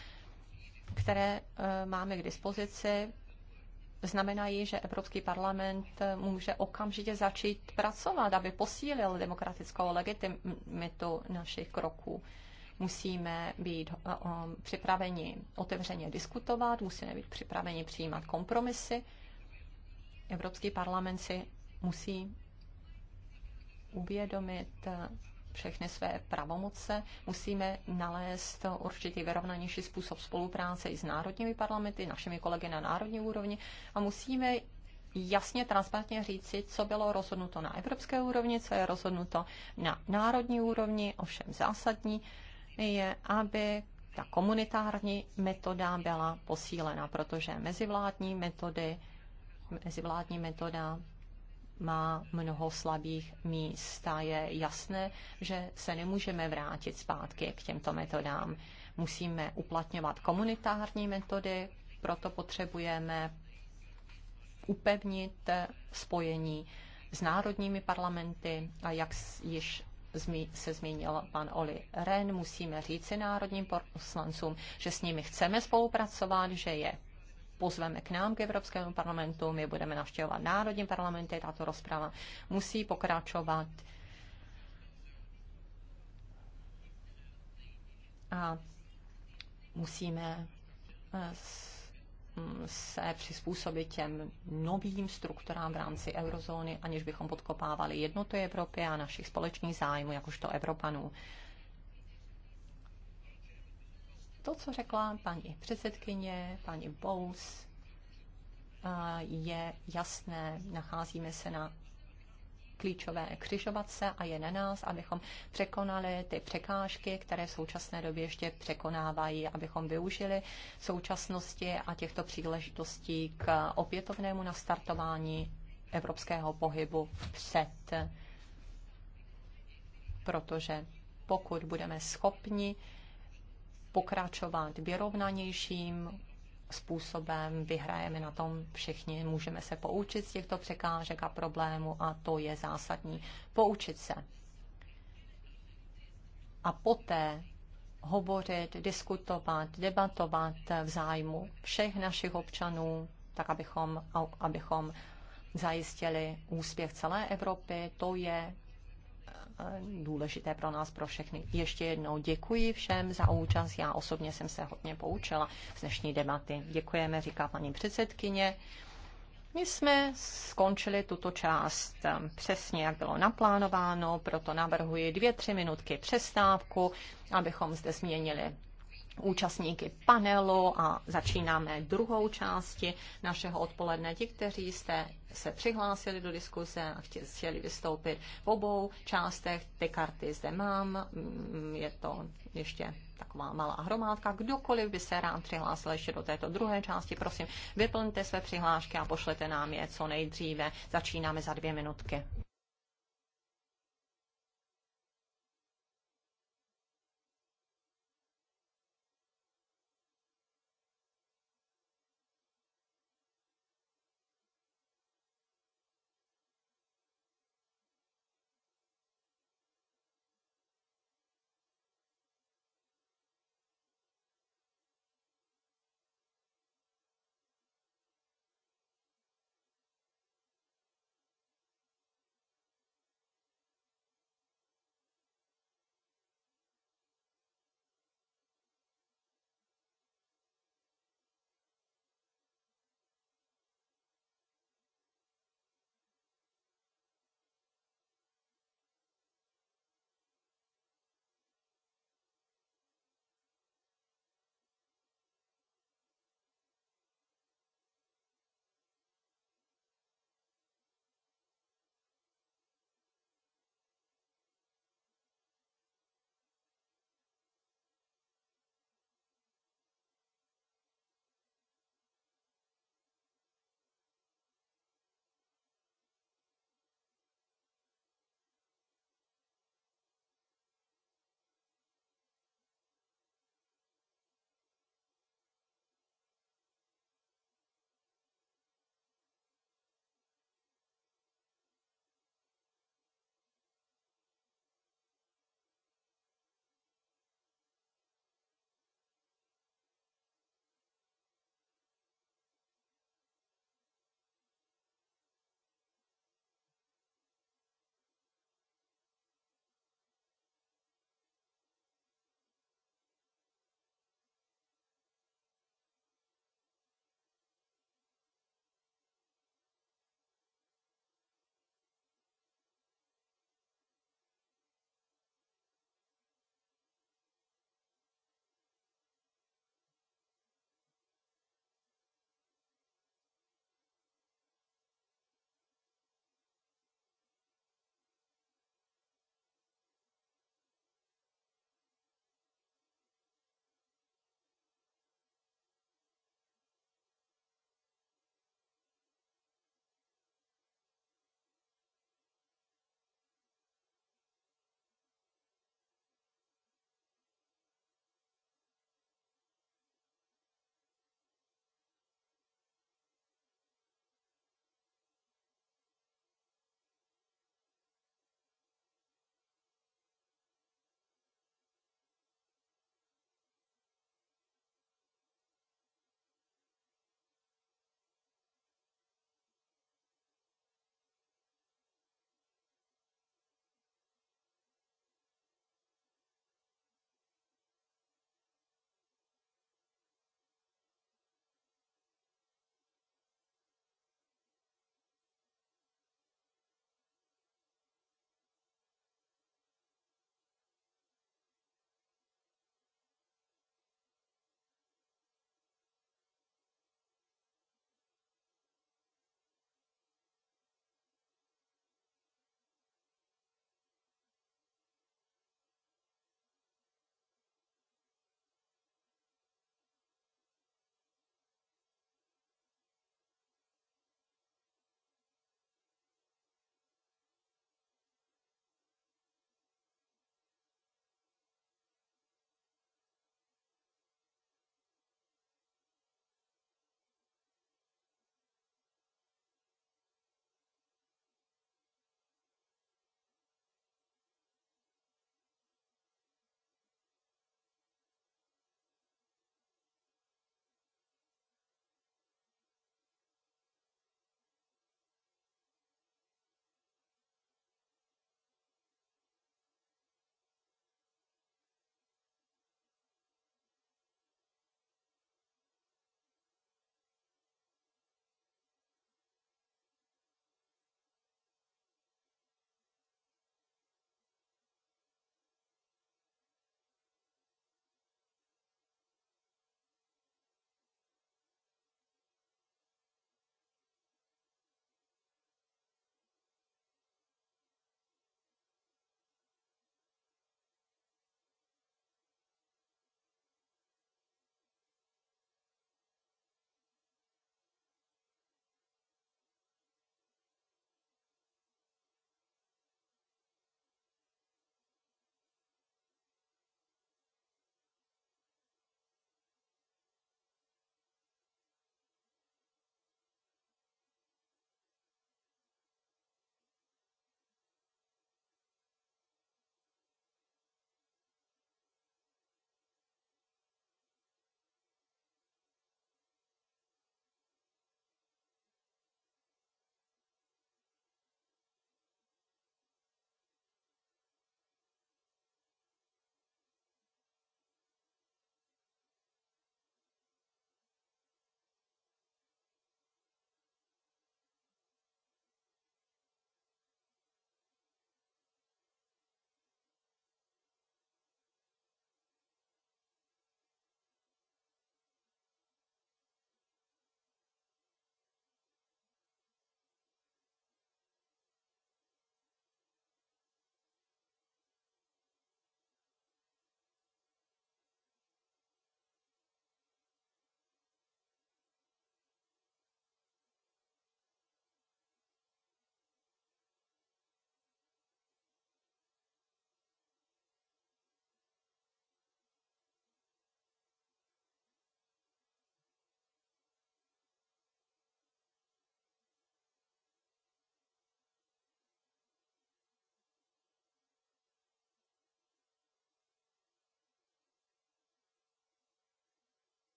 které eh, máme k dispozici, znamenají, že Evropský parlament eh, může okamžitě začít pracovat, aby posílil demokratickou legitimitu našich kroků. Musíme být eh, připraveni otevřeně diskutovat, musíme být připraveni přijímat kompromisy. Evropský parlament si musí uvědomit všechny své pravomoce, musíme nalézt určitý vyrovnanější způsob spolupráce i s národními parlamenty, našimi kolegy na národní úrovni a musíme jasně, transparentně říci, co bylo rozhodnuto na evropské úrovni, co je rozhodnuto na národní úrovni, ovšem zásadní je, aby ta komunitární metoda byla posílena, protože mezivládní metody, mezivládní metoda má mnoho slabých míst a je jasné, že se nemůžeme vrátit zpátky k těmto metodám. Musíme uplatňovat komunitární metody, proto potřebujeme upevnit spojení s národními parlamenty a jak již se zmínil pan Oli Ren, musíme říci národním poslancům, že s nimi chceme spolupracovat, že je pozveme k nám, k Evropskému parlamentu, my budeme navštěvovat národní parlamenty, tato rozprava musí pokračovat. A musíme eh, mm, se přizpůsobit těm novým strukturám v rámci eurozóny, aniž bychom podkopávali jednotu Evropy a našich společných zájmů, jakožto Evropanů. To, co řekla paní předsedkyně, paní Bous, je jasné, nacházíme se na klíčové křižovatce a je na nás, abychom překonali ty překážky, které v současné době ještě překonávají, abychom využili současnosti a těchto příležitostí k opětovnému nastartování evropského pohybu vpřed. Protože pokud budeme schopni pokračovat vyrovnanějším způsobem, vyhrajeme na tom všichni, můžeme se poučit z těchto překážek a problémů a to je zásadní. Poučit se. A poté hovořit, diskutovat, debatovat v zájmu všech našich občanů, tak abychom, abychom zajistili úspěch celé Evropy. To je Eh, důležité pro nás, pro všechny. Ještě jednou děkuji všem za účast. Já osobně jsem se hodně poučila z dnešní debaty. Děkujeme, říká paní předsedkyně. My jsme skončili tuto část eh, přesně, jak bylo naplánováno, proto navrhuji dvě, tři minutky přestávku, abychom zde změnili účastníky panelu a začínáme druhou části našeho odpoledne. Ti, kteří jste se přihlásili do diskuze a chtěli vystoupit v obou částech. Ty karty zde mám, mm, je to ještě taková malá hromádka. Kdokoliv by se rád přihlásil ještě do této druhé části, prosím, vyplňte své přihlášky a pošlete nám je co nejdříve. Začínáme za dvě minutky.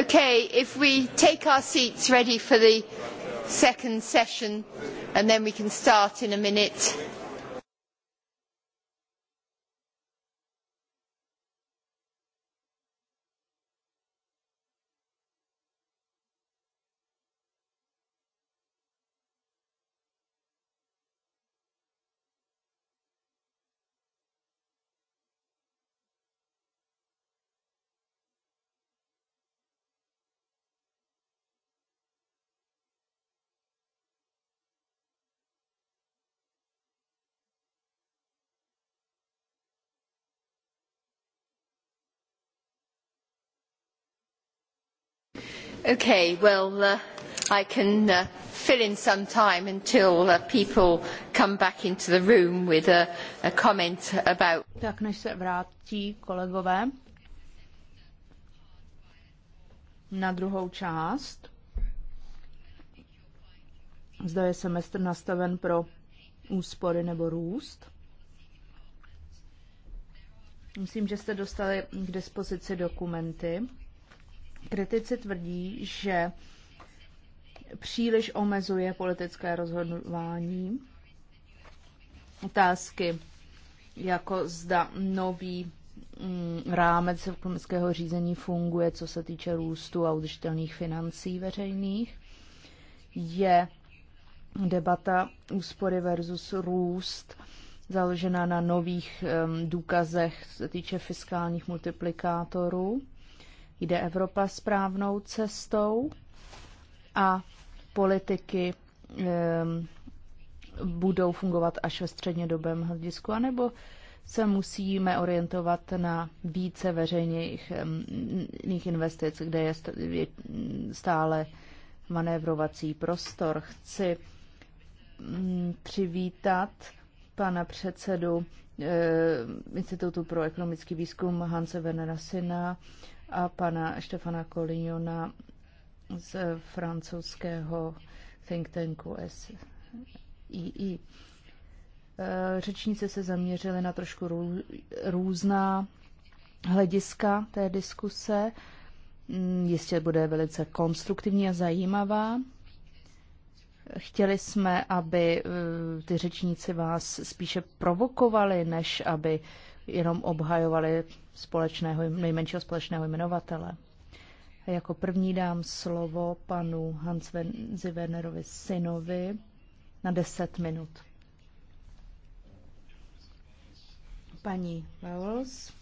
Okay, if we take our seats ready for the second session and then we can start in a minute. Okay, well, uh, I can uh, fill in some time until uh, people come back into the room with a, a comment about. Tak než se vrátí kolegové na druhou část. Zda je semestr nastaven pro úspory nebo růst. Myslím, že jste dostali k dispozici dokumenty. Kritici tvrdí, že příliš omezuje politické rozhodování. Otázky jako zda nový mm, rámec ekonomického řízení funguje, co se týče růstu a udržitelných financí veřejných, je debata úspory versus růst založená na nových důkazech, co se týče fiskálních multiplikátorů. Jde Evropa správnou cestou a politiky ehm, budou fungovat až ve střednědobém hledisku, anebo se musíme orientovat na více veřejných ehm, investic, kde je stále manévrovací prostor. Chci mm, přivítat pana předsedu ehm, Institutu pro ekonomický výzkum Hanse Venera Sina a pana Štefana Koliona z francouzského think tanku SII. E, řečníci se zaměřili na trošku různá hlediska té diskuse. Mm, jistě bude velice konstruktivní a zajímavá. Chtěli jsme, aby e, ty řečníci vás spíše provokovali, než aby jenom obhajovali společného, nejmenšího společného jmenovatele. A jako první dám slovo panu Hans Zivernerovi synovi na 10 minut. Paní Wells,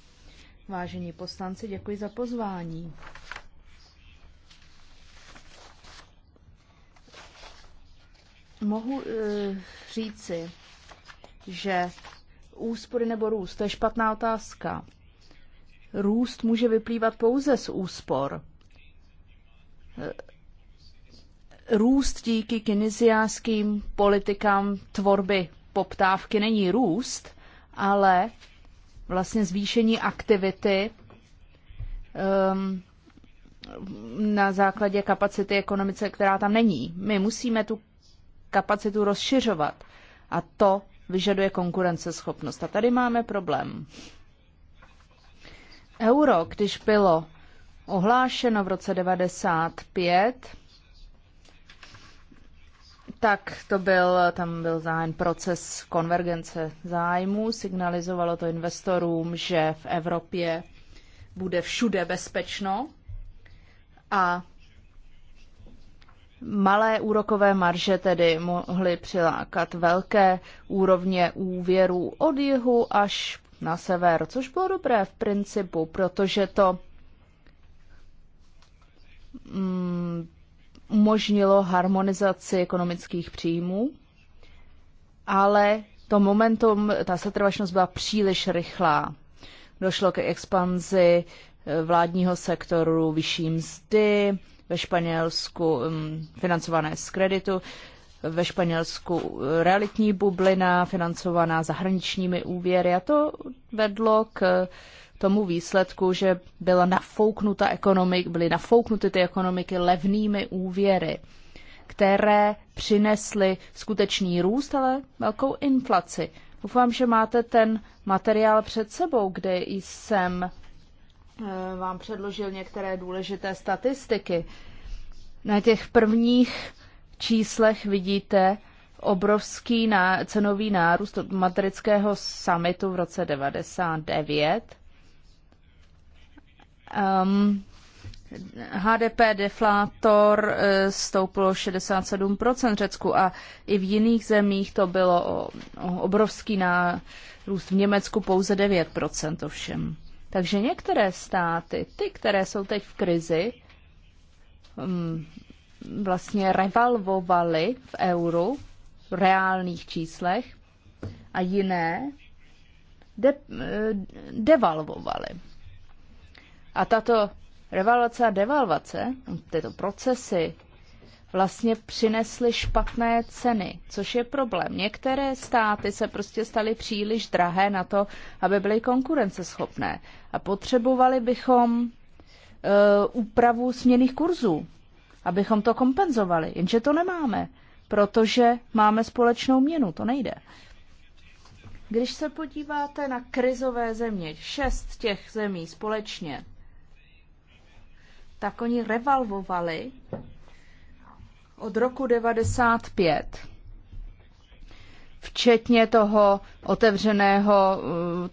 vážení poslanci, děkuji za pozvání. Mohu e, říci, že úspory nebo růst, to je špatná otázka růst může vyplývat pouze z úspor. Růst díky kineziánským politikám tvorby poptávky není růst, ale vlastně zvýšení aktivity um, na základě kapacity ekonomice, která tam není. My musíme tu kapacitu rozšiřovat a to vyžaduje konkurenceschopnost. A tady máme problém. Euro, když bylo ohlášeno v roce 95, tak to byl, tam byl zájem proces konvergence zájmů, signalizovalo to investorům, že v Evropě bude všude bezpečno a malé úrokové marže tedy mohly přilákat velké úrovně úvěrů od jihu až na sever, což bylo dobré v principu, protože to mm, umožnilo harmonizaci ekonomických příjmů, ale to momentum, ta setrvačnost byla příliš rychlá. Došlo k expanzi eh, vládního sektoru, vyšší mzdy, ve Španělsku mm, financované z kreditu, ve Španělsku realitní bublina financovaná zahraničními úvěry a to vedlo k tomu výsledku, že byla nafouknuta ekonomik, byly nafouknuty ty ekonomiky levnými úvěry, které přinesly skutečný růst, ale velkou inflaci. Doufám, že máte ten materiál před sebou, kde jsem eh, vám předložil některé důležité statistiky. Na těch prvních číslech vidíte obrovský ná, cenový nárůst od madridského summitu v roce 99. Um, HDP deflátor eh, stouplo 67% Řecku a i v jiných zemích to bylo o, o obrovský nárůst. V Německu pouze 9% ovšem. Takže některé státy, ty, které jsou teď v krizi, ehm, vlastně revalvovaly v euru, v reálných číslech, a jiné de, eh, devalvovaly. A tato revalvace a devalvace, tyto procesy, vlastně přinesly špatné ceny, což je problém. Některé státy se prostě staly příliš drahé na to, aby byly konkurenceschopné. A potřebovali bychom e, úpravu směných kurzů abychom to kompenzovali. Jenže to nemáme, protože máme společnou měnu, to nejde. Když se podíváte na krizové země, šest těch zemí společně, tak oni revalvovali od roku 95 včetně toho otevřeného,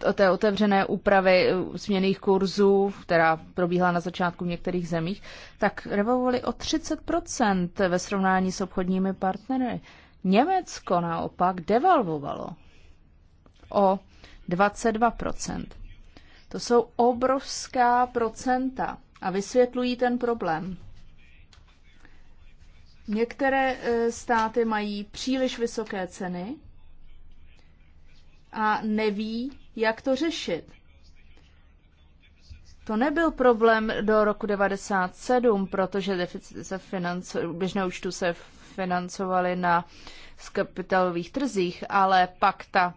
eh, té otevřené úpravy směných eh, kurzů, která probíhala na začátku v některých zemích, tak revovali o 30% ve srovnání s obchodními partnery. Německo naopak devalvovalo o 22%. To jsou obrovská procenta a vysvětlují ten problém. Některé eh, státy mají příliš vysoké ceny a neví, jak to řešit. To nebyl problém do roku 97, protože deficity se financo- běžné účtu se financovaly na z kapitálových trzích, ale pak ta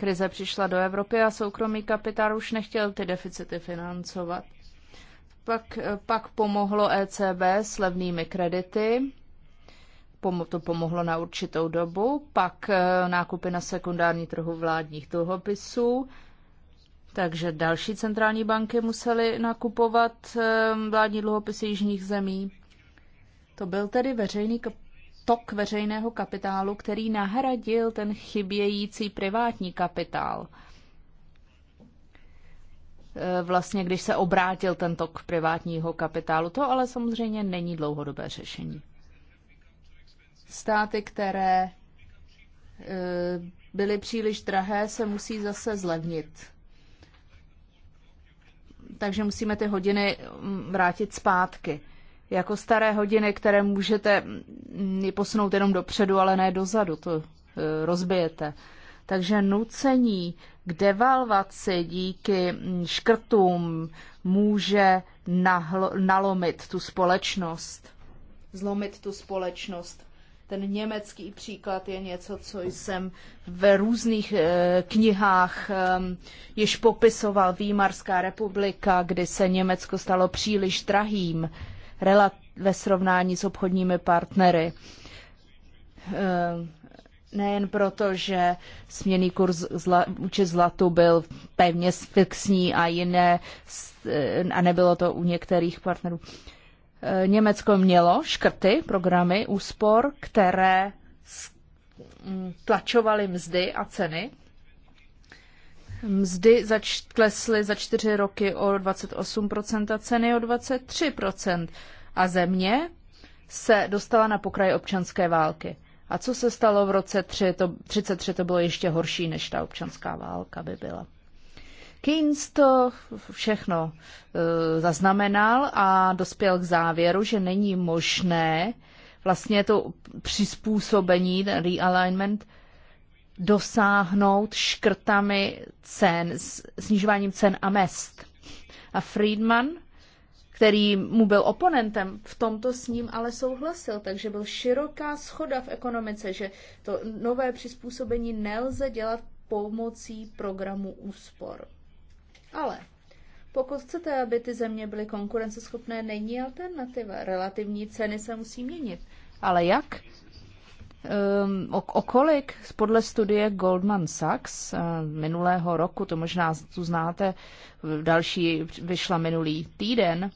krize přišla do Evropy a soukromý kapitál už nechtěl ty deficity financovat. Pak, eh, pak pomohlo ECB s levnými kredity, to pomohlo na určitou dobu, pak eh, nákupy na sekundární trhu vládních dluhopisů, takže další centrální banky musely nakupovat eh, vládní dluhopisy jižních zemí. To byl tedy veřejný tok veřejného kapitálu, který nahradil ten chybějící privátní kapitál. Eh, vlastně, když se obrátil ten tok privátního kapitálu, to ale samozřejmě není dlouhodobé řešení. Státy, které e, byly příliš drahé, se musí zase zlevnit. Takže musíme ty hodiny mm, vrátit zpátky. Jako staré hodiny, které můžete mm, posunout jenom dopředu, ale ne dozadu, to e, rozbijete. Takže nucení k devalvaci díky mm, škrtům může nalomit tu společnost. Zlomit tu společnost. Ten německý příklad je něco, co jsem ve různých e, knihách e, již popisoval. Výmarská republika, kdy se Německo stalo příliš drahým relat, ve srovnání s obchodními partnery. E, Nejen proto, že směný kurz zla, uči zlatu byl pevně fixní a jiné, eh, a nebylo to u některých partnerů. E, Eh, Německo mělo škrty, programy úspor, které mm, tlačovaly mzdy a ceny. Mzdy zač- klesly za čtyři roky o 28% a ceny o 23%. A země se dostala na pokraj občanské války. A co se stalo v roce 1933, to, 33, to bylo ještě horší, než ta občanská válka by byla. Keynes to všechno e, zaznamenal a dospěl k závěru, že není možné vlastně to přizpůsobení, ten realignment, dosáhnout škrtami cen, snižováním cen a mest. A Friedman, který mu byl oponentem, v tomto s ním ale souhlasil, takže byl široká schoda v ekonomice, že to nové přizpůsobení nelze dělat pomocí programu úspor. Ale pokud chcete, aby ty země byly konkurenceschopné, není alternativa. Relativní ceny se musí měnit. Ale jak? Um, o, o kolik? Podle studie Goldman Sachs uh, minulého roku, to možná tu znáte, další vyšla minulý týden,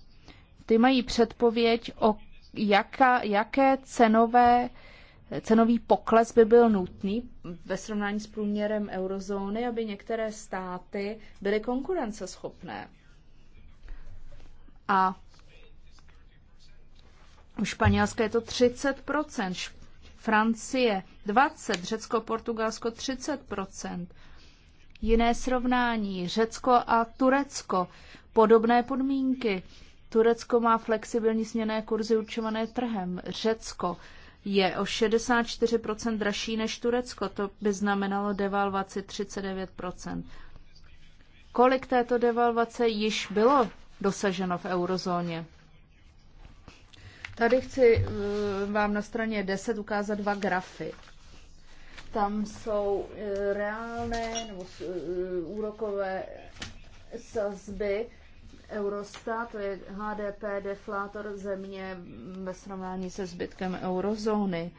ty mají předpověď o jaká, jaké cenové Cenový pokles by byl nutný ve srovnání s průměrem eurozóny, aby některé státy byly konkurenceschopné. A u Španělska je to 30 Francie 20, Řecko, Portugalsko 30 Jiné srovnání, Řecko a Turecko, podobné podmínky. Turecko má flexibilní směné kurzy určované trhem, Řecko je o 64% dražší než Turecko. To by znamenalo devalvaci 39%. Kolik této devalvace již bylo dosaženo v eurozóně? Tady chci eh, vám na straně 10 ukázat dva grafy. Tam jsou eh, reálné nebo eh, úrokové sazby Eurostat, to je HDP deflátor země ve srovnání se zbytkem eurozóny.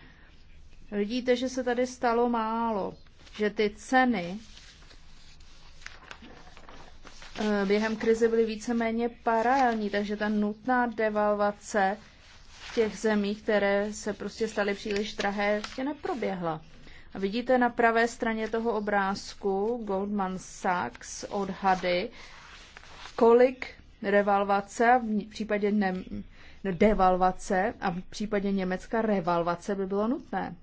Vidíte, že se tady stalo málo, že ty ceny eh, během krize byly víceméně paralelní, takže ta nutná devalvace v těch zemích, které se prostě staly příliš drahé, ještě neproběhla. A vidíte na pravé straně toho obrázku Goldman Sachs odhady, kolik revalvace a v případě ne, no, devalvace a v případě Německa revalvace by bylo nutné.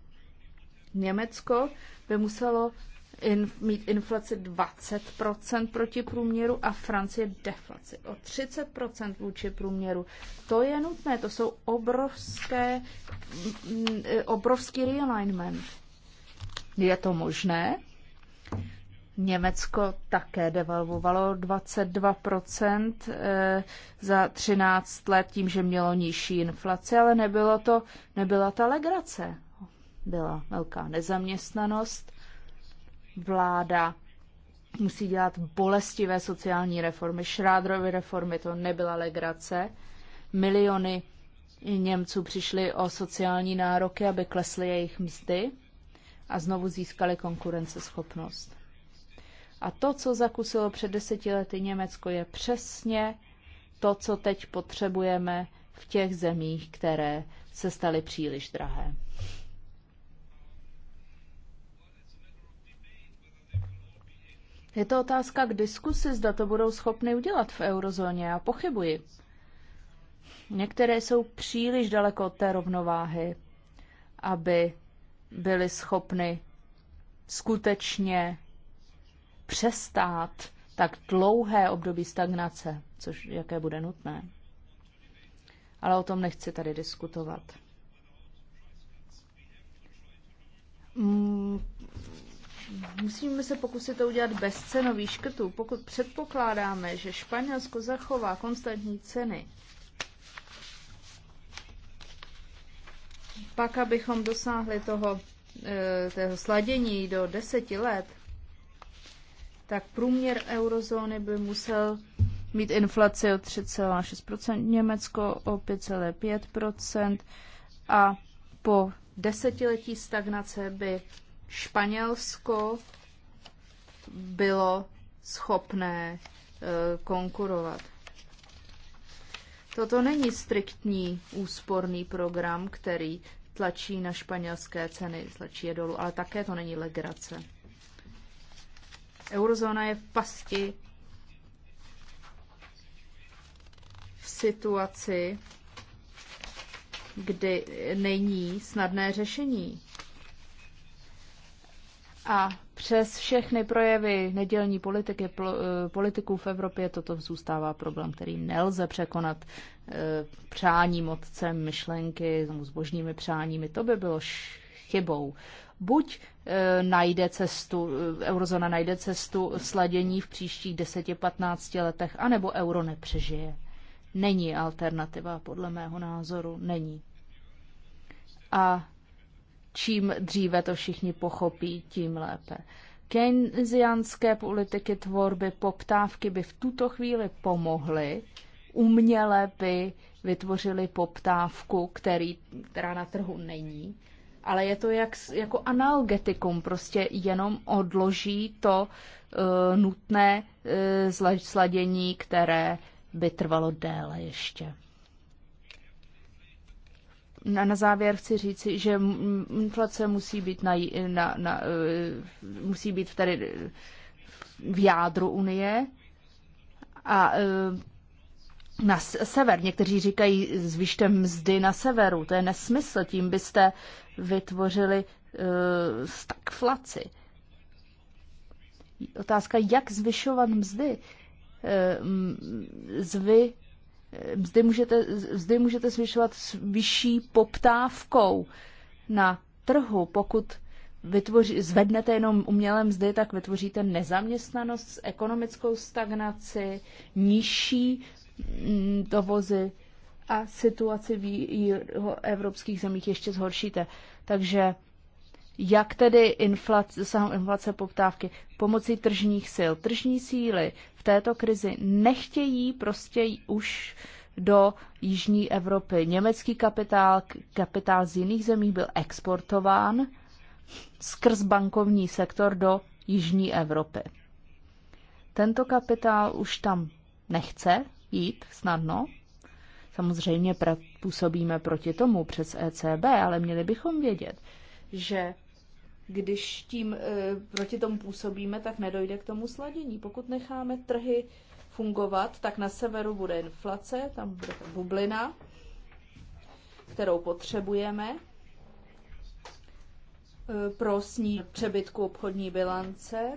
Německo by muselo in, mít inflaci 20% proti průměru a Francie deflaci o 30% vůči průměru. To je nutné, to jsou obrovské, mm, mm, obrovský realignment. Je to možné? Německo také devalvovalo 22 eh, za 13 let tím, že mělo nižší inflaci, ale nebylo to, nebyla ta legrace. Byla velká nezaměstnanost, vláda musí dělat bolestivé sociální reformy, šrádrovy reformy, to nebyla legrace. Miliony Němců přišli o sociální nároky, aby klesly jejich mzdy a znovu získali konkurenceschopnost. A to, co zakusilo před deseti lety Německo, je přesně to, co teď potřebujeme v těch zemích, které se staly příliš drahé. Je to otázka k diskusi, zda to budou schopny udělat v eurozóně. Já pochybuji. Některé jsou příliš daleko od té rovnováhy, aby byly schopny skutečně přestát tak dlouhé období stagnace, což jaké bude nutné. Ale o tom nechci tady diskutovat. Mm, musíme se pokusit to udělat bez cenových škrtů. Pokud předpokládáme, že Španělsko zachová konstantní ceny, pak abychom dosáhli toho, eh, toho sladění do deseti let, tak průměr eurozóny by musel mít inflaci o 3,6%, Německo o 5,5% a po desetiletí stagnace by Španělsko bylo schopné eh, konkurovat. Toto není striktní úsporný program, který tlačí na španělské ceny, tlačí je dolů, ale také to není legrace. Eurozóna je v pasti v situaci, kdy není snadné řešení. A přes všechny projevy nedělní politiky, eh, politiků v Evropě toto zůstává problém, který nelze překonat eh, přáním otcem myšlenky, zbožními přáními. To by bylo chybou. Buď eh, najde cestu, eh, eurozona najde cestu sladění v příštích 10-15 letech, anebo euro nepřežije. Není alternativa, podle mého názoru, není. A čím dříve to všichni pochopí, tím lépe. Keynesianské politiky tvorby poptávky by v tuto chvíli pomohly, uměle by vytvořili poptávku, který, která na trhu není ale je to jak, jako analgetikum, prostě jenom odloží to uh, nutné uh, sladění, které by trvalo déle ještě. Na, na závěr chci říci, že inflace musí být, na, na, na, uh, musí být tady v jádru Unie a uh, na sever. Někteří říkají, zvyšte mzdy na severu. To je nesmysl. Tím byste vytvořili eh, stagflaci. Otázka, jak zvyšovat mzdy. Eh, Zvy, eh, mzdy, můžete, mzdy můžete zvyšovat s vyšší poptávkou na trhu. Pokud vytvoří, zvednete jenom umělé mzdy, tak vytvoříte nezaměstnanost, ekonomickou stagnaci, nižší mm, dovozy a situaci v evropských zemích ještě zhoršíte. Takže jak tedy inflace, dosáhnout inflace poptávky? Pomocí tržních sil. Tržní síly v této krizi nechtějí prostě už do Jižní Evropy. Německý kapitál, kapitál z jiných zemí byl exportován skrz bankovní sektor do Jižní Evropy. Tento kapitál už tam nechce jít snadno, Samozřejmě působíme proti tomu přes ECB, ale měli bychom vědět, že když tím e, proti tomu působíme, tak nedojde k tomu sladění. Pokud necháme trhy fungovat, tak na severu bude inflace, tam bude ta bublina, kterou potřebujeme e, pro sní přebytku obchodní bilance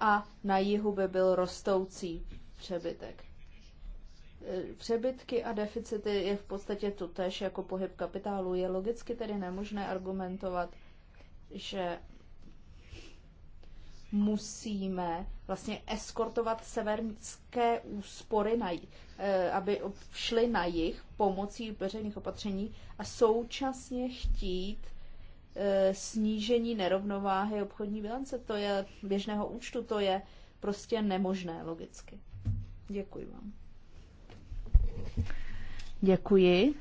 a na jihu by byl rostoucí přebytek přebytky a deficity je v podstatě to tež jako pohyb kapitálu. Je logicky tedy nemožné argumentovat, že musíme vlastně eskortovat severské úspory, na, eh, aby šly na jich pomocí veřejných opatření a současně chtít eh, snížení nerovnováhy obchodní bilance. To je běžného účtu, to je prostě nemožné logicky. Děkuji vám. Děkuji.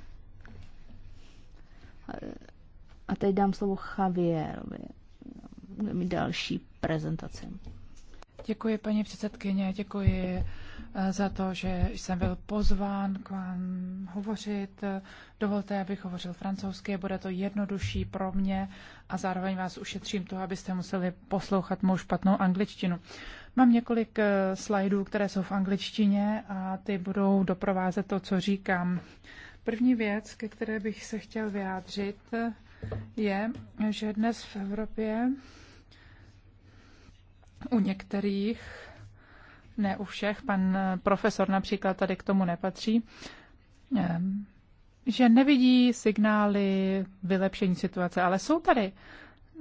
A teď dám slovo Javierovi. Bude mi další prezentace. Děkuji, paní předsedkyně, děkuji eh, za to, že jsem byl pozván k vám hovořit. Dovolte, abych hovořil francouzsky, bude to jednodušší pro mě a zároveň vás ušetřím to, abyste museli poslouchat mou špatnou angličtinu. Mám několik eh, slajdů, které jsou v angličtině a ty budou doprovázet to, co říkám. První věc, ke které bych se chtěl vyjádřit, je, že dnes v Evropě u některých, ne u všech, pan eh, profesor například tady k tomu nepatří, eh, že nevidí signály vylepšení situace, ale jsou tady.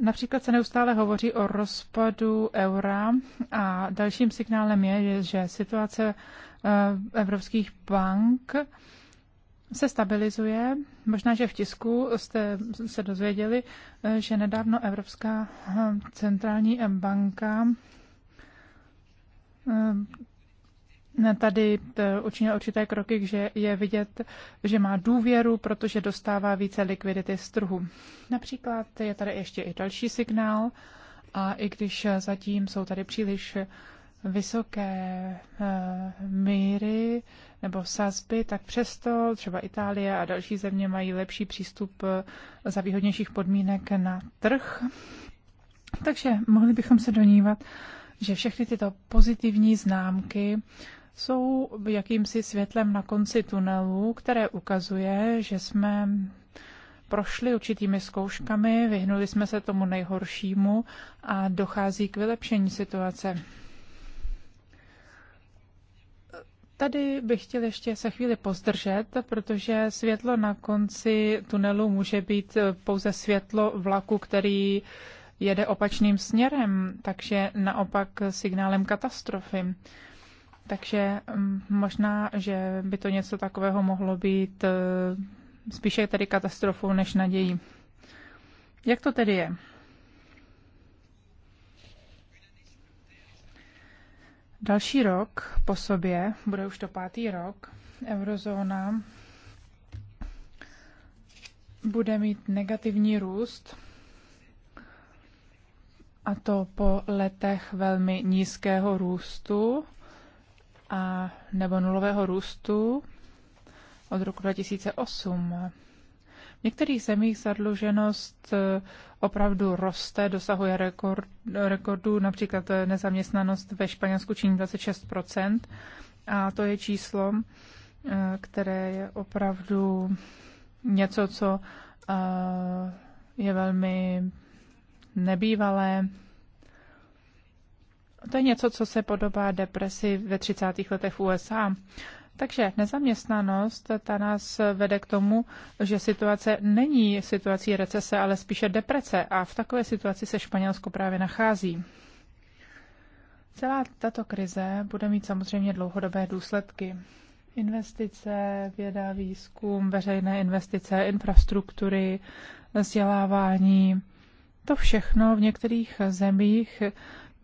Například se neustále hovoří o rozpadu eura a dalším signálem je, že situace eh, evropských bank se stabilizuje. Možná, že v tisku jste se dozvěděli, eh, že nedávno Evropská eh, centrální banka tady eh, učinil určité kroky, že je vidět, že má důvěru, protože dostává více likvidity z trhu. Například je tady ještě i další signál a i když zatím jsou tady příliš vysoké eh, míry nebo sazby, tak přesto třeba Itálie a další země mají lepší přístup eh, za výhodnějších podmínek na trh. Takže mohli bychom se donívat, že všechny tyto pozitivní známky jsou jakýmsi světlem na konci tunelu, které ukazuje, že jsme prošli určitými zkouškami, vyhnuli jsme se tomu nejhoršímu a dochází k vylepšení situace. Tady bych chtěl ještě se chvíli pozdržet, protože světlo na konci tunelu může být pouze světlo vlaku, který jede opačným směrem, takže naopak signálem katastrofy. Takže mm, možná, že by to něco takového mohlo být e, spíše tedy katastrofou než nadějí. Jak to tedy je? Další rok po sobě, bude už to pátý rok, eurozóna bude mít negativní růst, a to po letech velmi nízkého růstu a nebo nulového růstu od roku 2008. V některých zemích zadluženost e, opravdu roste, dosahuje rekord, rekordů, například e, nezaměstnanost ve Španělsku činí 26 a to je číslo, e, které je opravdu něco, co je velmi nebývalé to je něco, co se podobá depresi ve 30. letech v USA. Takže nezaměstnanost, ta nás vede k tomu, že situace není situací recese, ale spíše deprese a v takové situaci se Španělsko právě nachází. Celá tato krize bude mít samozřejmě dlouhodobé důsledky. Investice, věda, výzkum, veřejné investice, infrastruktury, vzdělávání, to všechno v některých zemích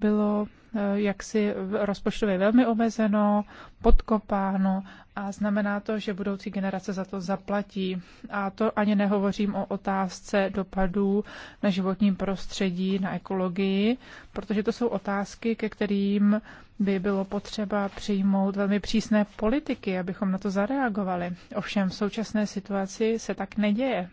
bylo eh, jaksi rozpočtově velmi omezeno, podkopáno a znamená to, že budoucí generace za to zaplatí. A to ani nehovořím o otázce dopadů na životním prostředí, na ekologii, protože to jsou otázky, ke kterým by bylo potřeba přijmout velmi přísné politiky, abychom na to zareagovali. Ovšem v současné situaci se tak neděje.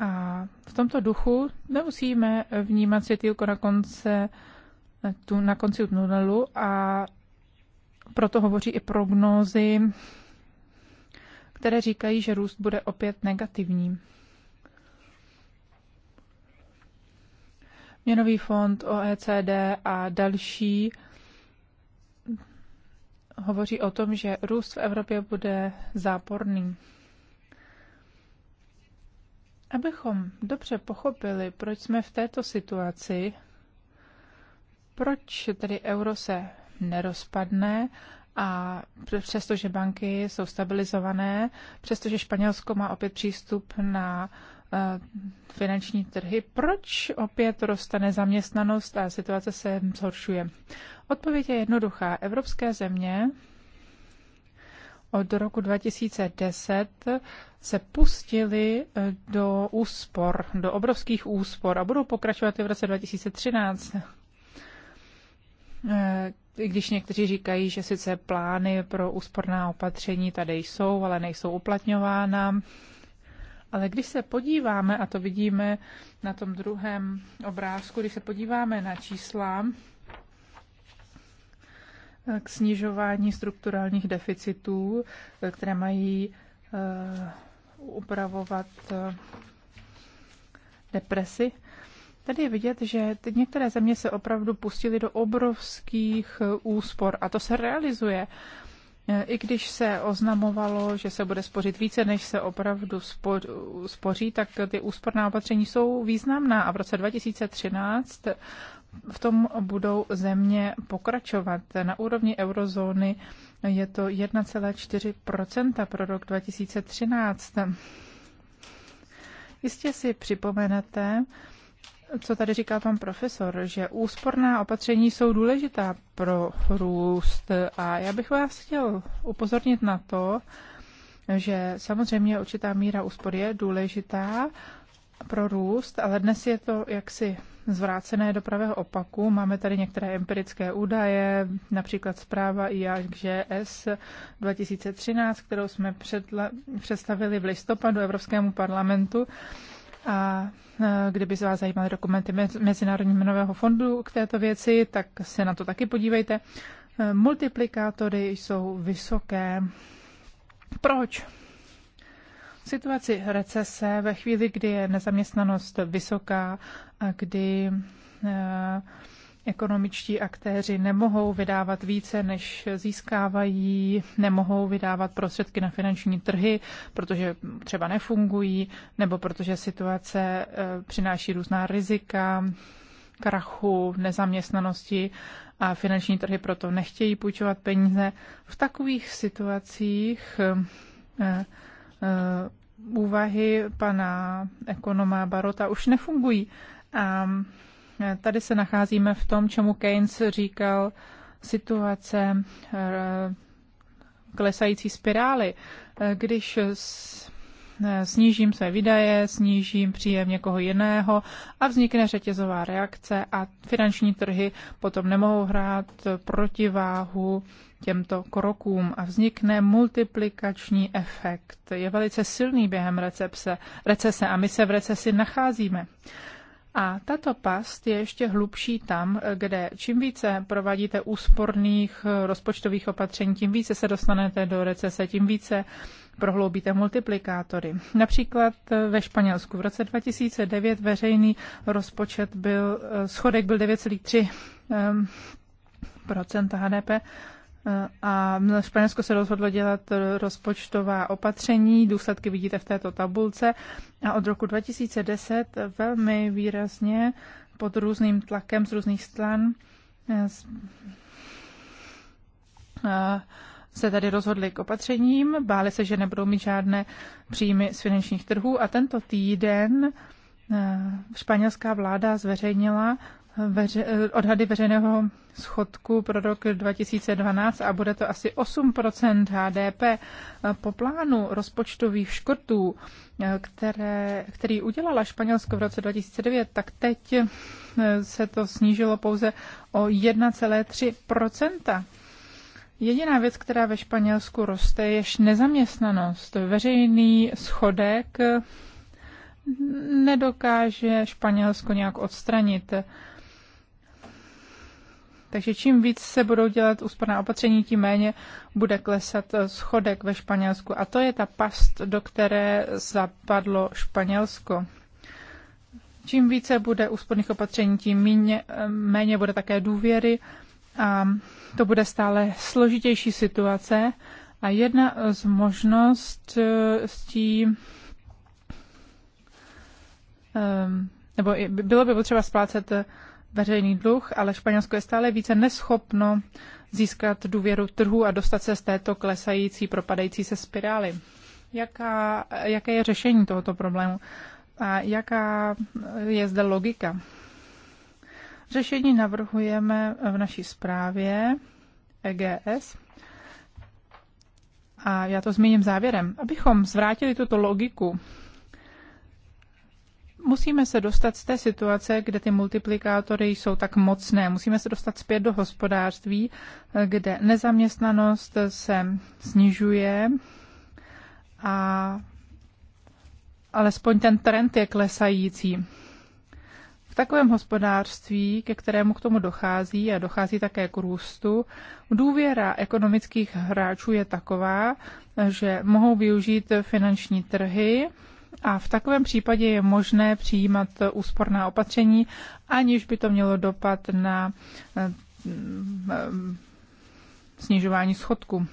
A v tomto duchu nemusíme vnímat světýlko na, konce, tu, na konci tunelu a proto hovoří i prognózy, které říkají, že růst bude opět negativní. Měnový fond, OECD a další hovoří o tom, že růst v Evropě bude záporný. Abychom dobře pochopili, proč jsme v této situaci, proč tedy euro se nerozpadne a přestože banky jsou stabilizované, přestože Španělsko má opět přístup na eh, finanční trhy, proč opět roste nezaměstnanost a situace se zhoršuje? Odpověď je jednoduchá. Evropské země od roku 2010 se pustili eh, do úspor, do obrovských úspor a budou pokračovat i v roce 2013. Eh, I když někteří říkají, že sice plány pro úsporná opatření tady jsou, ale nejsou uplatňována. Ale když se podíváme, a to vidíme na tom druhém obrázku, když se podíváme na čísla, k snižování strukturálních deficitů, které mají eh, upravovat eh, depresi. Tady je vidět, že některé země se opravdu pustily do obrovských eh, úspor a to se realizuje. I když se oznamovalo, že se bude spořit více, než se opravdu spoří, tak ty úsporná opatření jsou významná. A v roce 2013 v tom budou země pokračovat. Na úrovni eurozóny je to 1,4 pro rok 2013. Jistě si připomenete, co tady říká pan profesor, že úsporná opatření jsou důležitá pro růst. A já bych vás chtěl upozornit na to, že samozřejmě určitá míra úspor je důležitá, pro růst, ale dnes je to jaksi zvrácené do pravého opaku. Máme tady některé empirické údaje, například zpráva IAGS 2013, kterou jsme předla, představili v listopadu Evropskému parlamentu. A e, kdyby z vás zajímaly dokumenty Mezinárodního měnového fondu k této věci, tak se na to taky podívejte. E, multiplikátory jsou vysoké. Proč? situaci recese, ve chvíli, kdy je nezaměstnanost vysoká a kdy eh, ekonomičtí aktéři nemohou vydávat více, než získávají, nemohou vydávat prostředky na finanční trhy, protože třeba nefungují, nebo protože situace eh, přináší různá rizika, krachu, nezaměstnanosti a finanční trhy proto nechtějí půjčovat peníze. V takových situacích eh, úvahy pana ekonoma Barota už nefungují. A e, tady se nacházíme v tom, čemu Keynes říkal situace e, klesající spirály. E, když Eh, snížím své výdaje, snížím příjem někoho jiného a vznikne řetězová reakce a finanční trhy potom nemohou hrát protiváhu těmto krokům a vznikne multiplikační efekt. Je velice silný během recepce, recese a my se v recesi nacházíme. A tato past je ještě hlubší tam, kde čím více provádíte úsporných eh, rozpočtových opatření, tím více se dostanete do recese, tím více prohloubíte multiplikátory. Například ve Španělsku v roce 2009 veřejný rozpočet byl, eh, schodek byl 9,3 ehm, procenta HDP eh, a Španělsko se rozhodlo dělat rozpočtová opatření, důsledky vidíte v této tabulce a od roku 2010 velmi výrazně pod různým tlakem z různých stran eh, se tady rozhodli k opatřením, báli se, že nebudou mít žádné příjmy z finančních trhů a tento týden eh, španělská vláda zveřejnila eh, veře, eh, odhady veřejného schodku pro rok 2012 a bude to asi 8 HDP. Po plánu rozpočtových škrtů, které, který udělala Španělsko v roce 2009, tak teď se to snížilo pouze o 1,3 Jediná věc, která ve Španělsku roste, je nezaměstnanost. Veřejný schodek nedokáže Španělsko nějak odstranit. Takže čím víc se budou dělat úsporná opatření, tím méně bude klesat schodek ve Španělsku. A to je ta past, do které zapadlo Španělsko. Čím více bude úsporných opatření, tím méně, méně bude také důvěry a to bude stále složitější situace a jedna z možností eh, ehm, nebo bylo by potřeba splácet eh, veřejný dluh, ale Španělsko je stále více neschopno získat důvěru trhu a dostat se z této klesající, propadající se spirály. Jaká, jaké je řešení tohoto problému? A jaká je zde logika? Řešení navrhujeme v naší zprávě EGS. A já to zmíním závěrem. Abychom zvrátili tuto logiku, musíme se dostat z té situace, kde ty multiplikátory jsou tak mocné. Musíme se dostat zpět do hospodářství, kde nezaměstnanost se snižuje a alespoň ten trend je klesající takovém hospodářství, ke kterému k tomu dochází a dochází také k růstu, důvěra ekonomických hráčů je taková, že mohou využít finanční trhy a v takovém případě je možné přijímat úsporná opatření, aniž by to mělo dopad na eh, snižování schodku.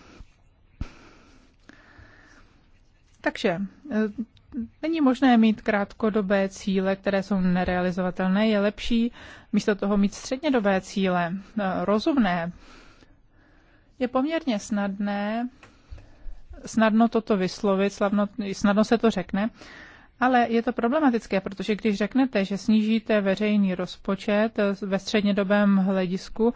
Takže eh, není možné mít krátkodobé cíle, které jsou nerealizovatelné. Je lepší místo toho mít střednědobé cíle, eh, rozumné. Je poměrně snadné, snadno toto vyslovit, slavno, snadno se to řekne, ale je to problematické, protože když řeknete, že snížíte veřejný rozpočet eh, ve střednědobém hledisku,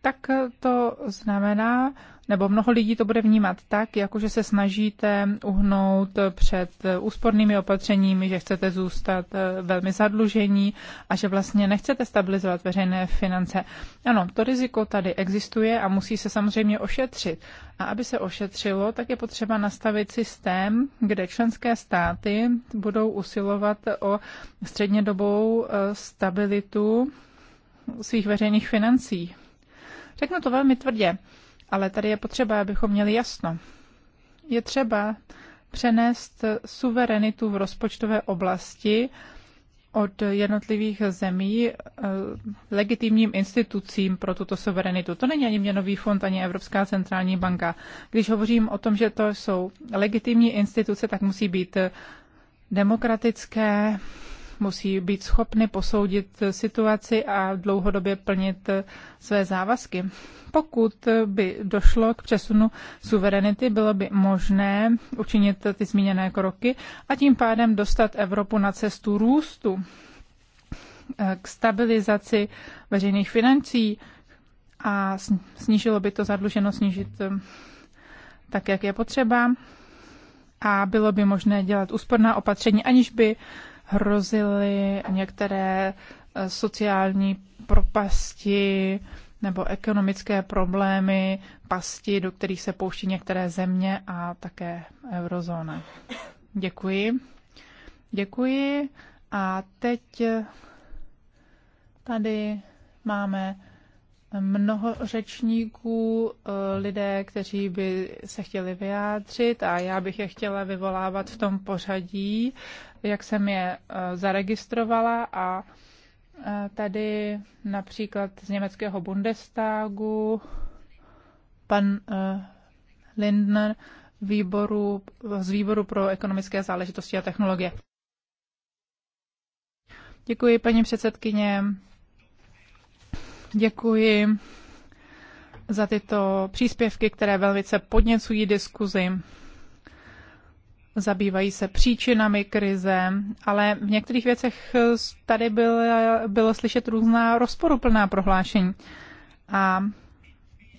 tak eh, to znamená, nebo mnoho lidí to bude vnímat tak, jako že se snažíte uhnout před úspornými opatřeními, že chcete zůstat eh, velmi zadlužení a že vlastně nechcete stabilizovat veřejné finance. Ano, to riziko tady existuje a musí se samozřejmě ošetřit. A aby se ošetřilo, tak je potřeba nastavit systém, kde členské státy budou usilovat o střednědobou eh, stabilitu svých veřejných financí. Řeknu to velmi tvrdě ale tady je potřeba, abychom měli jasno. Je třeba přenést suverenitu v rozpočtové oblasti od jednotlivých zemí eh, legitimním institucím pro tuto suverenitu. To není ani měnový fond, ani Evropská centrální banka. Když hovořím o tom, že to jsou legitimní instituce, tak musí být demokratické, musí být schopny posoudit situaci a dlouhodobě plnit své závazky. Pokud by došlo k přesunu suverenity, bylo by možné učinit ty zmíněné kroky a tím pádem dostat Evropu na cestu růstu eh, k stabilizaci veřejných financí a snížilo by to zadluženo snížit eh, tak, jak je potřeba a bylo by možné dělat úsporná opatření, aniž by hrozily některé eh, sociální propasti nebo ekonomické problémy, pasti, do kterých se pouští některé země a také eurozóna. Děkuji. Děkuji. A teď eh, tady máme mnoho řečníků, eh, lidé, kteří by se chtěli vyjádřit a já bych je chtěla vyvolávat v tom pořadí, jak jsem je eh, zaregistrovala a eh, tady například z německého Bundestagu pan eh, Lindner výboru, z výboru pro ekonomické záležitosti a technologie. Děkuji, paní předsedkyně. Děkuji za tyto příspěvky, které velice podněcují diskuzi zabývají se příčinami krize, ale v některých věcech tady bylo, bylo slyšet různá rozporuplná prohlášení. A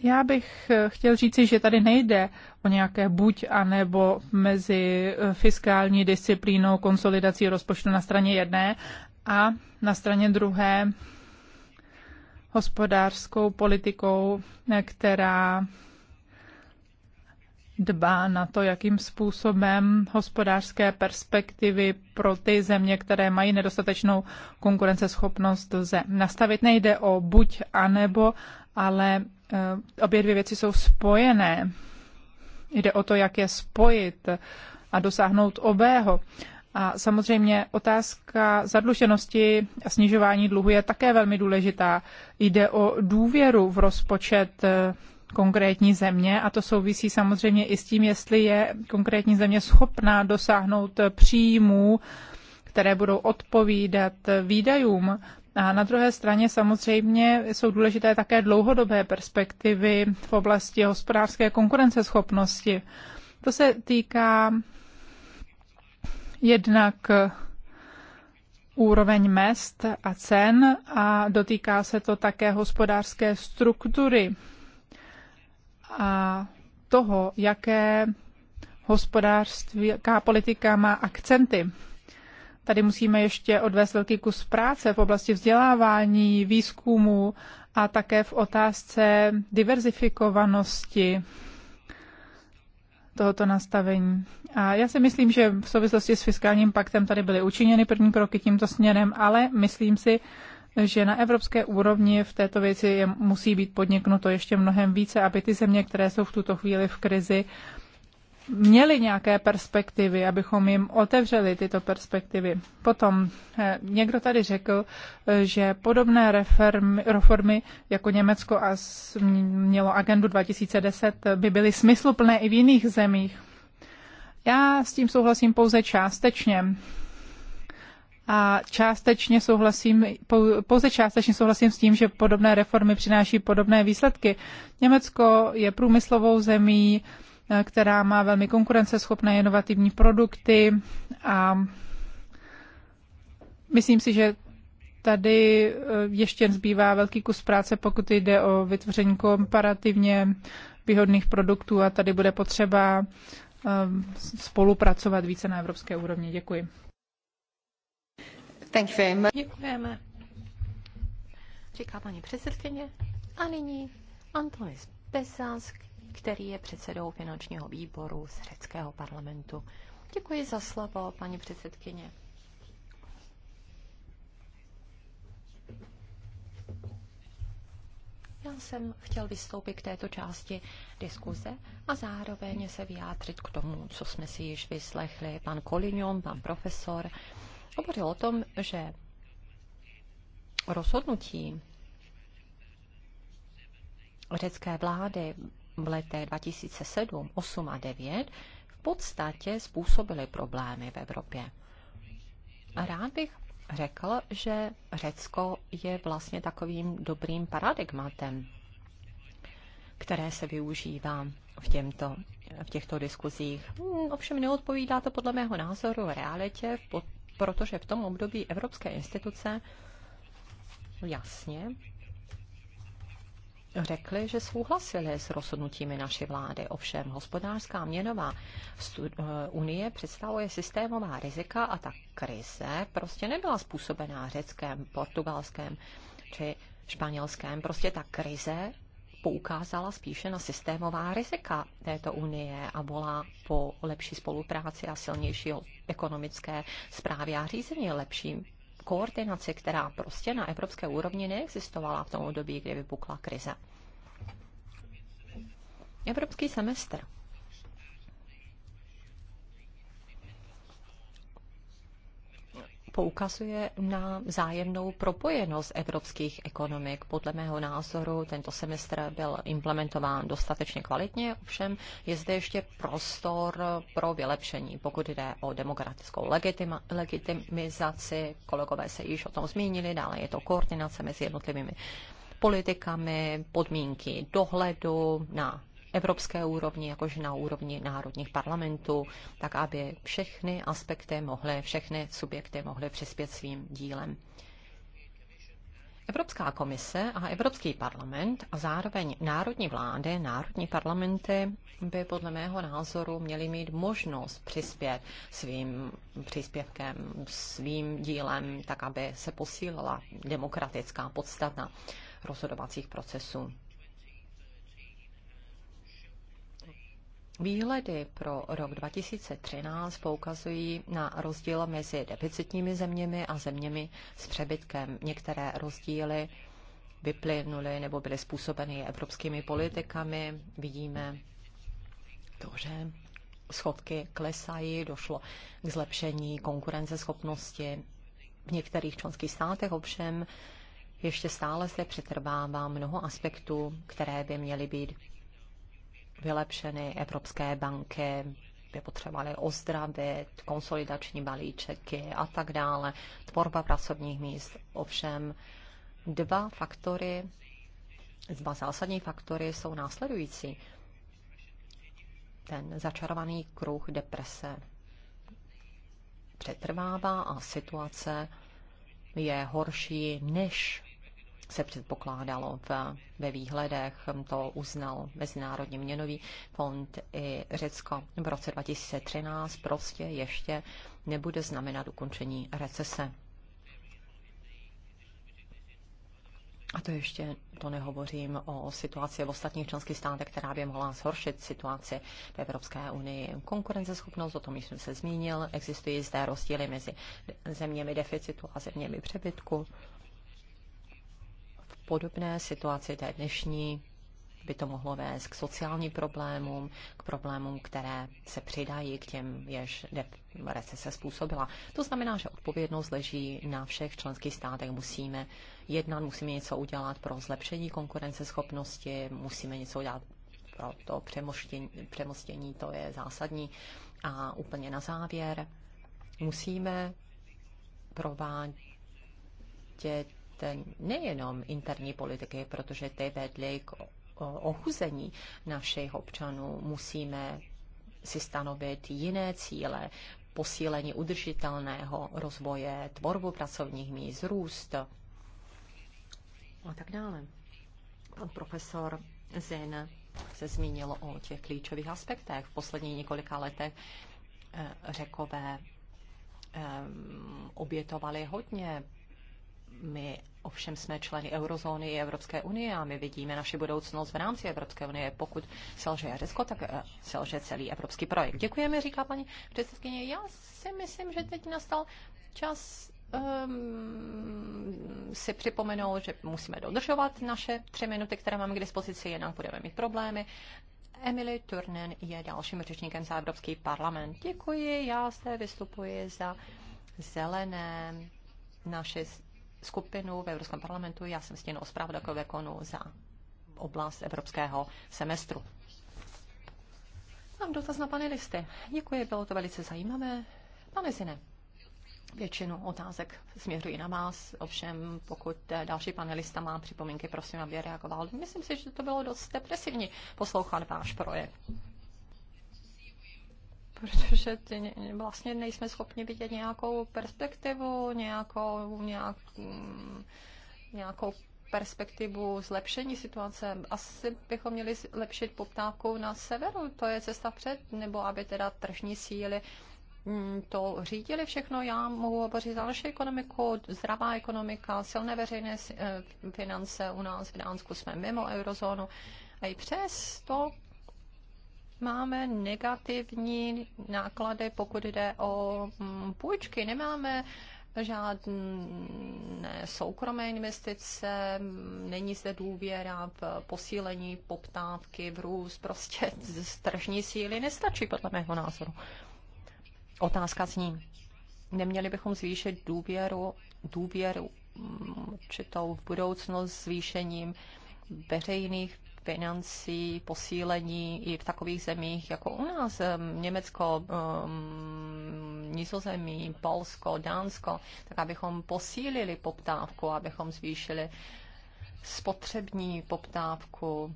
já bych chtěl říci, že tady nejde o nějaké buď a nebo mezi fiskální disciplínou, konsolidací rozpočtu na straně jedné a na straně druhé hospodářskou politikou, která dbá na to, jakým způsobem hospodářské perspektivy pro ty země, které mají nedostatečnou konkurenceschopnost, lze nastavit. Nejde o buď a nebo, ale eh, obě dvě věci jsou spojené. Jde o to, jak je spojit a dosáhnout obého. A samozřejmě otázka zadluženosti a snižování dluhu je také velmi důležitá. Jde o důvěru v rozpočet eh, konkrétní země a to souvisí samozřejmě i s tím, jestli je konkrétní země schopná dosáhnout příjmů, které budou odpovídat výdajům. A na druhé straně samozřejmě jsou důležité také dlouhodobé perspektivy v oblasti hospodářské konkurenceschopnosti. To se týká jednak úroveň mest a cen a dotýká se to také hospodářské struktury a toho, jaké hospodářství, jaká politika má akcenty. Tady musíme ještě odvést velký kus práce v oblasti vzdělávání, výzkumu a také v otázce diverzifikovanosti tohoto nastavení. A já si myslím, že v souvislosti s fiskálním paktem tady byly učiněny první kroky tímto směrem, ale myslím si, že na evropské úrovni v této věci je, musí být podniknuto ještě mnohem více, aby ty země, které jsou v tuto chvíli v krizi, měly nějaké perspektivy, abychom jim otevřeli tyto perspektivy. Potom eh, někdo tady řekl, eh, že podobné reformy, reformy jako Německo a mělo agendu 2010 eh, by byly smysluplné i v jiných zemích. Já s tím souhlasím pouze částečně a částečně souhlasím, pouze částečně souhlasím s tím, že podobné reformy přináší podobné výsledky. Německo je průmyslovou zemí, eh, která má velmi konkurenceschopné inovativní produkty a myslím si, že tady eh, ještě zbývá velký kus práce, pokud jde o vytvoření komparativně výhodných produktů a tady bude potřeba eh, spolupracovat více na evropské úrovni. Děkuji. Říká paní předsedkyně. A nyní Antonis Pesas, který je předsedou finančního výboru z řeckého parlamentu. Děkuji za slovo, paní předsedkyně. Já jsem chtěl vystoupit k této části diskuze a zároveň se vyjádřit k tomu, co jsme si již vyslechli pan Kolinion, pan profesor hovořil o tom, že rozhodnutí řecké vlády v letech 2007, 8 a 9 v podstatě způsobily problémy v Evropě. A rád bych řekl, že Řecko je vlastně takovým dobrým paradigmatem, které se využívá v, těmto, v těchto diskuzích. Ovšem neodpovídá to podle mého názoru realitě protože v tom období evropské instituce jasně řekli, že souhlasili s rozhodnutími naší vlády. Ovšem, hospodářská měnová eh, unie představuje systémová rizika a ta krize prostě nebyla způsobená řeckém, portugalském či španělském. Prostě ta krize poukázala spíše na systémová rizika této unie a volá po lepší spolupráci a silnější ekonomické zprávě a řízení lepším koordinaci, která prostě na evropské úrovni neexistovala v tom období, kdy vypukla krize. Evropský semestr poukazuje na zájemnou propojenost evropských ekonomik. Podle mého názoru tento semestr byl implementován dostatečně kvalitně, ovšem je zde ještě prostor pro vylepšení, pokud jde o demokratickou legitima, legitimizaci. Kolegové se již o tom zmínili, dále je to koordinace mezi jednotlivými politikami, podmínky dohledu na evropské úrovni, jakož na úrovni národních parlamentů, tak aby všechny aspekty mohly, všechny subjekty mohly přispět svým dílem. Evropská komise a Evropský parlament a zároveň národní vlády, národní parlamenty by podle mého názoru měly mít možnost přispět svým příspěvkem, svým dílem, tak aby se posílila demokratická podstata rozhodovacích procesů. Výhledy pro rok 2013 poukazují na rozdíl mezi deficitními zeměmi a zeměmi s přebytkem. Některé rozdíly vyplynuly nebo byly způsobeny evropskými politikami. Vidíme to, že schodky klesají, došlo k zlepšení konkurenceschopnosti. V některých členských státech ovšem ještě stále se přetrvává mnoho aspektů, které by měly být vylepšeny, evropské banky by potřebovaly ozdravit, konsolidační balíčeky a tak dále, tvorba pracovních míst. Ovšem dva faktory, dva zásadní faktory jsou následující. Ten začarovaný kruh deprese přetrvává a situace je horší, než se předpokládalo v, ve výhledech, hm, to uznal Mezinárodní měnový fond i Řecko v roce 2013, prostě ještě nebude znamenat ukončení recese. A to ještě to nehovořím o situaci v ostatních členských státech, která by mohla zhoršit situaci v Evropské unii. Konkurenceschopnost, o tom jsem se zmínil, existují zde rozdíly mezi zeměmi deficitu a zeměmi přebytku podobné situaci té dnešní by to mohlo vést k sociálním problémům, k problémům, které se přidají k těm, jež recese způsobila. To znamená, že odpovědnost leží na všech členských státech. Musíme jednat, musíme něco udělat pro zlepšení konkurenceschopnosti, musíme něco udělat pro to přemostění, přemostění to je zásadní. A úplně na závěr, musíme provádět nejenom interní politiky, protože ty vedly k ochuzení našich občanů. Musíme si stanovit jiné cíle, posílení udržitelného rozvoje, tvorbu pracovních míst, růst a tak dále. Pan profesor Zen se zmínil o těch klíčových aspektech. V posledních několika letech eh, řekové eh, obětovali hodně my ovšem jsme členy eurozóny Evropské unie a my vidíme naši budoucnost v rámci Evropské unie. Pokud selže Řecko, tak eh, selže celý evropský projekt. Děkujeme, říká paní předsedkyně. Já si myslím, že teď nastal čas ehm, si připomenout, že musíme dodržovat naše tři minuty, které máme k dispozici, jinak budeme mít problémy. Emily Turnen je dalším řečníkem za Evropský parlament. Děkuji, já zde vystupuji za zelené naše skupinu v Evropském parlamentu. Já jsem stěnou zpravodajkou konu za oblast evropského semestru. Mám dotaz na panelisty. Děkuji, bylo to velice zajímavé. Pane Zine, většinu otázek směřuji na vás, ovšem pokud eh, další panelista má připomínky, prosím, aby reagoval. Myslím si, že to bylo dost depresivní poslouchat váš projekt protože ty, vlastně nejsme schopni vidět nějakou perspektivu, nějakou, nějak, nějakou perspektivu zlepšení situace. Asi bychom měli zlepšit poptávku na severu, to je cesta před, nebo aby teda tržní síly mm, to řídili všechno. Já mohu hovořit za naši ekonomiku, zdravá ekonomika, silné veřejné eh, finance u nás v Dánsku jsme mimo eurozónu. A i přes to máme negativní náklady, pokud jde o mm, půjčky. Nemáme žádné soukromé investice, není zde důvěra v posílení poptávky, v růst, prostě z tržní síly nestačí podle mého názoru. Otázka ním. neměli bychom zvýšit důvěru, důvěru mm, určitou v budoucnost zvýšením veřejných financí, posílení i v takových zemích jako u nás, Německo, Nizozemí, Polsko, Dánsko, tak abychom posílili poptávku, abychom zvýšili spotřební poptávku,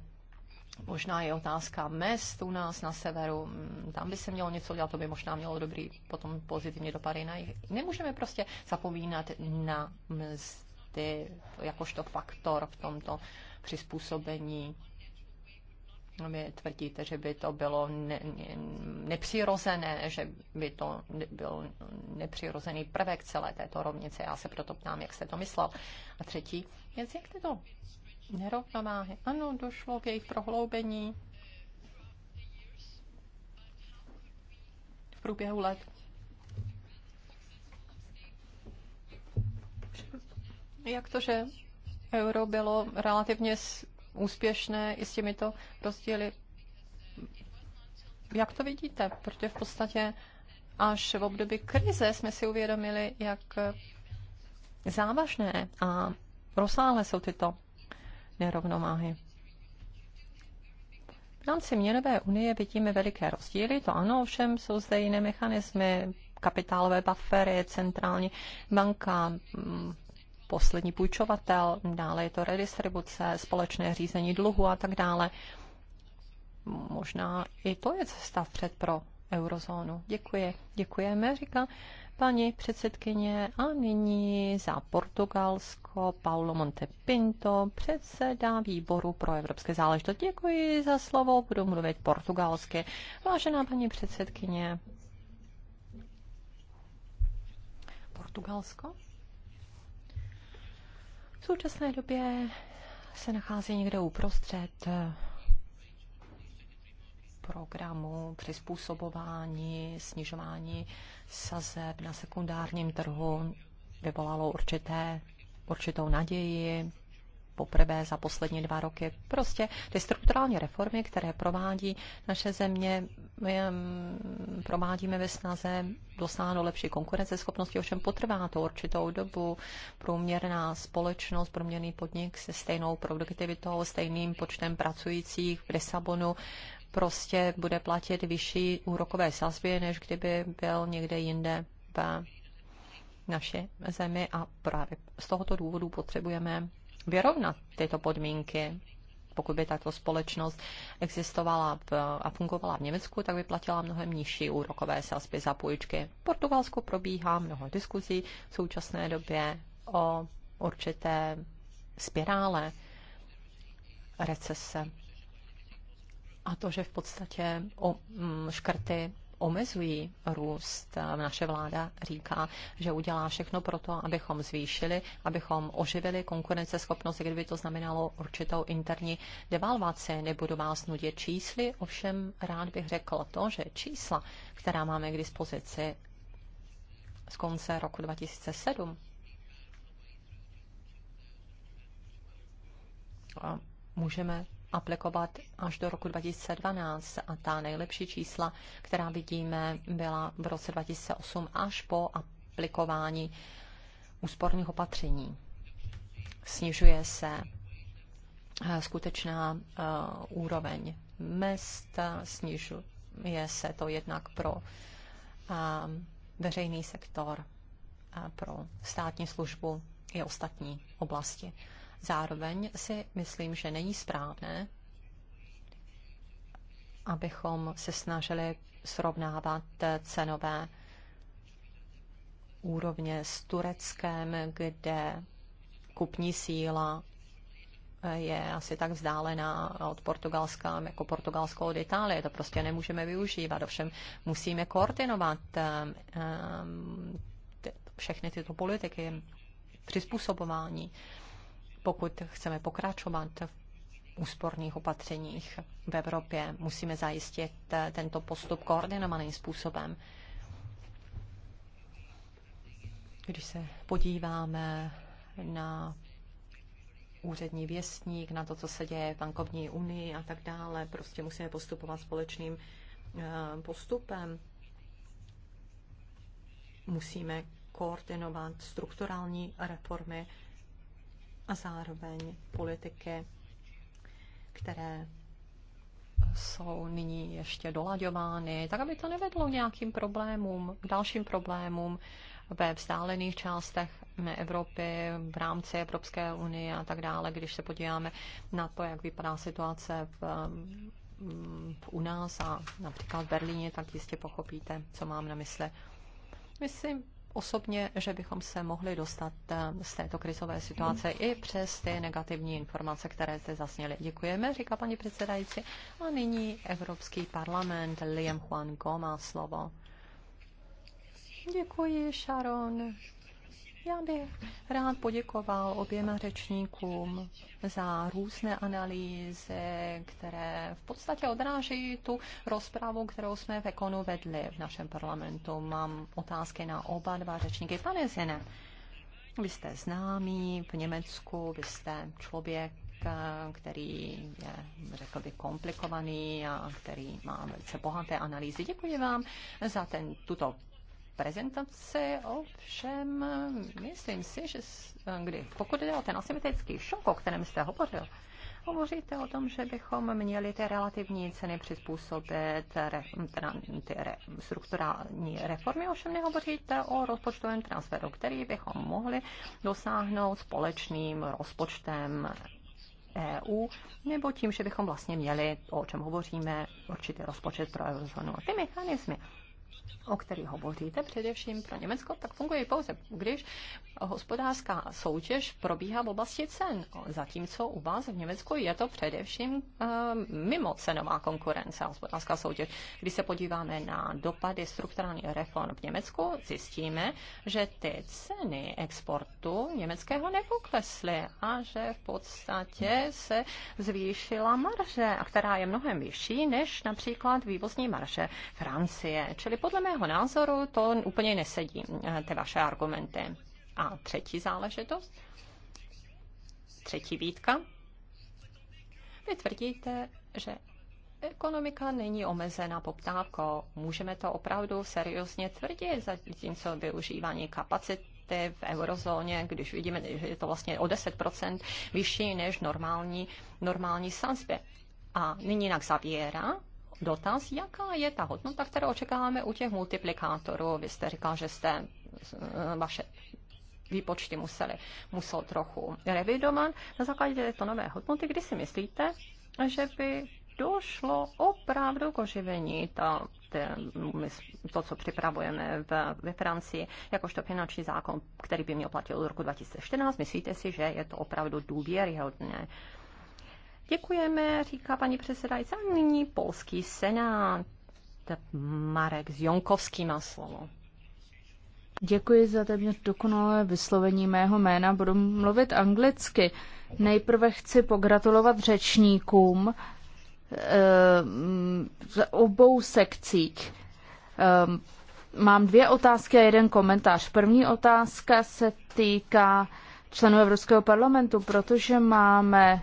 Možná je otázka mest u nás na severu, mm, tam by se mělo něco dělat, to by možná mělo dobrý potom pozitivní dopady na jich. Nemůžeme prostě zapomínat na mzdy jakožto faktor v tomto přizpůsobení vy tvrdíte, že by to bylo ne, ne, nepřirozené, že by to byl nepřirozený prvek celé této rovnice. Já se proto ptám, jak jste to myslel. A třetí věc, jak to nerovnováhy. Ano, došlo k jejich prohloubení v průběhu let. Jak to, že euro bylo relativně úspěšné i s těmito rozdíly. Jak to vidíte? Protože v podstatě až v období krize jsme si uvědomili, jak závažné a rozsáhlé jsou tyto nerovnováhy. V rámci měnové unie vidíme veliké rozdíly, to ano, ovšem jsou zde jiné mechanismy, kapitálové buffery, centrální banka, poslední půjčovatel, dále je to redistribuce, společné řízení dluhu a tak dále. Možná i to je cesta vpřed pro eurozónu. Děkuji. Děkujeme, říká paní předsedkyně. A nyní za Portugalsko Paulo Montepinto, předseda výboru pro evropské záležitosti. Děkuji za slovo, budu mluvit portugalsky. Vážená paní předsedkyně, Portugalsko? současné době se nachází někde uprostřed programu přizpůsobování, snižování sazeb na sekundárním trhu vyvolalo určité, určitou naději, poprvé za poslední dva roky. Prostě ty strukturální reformy, které provádí naše země, my provádíme ve snaze dosáhnout lepší konkurenceschopnosti, ovšem potrvá to určitou dobu. Průměrná společnost, průměrný podnik se stejnou produktivitou, stejným počtem pracujících v Lisabonu prostě bude platit vyšší úrokové sazby, než kdyby byl někde jinde v naší zemi a právě z tohoto důvodu potřebujeme vyrovnat tyto podmínky. Pokud by tato společnost existovala v, a fungovala v Německu, tak by platila mnohem nižší úrokové sazby za půjčky. V Portugalsku probíhá mnoho diskuzí v současné době o určité spirále recese. A to, že v podstatě o mm, škrty omezují růst. Naše vláda říká, že udělá všechno pro to, abychom zvýšili, abychom oživili konkurenceschopnost, kdyby to znamenalo určitou interní devalvaci. Nebudu vás nudit čísly, ovšem rád bych řekl to, že čísla, která máme k dispozici z konce roku 2007, můžeme aplikovat až do roku 2012 a ta nejlepší čísla, která vidíme, byla v roce 2008 až po aplikování úsporných opatření. Snižuje se eh, skutečná uh, úroveň mest, snižuje se to jednak pro uh, veřejný sektor, uh, pro státní službu i ostatní oblasti. Zároveň si myslím, že není správné, abychom se snažili srovnávat cenové úrovně s Tureckem, kde kupní síla je asi tak vzdálená od Portugalska jako Portugalsko od Itálie. To prostě nemůžeme využívat. Ovšem musíme koordinovat ehm, ehm, všechny tyto politiky, přizpůsobování pokud chceme pokračovat v úsporných opatřeních v Evropě, musíme zajistit eh, tento postup koordinovaným způsobem. Když se podíváme na úřední věstník, na to, co se děje v bankovní unii a tak dále, prostě musíme postupovat společným eh, postupem. Musíme koordinovat strukturální reformy a zároveň politiky, které jsou nyní ještě dolaďovány, tak aby to nevedlo k nějakým problémům, k dalším problémům ve vzdálených částech Evropy, v rámci Evropské unie a tak dále, když se podíváme na to, jak vypadá situace v, v, u nás a například v Berlíně, tak jistě pochopíte, co mám na mysli. Myslím, osobně, že bychom se mohli dostat eh, z této krizové situace i přes ty negativní informace, které zde zasněly. Děkujeme, říká paní předsedající. A nyní Evropský parlament, Liam Juan Goma slovo. Děkuji, Sharon. Já bych rád poděkoval oběma řečníkům za různé analýzy, které v podstatě odráží tu rozpravu, kterou jsme v Ekonu vedli v našem parlamentu. Mám otázky na oba dva řečníky. Pane Zene, vy jste známý v Německu, vy jste člověk, který je, řekl bych, komplikovaný a který má velice bohaté analýzy. Děkuji vám za ten, tuto prezentaci, ovšem myslím si, že kdy, pokud jde o ten asymetrický šok, o kterém jste hovořil, hovoříte o tom, že bychom měli ty relativní ceny přizpůsobit, re, teda, ty re, strukturální reformy, ovšem nehovoříte o rozpočtovém transferu, který bychom mohli dosáhnout společným rozpočtem EU, nebo tím, že bychom vlastně měli, o čem hovoříme, určitý rozpočet pro eurozónu. Ty mechanismy, o který hovoříte, především pro Německo, tak funguje pouze, když hospodářská soutěž probíhá v oblasti cen, zatímco u vás v Německu je to především eh, mimo cenová konkurence a hospodářská soutěž. Když se podíváme na dopady strukturálních reform v Německu, zjistíme, že ty ceny exportu německého nepoklesly a že v podstatě se zvýšila marže, která je mnohem vyšší než například vývozní marže Francie. Čili podle podle mého názoru to úplně nesedí, eh, ty vaše argumenty. A třetí záležitost, třetí výtka. Vy tvrdíte, že ekonomika není omezena poptávkou. Můžeme to opravdu seriózně tvrdit, zatímco využívání kapacit v eurozóně, když vidíme, že je to vlastně o 10% vyšší než normální, normální sanspě. A nyní jinak zavírá dotaz, jaká je ta hodnota, kterou očekáváme u těch multiplikátorů. Vy jste říkal, že jste eh, vaše výpočty museli, musel trochu revidovat. Na základě této nové hodnoty, kdy si myslíte, že by došlo opravdu k oživení ta, te, to, co připravujeme v, ve Francii, jakožto finanční zákon, který by měl platit od roku 2014. Myslíte si, že je to opravdu důvěryhodné? Děkujeme, říká paní předsedající. A nyní polský senát. Marek z Jonkovský má slovo. Děkuji za téměř dokonalé vyslovení mého jména. Budu mluvit anglicky. Nejprve chci pogratulovat řečníkům eh, z obou sekcích. Eh, mám dvě otázky a jeden komentář. První otázka se týká členů Evropského parlamentu, protože máme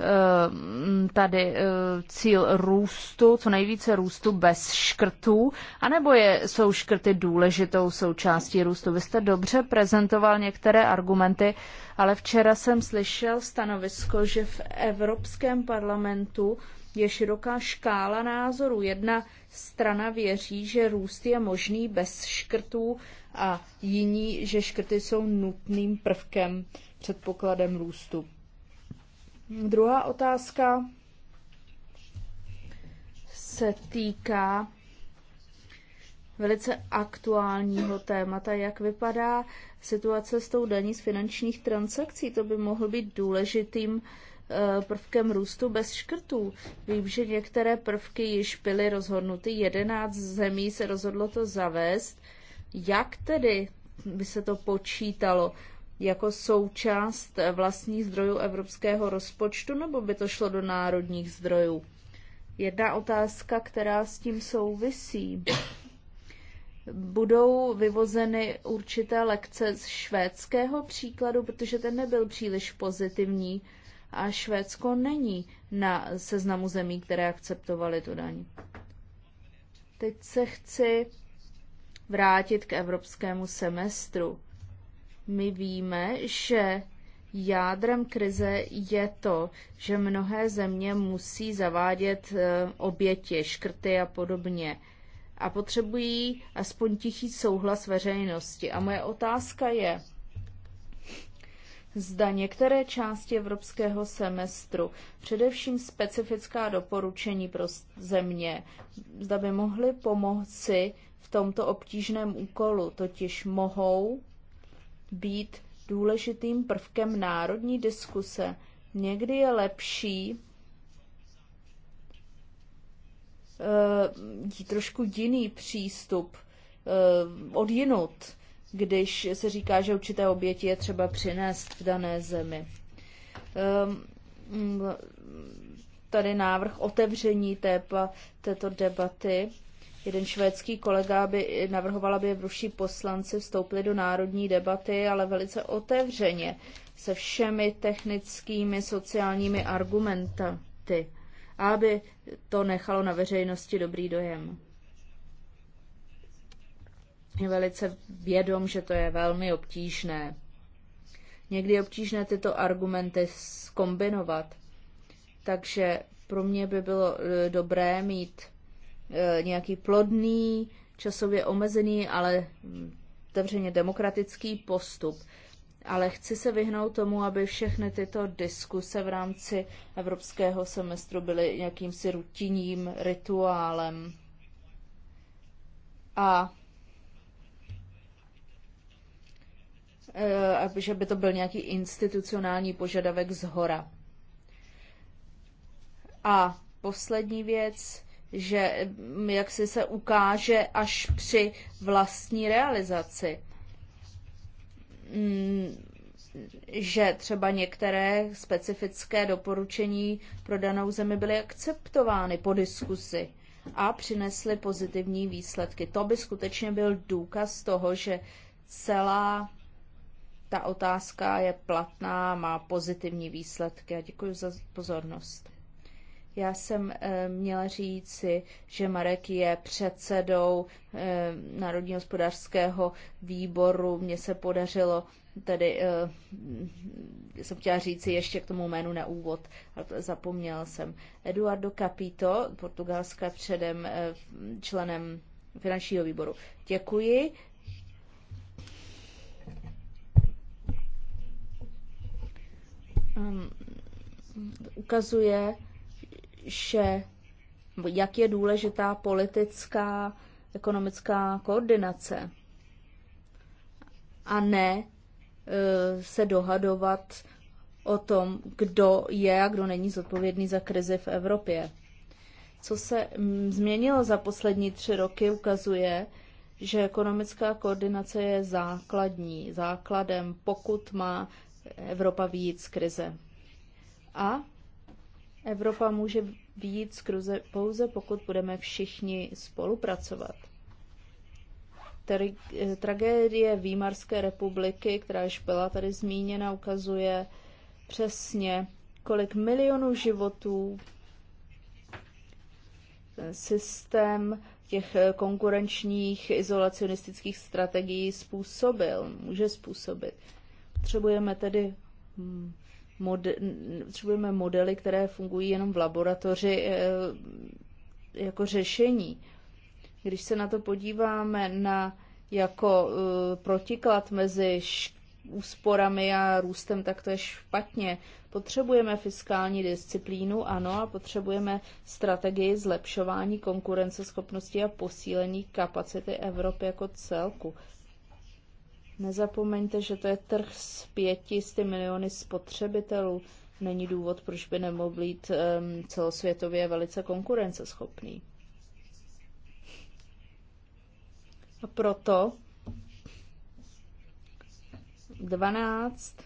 Eh, tady eh, cíl růstu, co nejvíce růstu bez škrtů, anebo je, jsou škrty důležitou součástí růstu? Vy jste dobře prezentoval některé argumenty, ale včera jsem slyšel stanovisko, že v Evropském parlamentu je široká škála názorů. Jedna strana věří, že růst je možný bez škrtů a jiní, že škrty jsou nutným prvkem předpokladem růstu. Druhá otázka se týká velice aktuálního témata, jak vypadá situace s tou daní z finančních transakcí. To by mohl být důležitým eh, prvkem růstu bez škrtů. Vím, že některé prvky již byly rozhodnuty, 11 zemí se rozhodlo to zavést. Jak tedy by se to počítalo? jako součást vlastních zdrojů evropského rozpočtu, nebo by to šlo do národních zdrojů? Jedna otázka, která s tím souvisí. Budou vyvozeny určité lekce z švédského příkladu, protože ten nebyl příliš pozitivní a Švédsko není na seznamu zemí, které akceptovaly tu daň. Teď se chci vrátit k evropskému semestru my víme, že jádrem krize je to, že mnohé země musí zavádět eh, oběti, škrty a podobně. A potřebují aspoň tichý souhlas veřejnosti. A moje otázka je, zda některé části evropského semestru, především specifická doporučení pro země, zda by mohly pomoci v tomto obtížném úkolu, totiž mohou být důležitým prvkem národní diskuse. Někdy je lepší uh, trošku jiný přístup uh, eh, od když se říká, že určité oběti je třeba přinést v dané zemi. Um, tady návrh otevření té, této debaty jeden švédský kolega by navrhoval, aby ruští poslanci vstoupili do národní debaty, ale velice otevřeně se všemi technickými sociálními argumenty, aby to nechalo na veřejnosti dobrý dojem. Je velice vědom, že to je velmi obtížné. Někdy je obtížné tyto argumenty skombinovat. Takže pro mě by bylo eh, dobré mít E, nějaký plodný, časově omezený, ale otevřeně demokratický postup. Ale chci se vyhnout tomu, aby všechny tyto diskuse v rámci evropského semestru byly jakýmsi rutinním rituálem. A e, že by to byl nějaký institucionální požadavek z hora. A poslední věc, že mm, jak si se ukáže až při vlastní realizaci. Mm, že třeba některé specifické doporučení pro danou zemi byly akceptovány po diskusi a přinesly pozitivní výsledky. To by skutečně byl důkaz toho, že celá ta otázka je platná, má pozitivní výsledky. A děkuji za pozornost. Já jsem eh, měla říci, že Marek je předsedou eh, Národního hospodářského výboru. Mně se podařilo tedy, eh, jsem chtěla říci ještě k tomu jménu na úvod, ale to zapomněla jsem. Eduardo Capito, portugalská předem členem finančního výboru. Děkuji. Um, ukazuje, že jak je důležitá politická, ekonomická koordinace a ne e, se dohadovat o tom, kdo je a kdo není zodpovědný za krizi v Evropě. Co se změnilo za poslední tři roky, ukazuje, že ekonomická koordinace je základní, základem, pokud má Evropa víc krize. A Evropa může výjít z pouze, pokud budeme všichni spolupracovat. Eh, tragédie Výmarské republiky, která již byla tady zmíněna, ukazuje přesně, kolik milionů životů eh, systém těch eh, konkurenčních izolacionistických strategií způsobil, může způsobit. Potřebujeme tedy hm, mode, potřebujeme modely, které fungují jenom v laboratoři eh, jako řešení. Když se na to podíváme na jako eh, protiklad mezi úsporami a růstem, tak to je špatně. Potřebujeme fiskální disciplínu, ano, a potřebujeme strategii zlepšování konkurenceschopnosti a posílení kapacity Evropy jako celku. Nezapomeňte, že to je trh s pěti 500 miliony spotřebitelů. Není důvod, proč by nemohl být um, celosvětově velice konkurenceschopný. A proto 12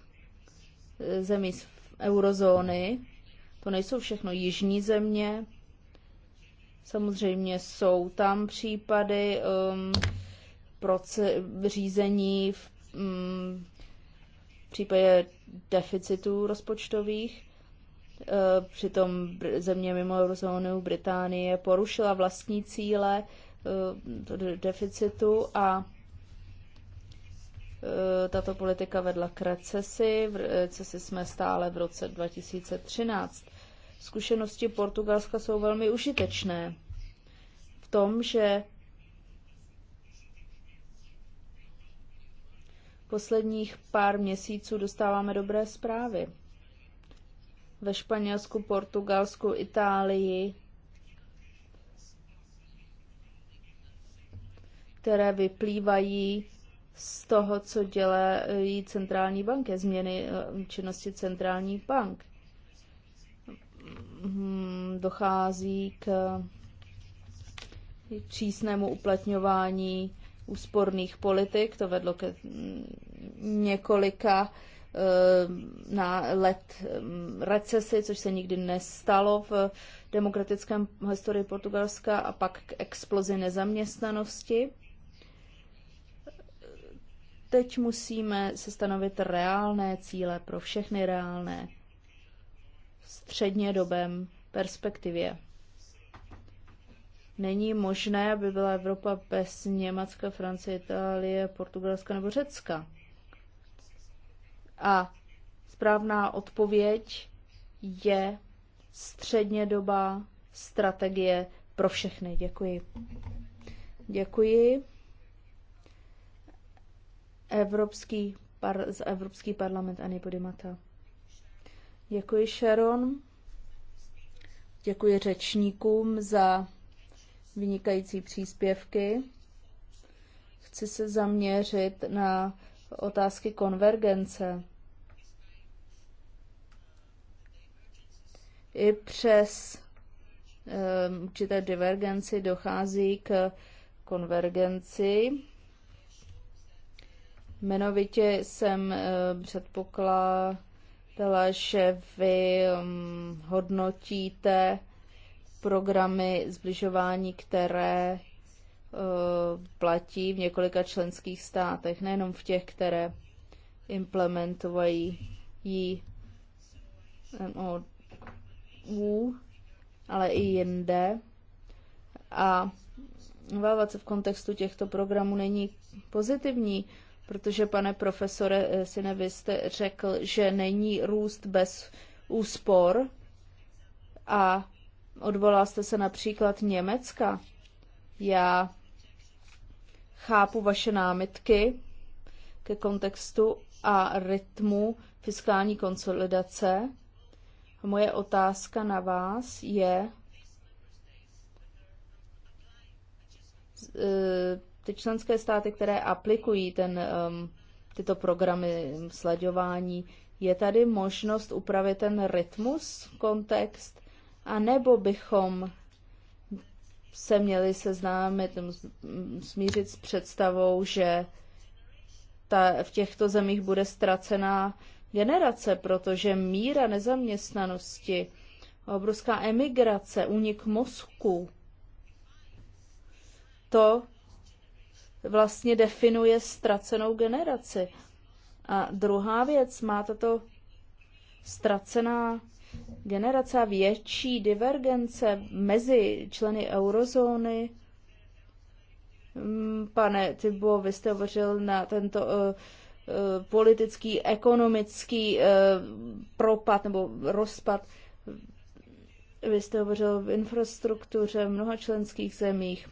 eh, zemí z eurozóny, to nejsou všechno jižní země, samozřejmě jsou tam případy. Um, proces, řízení v, mm, v případě deficitů rozpočtových. E, přitom země mimo eurozónu Británie porušila vlastní cíle e, deficitu a e, tato politika vedla k recesi. V recesi jsme stále v roce 2013. Zkušenosti Portugalska jsou velmi užitečné v tom, že posledních pár měsíců dostáváme dobré zprávy. Ve Španělsku, Portugalsku, Itálii, které vyplývají z toho, co dělají centrální banky, změny eh, činnosti centrální bank. Hmm, dochází k přísnému uplatňování úsporných politik. To vedlo ke několika eh, na let mm, recesy, což se nikdy nestalo v demokratickém historii Portugalska a pak k explozi nezaměstnanosti. Teď musíme se stanovit reálné cíle pro všechny reálné v střednědobém perspektivě. Není možné, aby byla Evropa bez Německa, Francie, Itálie, Portugalska nebo Řecka. A správná odpověď je střednědobá strategie pro všechny. Děkuji. Děkuji. Evropský, par, z Evropský parlament Ani Podimata. Děkuji Sharon. Děkuji řečníkům za vynikající příspěvky. Chci se zaměřit na otázky konvergence. I přes um, určité divergenci dochází k konvergenci. Jmenovitě jsem uh, předpokládala, že vy um, hodnotíte programy zbližování, které eh, platí v několika členských státech, nejenom v těch, které implementují ji ale i jinde. A vávat se v kontextu těchto programů není pozitivní, protože, pane profesore eh, Sine, jste řekl, že není růst bez úspor a Odvolal jste se například Německa. Já chápu vaše námitky ke kontextu a rytmu fiskální konsolidace. Moje otázka na vás je, e, ty členské státy, které aplikují ten, tyto programy sledování, je tady možnost upravit ten rytmus, kontext a nebo bychom se měli seznámit, smířit s představou, že ta, v těchto zemích bude ztracená generace, protože míra nezaměstnanosti, obrovská emigrace, únik mozku, to vlastně definuje ztracenou generaci. A druhá věc, má tato ztracená generace a větší divergence mezi členy eurozóny. Mm, pane Tybo, vy jste hovořil na tento uh, uh, politický, ekonomický uh, propad nebo rozpad. Vy jste hovořil v infrastruktuře v mnoha členských zemích,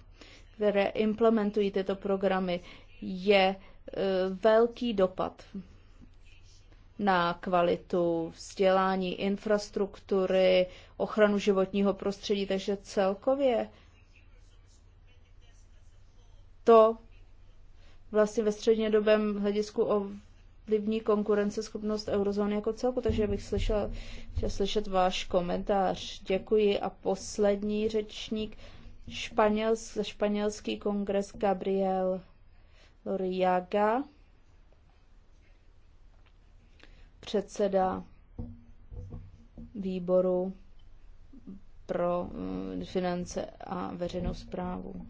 které implementují tyto programy. Je velký dopad na kvalitu vzdělání, infrastruktury, ochranu životního prostředí, takže celkově to vlastně ve střednědobém hledisku ovlivní konkurenceschopnost eurozóny jako celku, takže bych slyšel, chtěl slyšet váš komentář. Děkuji. A poslední řečník, španělsk, španělský kongres Gabriel Loriaga. předseda výboru pro mm, finance a veřejnou zprávu.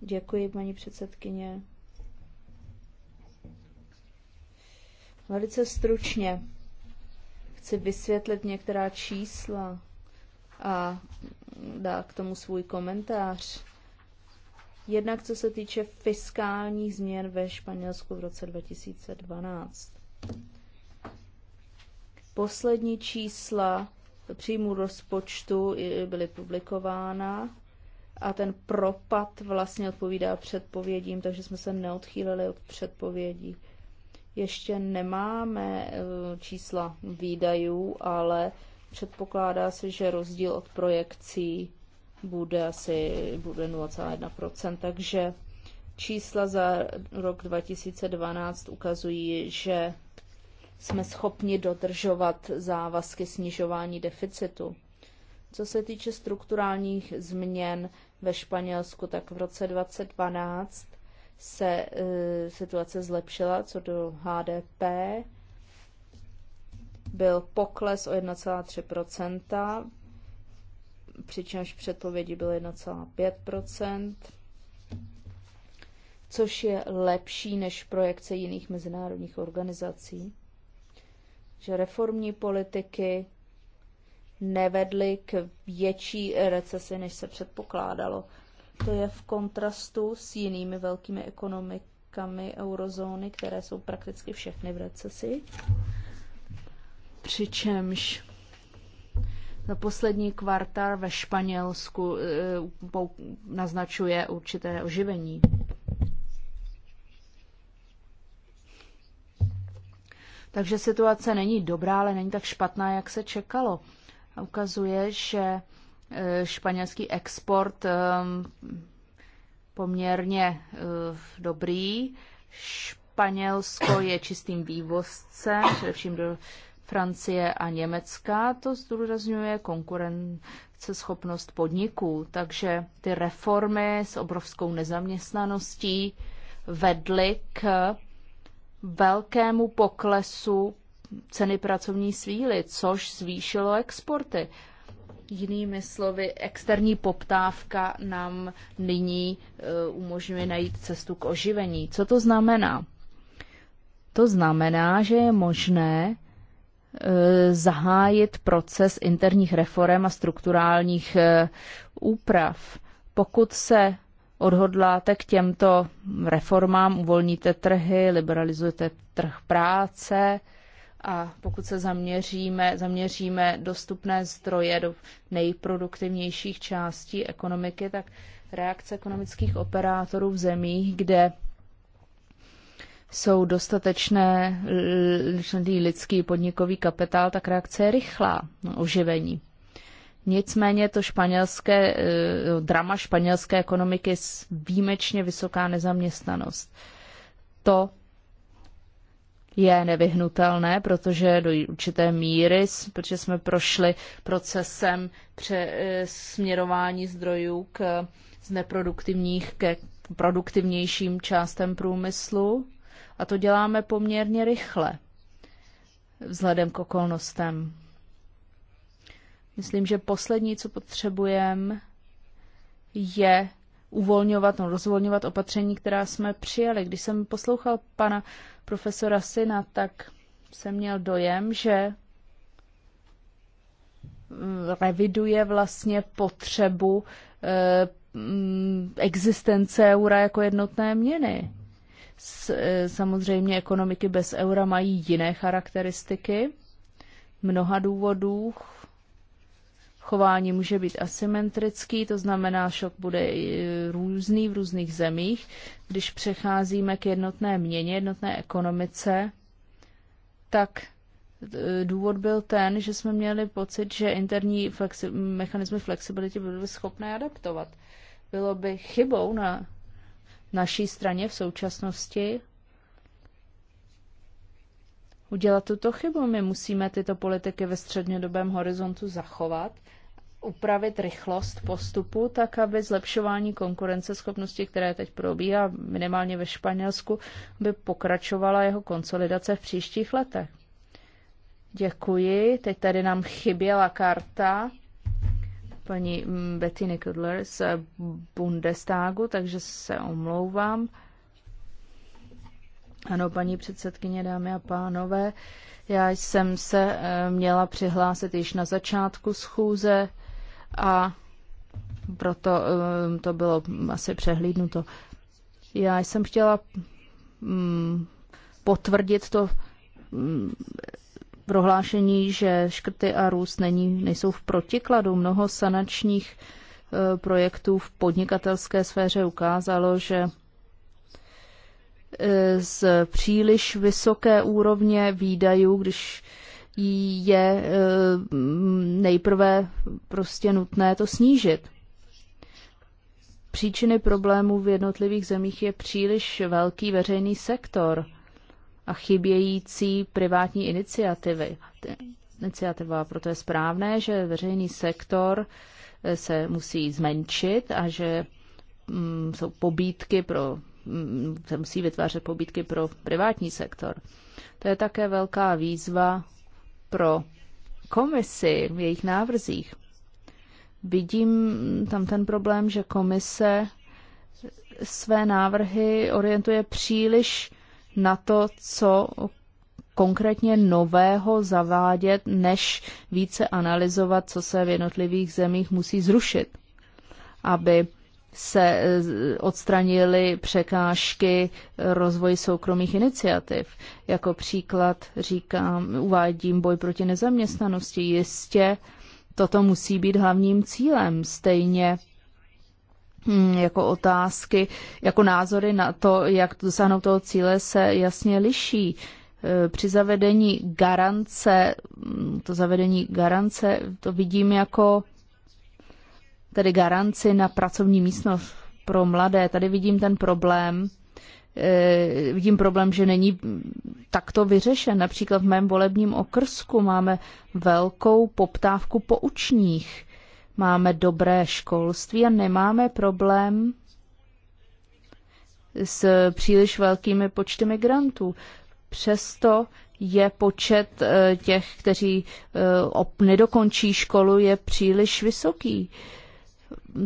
Děkuji, paní předsedkyně. Velice stručně chci vysvětlit některá čísla a dá k tomu svůj komentář. Jednak co se týče fiskálních změn ve Španělsku v roce 2012. Poslední čísla příjmu rozpočtu byly publikována a ten propad vlastně odpovídá předpovědím, takže jsme se neodchýlili od předpovědí. Ještě nemáme eh, čísla výdajů, ale předpokládá se, že rozdíl od projekcí bude asi bude 0,1%, takže čísla za rok 2012 ukazují, že jsme schopni dodržovat závazky snižování deficitu. Co se týče strukturálních změn ve Španělsku, tak v roce 2012 se e, situace zlepšila co do HDP. Byl pokles o 1,3 přičemž předpovědi byly 1,5 což je lepší než projekce jiných mezinárodních organizací. Že reformní politiky nevedly k větší recesi, než se předpokládalo. To je v kontrastu s jinými velkými ekonomikami eurozóny, které jsou prakticky všechny v recesi. Přičemž za poslední kvartál ve Španělsku eh, naznačuje určité oživení. Takže situace není dobrá, ale není tak špatná, jak se čekalo. Ukazuje, že eh, španělský export ehm, poměrně eh, dobrý. Španělsko je čistým vývozcem, především do Francie a Německa. To zdůrazňuje konkurenceschopnost podniků. Takže ty reformy s obrovskou nezaměstnaností vedly k velkému poklesu ceny pracovní síly, což zvýšilo exporty. Jinými slovy, externí poptávka nám nyní eh, umožňuje najít cestu k oživení. Co to znamená? To znamená, že je možné Eh, zahájit proces interních reform a strukturálních eh, úprav. Pokud se odhodláte k těmto reformám, uvolníte trhy, liberalizujete trh práce a pokud se zaměříme, zaměříme dostupné zdroje do nejproduktivnějších částí ekonomiky, tak reakce ekonomických operátorů v zemích, kde jsou dostatečné lidský podnikový kapitál, tak reakce je rychlá na no, oživení. Nicméně to španělské, eh, no, drama španělské ekonomiky je výjimečně vysoká nezaměstnanost. To je nevyhnutelné, protože do určité míry, protože jsme prošli procesem eh, směrování zdrojů k, z neproduktivních ke produktivnějším částem průmyslu, a to děláme poměrně rychle, vzhledem k okolnostem. Myslím, že poslední, co potřebujeme, je uvolňovat, no, rozvolňovat opatření, která jsme přijali. Když jsem poslouchal pana profesora Syna, tak jsem měl dojem, že mm, reviduje vlastně potřebu eh, mm, existence eura jako jednotné měny. Eh, samozřejmě ekonomiky bez eura mají jiné charakteristiky. Mnoha důvodů chování může být asymetrický, to znamená, šok bude eh, různý v různých zemích. Když přecházíme k jednotné měně, jednotné ekonomice, tak eh, důvod byl ten, že jsme měli pocit, že interní flexi- mechanismy flexibility byly schopné adaptovat. Bylo by chybou na naší straně v současnosti udělat tuto chybu. My musíme tyto politiky ve střednědobém horizontu zachovat, upravit rychlost postupu tak, aby zlepšování konkurenceschopnosti, které teď probíhá minimálně ve Španělsku, by pokračovala jeho konsolidace v příštích letech. Děkuji. Teď tady nám chyběla karta paní mm, Bettiny Kudler z Bundestagu, takže se omlouvám. Ano, paní předsedkyně, dámy a pánové, já jsem se eh, měla přihlásit již na začátku schůze a proto eh, to bylo asi přehlídnuto. Já jsem chtěla mm, potvrdit to mm, prohlášení, že škrty a růst není, nejsou v protikladu. Mnoho sanačních e, projektů v podnikatelské sféře ukázalo, že e, z příliš vysoké úrovně výdajů, když je e, nejprve prostě nutné to snížit. Příčiny problémů v jednotlivých zemích je příliš velký veřejný sektor – a chybějící privátní iniciativy. Iniciativa, proto je správné, že veřejný sektor eh, se musí zmenšit a že mm, jsou pobídky pro mm, se musí vytvářet pobídky pro privátní sektor. To je také velká výzva pro komisi v jejich návrzích. Vidím tam ten problém, že komise své návrhy orientuje příliš na to, co konkrétně nového zavádět, než více analyzovat, co se v jednotlivých zemích musí zrušit, aby se eh, odstranily překážky rozvoji soukromých iniciativ. Jako příklad říkám, uvádím boj proti nezaměstnanosti. Jistě toto musí být hlavním cílem, stejně Hmm, jako otázky, jako názory na to, jak dosáhnout toho cíle, se jasně liší. E, při zavedení garance, mm, to zavedení garance, to vidím jako tedy garanci na pracovní místnost pro mladé. Tady vidím ten problém, e, vidím problém, že není takto vyřešen. Například v mém volebním okrsku máme velkou poptávku po učních máme dobré školství a nemáme problém s příliš velkými počty migrantů. Přesto je počet eh, těch, kteří eh, nedokončí školu, je příliš vysoký.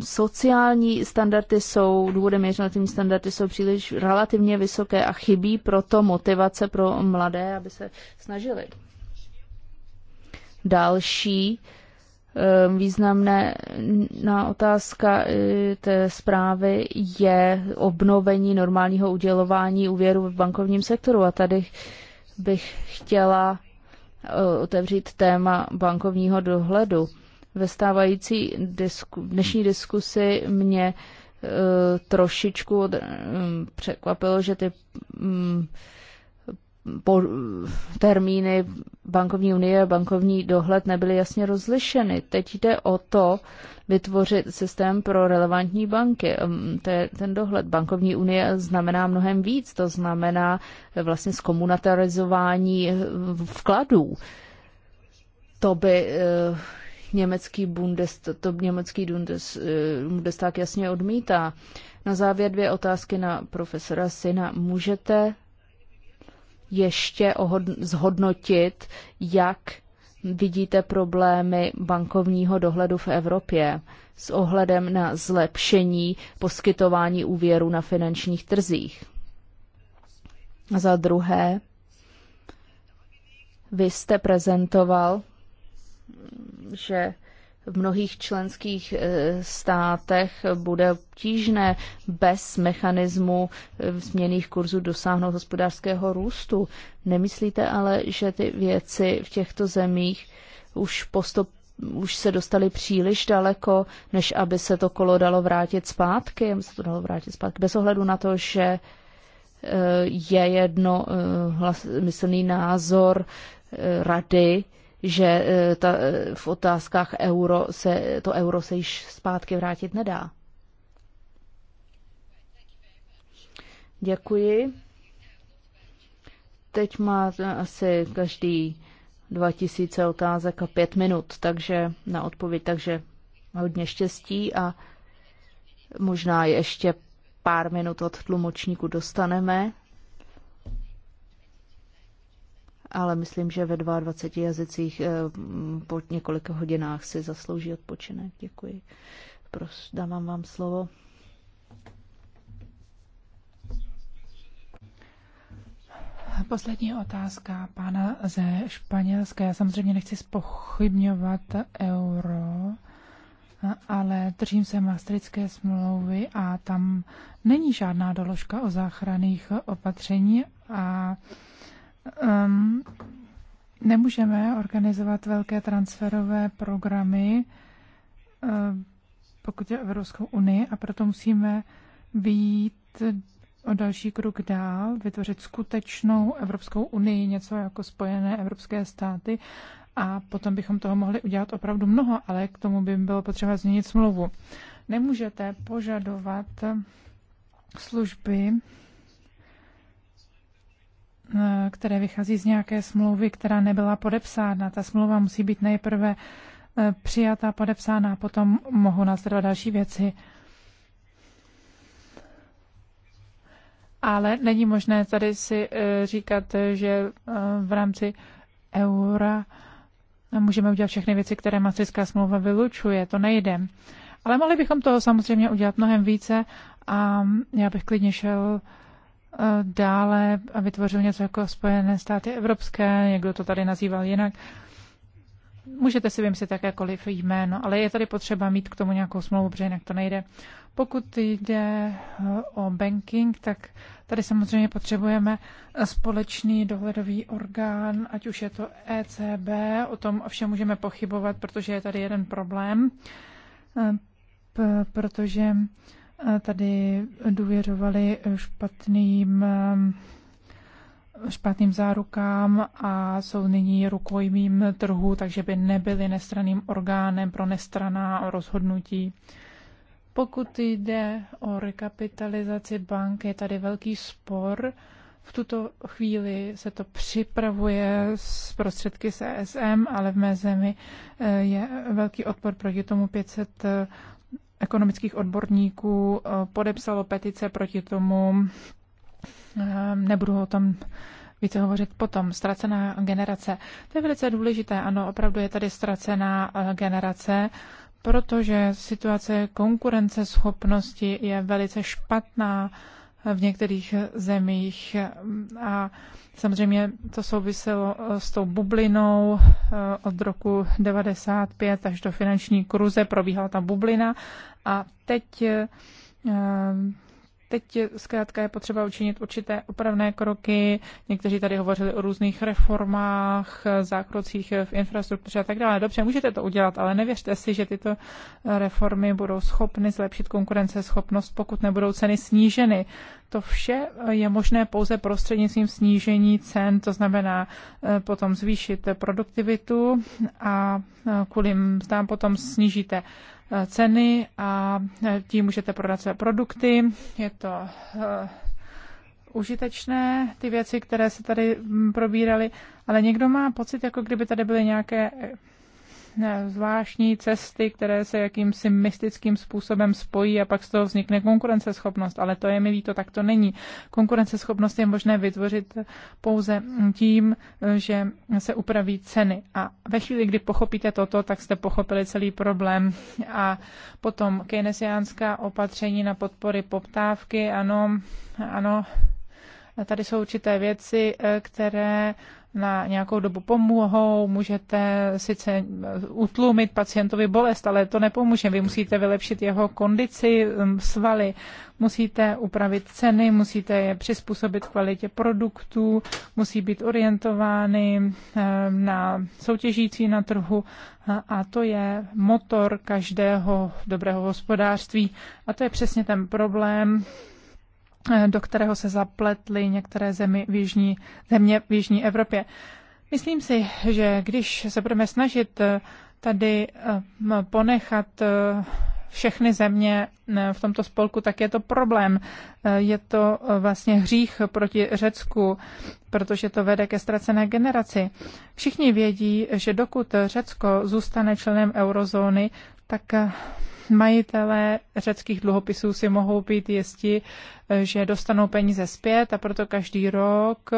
Sociální standardy jsou, důvodem jednotlivé standardy jsou příliš relativně vysoké a chybí proto motivace pro mladé, aby se snažili. Další Ehm, významná na otázka e, té zprávy je obnovení normálního udělování úvěru v bankovním sektoru a tady bych chtěla e, otevřít téma bankovního dohledu. Ve stávající disku, dnešní diskusi mě e, trošičku překvapilo, že ty po, termíny bankovní unie a bankovní dohled nebyly jasně rozlišeny. Teď jde o to vytvořit systém pro relevantní banky. Um, to je ten dohled. Bankovní unie znamená mnohem víc. To znamená vlastně zkomunitarizování eh, vkladů. To by eh, německý Bundes, to německý eh, Bundestag jasně odmítá. Na závěr dvě otázky na profesora Syna. Můžete ještě zhodnotit, jak vidíte problémy bankovního dohledu v Evropě s ohledem na zlepšení poskytování úvěru na finančních trzích. Za druhé, vy jste prezentoval, že v mnohých členských eh, státech bude obtížné bez mechanismu eh, změných kurzů dosáhnout hospodářského růstu. Nemyslíte ale, že ty věci v těchto zemích už postup už se dostali příliš daleko, než aby se to kolo dalo vrátit zpátky, aby se to dalo vrátit zpátky, bez ohledu na to, že eh, je jedno hlas, myslný názor rady, že e, ta, e, v otázkách euro se, to euro se již zpátky vrátit nedá. Děkuji. Teď má asi každý 2000 otázek a pět minut takže na odpověď, takže hodně štěstí a možná ještě pár minut od tlumočníku dostaneme ale myslím, že ve 22 jazycích eh, po několika hodinách si zaslouží odpočinek. Děkuji. Pros, dávám vám slovo. Poslední otázka pána ze Španělska. Já samozřejmě nechci spochybňovat euro, ale držím se Maastrichtské smlouvy a tam není žádná doložka o záchranných opatření a um, nemůžeme organizovat velké transferové programy, um, pokud je Evropskou unii, a proto musíme být o další krok dál, vytvořit skutečnou Evropskou unii, něco jako spojené evropské státy a potom bychom toho mohli udělat opravdu mnoho, ale k tomu by bylo potřeba změnit smlouvu. Nemůžete požadovat služby Eh, které vychází z nějaké smlouvy, která nebyla podepsána. Ta smlouva musí být nejprve eh, přijata, podepsána a potom mohou následovat další věci. Ale není možné tady si eh, říkat, že v rámci eura můžeme udělat všechny věci, které Maastrichtská smlouva vylučuje. To nejde. Ale mohli bychom toho samozřejmě udělat mnohem více a já bych klidně šel uh, dále a vytvořil něco jako Spojené státy evropské, někdo to tady nazýval jinak. Můžete si vymyslet jakékoliv jméno, ale je tady potřeba mít k tomu nějakou smlouvu, protože jinak to nejde. Pokud jde eh, o banking, tak tady samozřejmě potřebujeme eh, společný dohledový orgán, ať už je to ECB, o tom ovšem můžeme pochybovat, protože je tady jeden problém, eh, protože tady důvěřovali špatným ehm, špatným zárukám a jsou nyní rukojmím trhu, takže by nebyly nestraným orgánem pro nestraná rozhodnutí. Pokud jde o rekapitalizaci bank, je tady velký spor. V tuto chvíli se to připravuje z prostředky e CSM, ale v mé zemi eh, je velký odpor proti tomu 500 ekonomických odborníků eh, podepsalo petice proti tomu. Eh, nebudu o tom více hovořit potom. Ztracená generace. To je velice důležité. Ano, opravdu je tady ztracená eh, generace, protože situace konkurenceschopnosti je velice špatná v některých zemích. A samozřejmě to souviselo eh, s tou bublinou eh, od roku 95 až do finanční kruze, probíhala ta bublina a teď eh, Teď je, zkrátka je potřeba učinit určité opravné kroky. Někteří tady hovořili o různých reformách, zákrocích v infrastruktuře a tak dále. Dobře, můžete to udělat, ale nevěřte si, že tyto reformy budou schopny zlepšit konkurenceschopnost, pokud nebudou ceny sníženy. To vše je možné pouze prostřednictvím snížení cen, to znamená eh, potom zvýšit produktivitu a eh, kvůli mm, tam potom snížíte ceny a tím můžete prodat své produkty. Je to eh, užitečné, ty věci, které se tady mm, probíraly, ale někdo má pocit, jako kdyby tady byly nějaké eh, Eh, zvláštní cesty, které se jakýmsi mystickým způsobem spojí a pak z toho vznikne konkurenceschopnost. Ale to je mi líto, tak to není. Konkurenceschopnost je možné vytvořit pouze tím, eh, že se upraví ceny. A ve chvíli, kdy pochopíte toto, tak jste pochopili celý problém. A potom keynesiánská opatření na podpory poptávky, ano, ano, Tady jsou určité věci, eh, které na nějakou dobu pomohou, můžete sice utlumit pacientovi bolest, ale to nepomůže. Vy musíte vylepšit jeho kondici, um, svaly, musíte upravit ceny, musíte je přizpůsobit kvalitě produktů, musí být orientovány um, na soutěžící na trhu a to je motor každého dobrého hospodářství. A to je přesně ten problém, Eh, do kterého se zapletly některé zemi v jižní, země v jižní Evropě. Myslím si, že když se budeme snažit eh, tady eh, ponechat všechny země v tomto spolku, tak je to problém. Je to vlastně hřích proti Řecku, protože to vede ke ztracené generaci. Všichni vědí, že dokud Řecko zůstane členem eurozóny, tak majitelé řeckých dluhopisů si mohou být jisti, že dostanou peníze zpět a proto každý rok,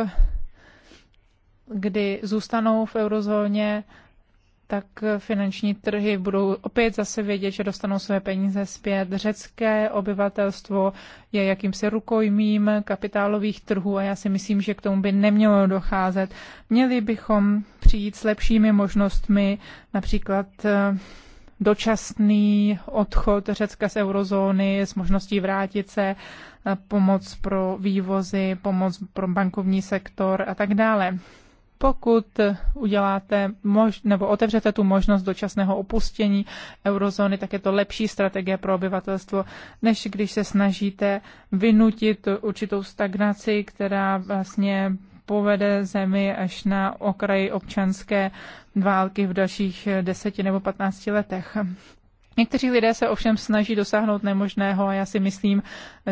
kdy zůstanou v eurozóně, tak finanční trhy budou opět zase vědět, že dostanou své peníze zpět. Řecké obyvatelstvo je jakýmsi rukojmím kapitálových trhů a já si myslím, že k tomu by nemělo docházet. Měli bychom přijít s lepšími možnostmi, například eh, dočasný odchod Řecka z eurozóny s možností vrátit se, eh, pomoc pro vývozy, pomoc pro bankovní sektor a tak dále. Pokud eh, uděláte mož, nebo otevřete tu možnost dočasného opuštění eurozóny, tak je to lepší strategie pro obyvatelstvo, než když se snažíte vynutit určitou stagnaci, která vlastně povede zemi až na okraji občanské války v dalších deseti nebo patnácti letech. Někteří lidé se ovšem snaží dosáhnout nemožného a já si myslím,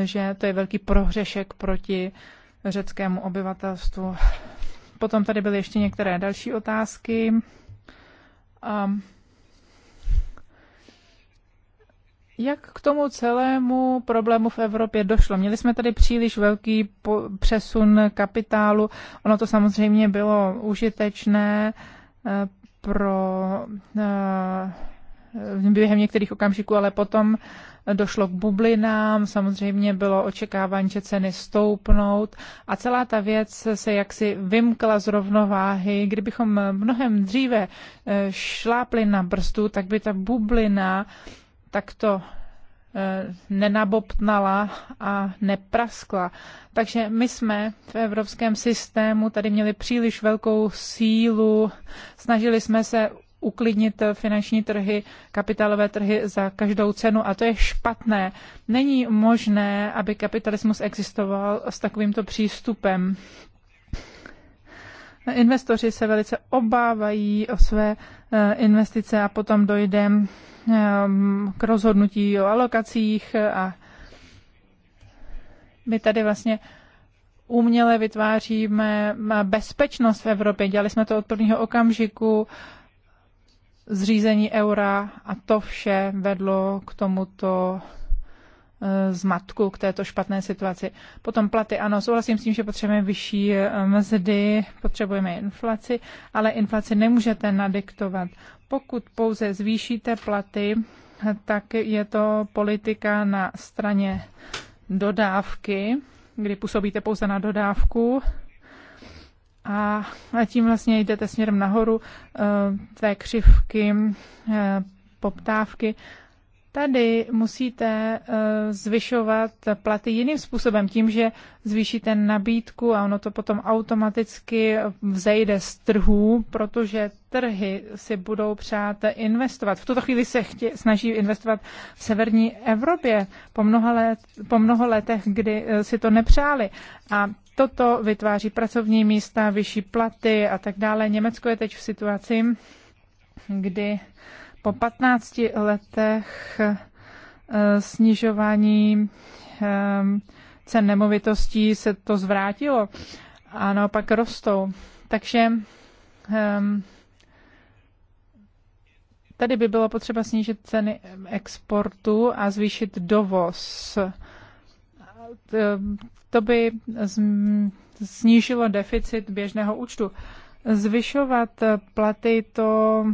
že to je velký prohřešek proti řeckému obyvatelstvu. Potom tady byly ještě některé další otázky. Um, Jak k tomu celému problému v Evropě došlo? Měli jsme tady příliš velký přesun kapitálu. Ono to samozřejmě bylo užitečné eh, pro eh, během některých okamžiků, ale potom došlo k bublinám, samozřejmě bylo očekávání, že ceny stoupnout a celá ta věc se jaksi vymkla z rovnováhy. Kdybychom mnohem dříve eh, šlápli na brzdu, tak by ta bublina takto eh, nenabobtnala a nepraskla. Takže my jsme v evropském systému tady měli příliš velkou sílu, snažili jsme se uklidnit finanční trhy, kapitálové trhy za každou cenu a to je špatné. Není možné, aby kapitalismus existoval s takovýmto přístupem. Investoři se velice obávají o své eh, investice a potom dojde Ehm, k rozhodnutí o alokacích a my tady vlastně uměle vytváříme eh, bezpečnost v Evropě. Dělali jsme to od prvního okamžiku zřízení eura a to vše vedlo k tomuto zmatku k této špatné situaci. Potom platy, ano, souhlasím s tím, že potřebujeme vyšší eh, mzdy, potřebujeme inflaci, ale inflaci nemůžete nadiktovat. Pokud pouze zvýšíte platy, tak je to politika na straně dodávky, kdy působíte pouze na dodávku a tím vlastně jdete směrem nahoru eh, té křivky eh, poptávky tady musíte eh, zvyšovat platy jiným způsobem, tím, že zvýšíte nabídku a ono to potom automaticky vzejde z trhů, protože trhy si budou přát investovat. V tuto chvíli se chtě, snaží investovat v severní Evropě po, mnoha let, po mnoho letech, kdy eh, si to nepřáli. A toto vytváří pracovní místa, vyšší platy a tak dále. Německo je teď v situaci, kdy uh, po 15 letech eh, snižování ehm, cen nemovitostí se to zvrátilo a naopak rostou. Takže ehm, tady by bylo potřeba snížit ceny exportu a zvýšit dovoz. Ehm, to by snížilo deficit běžného účtu. Zvyšovat platy to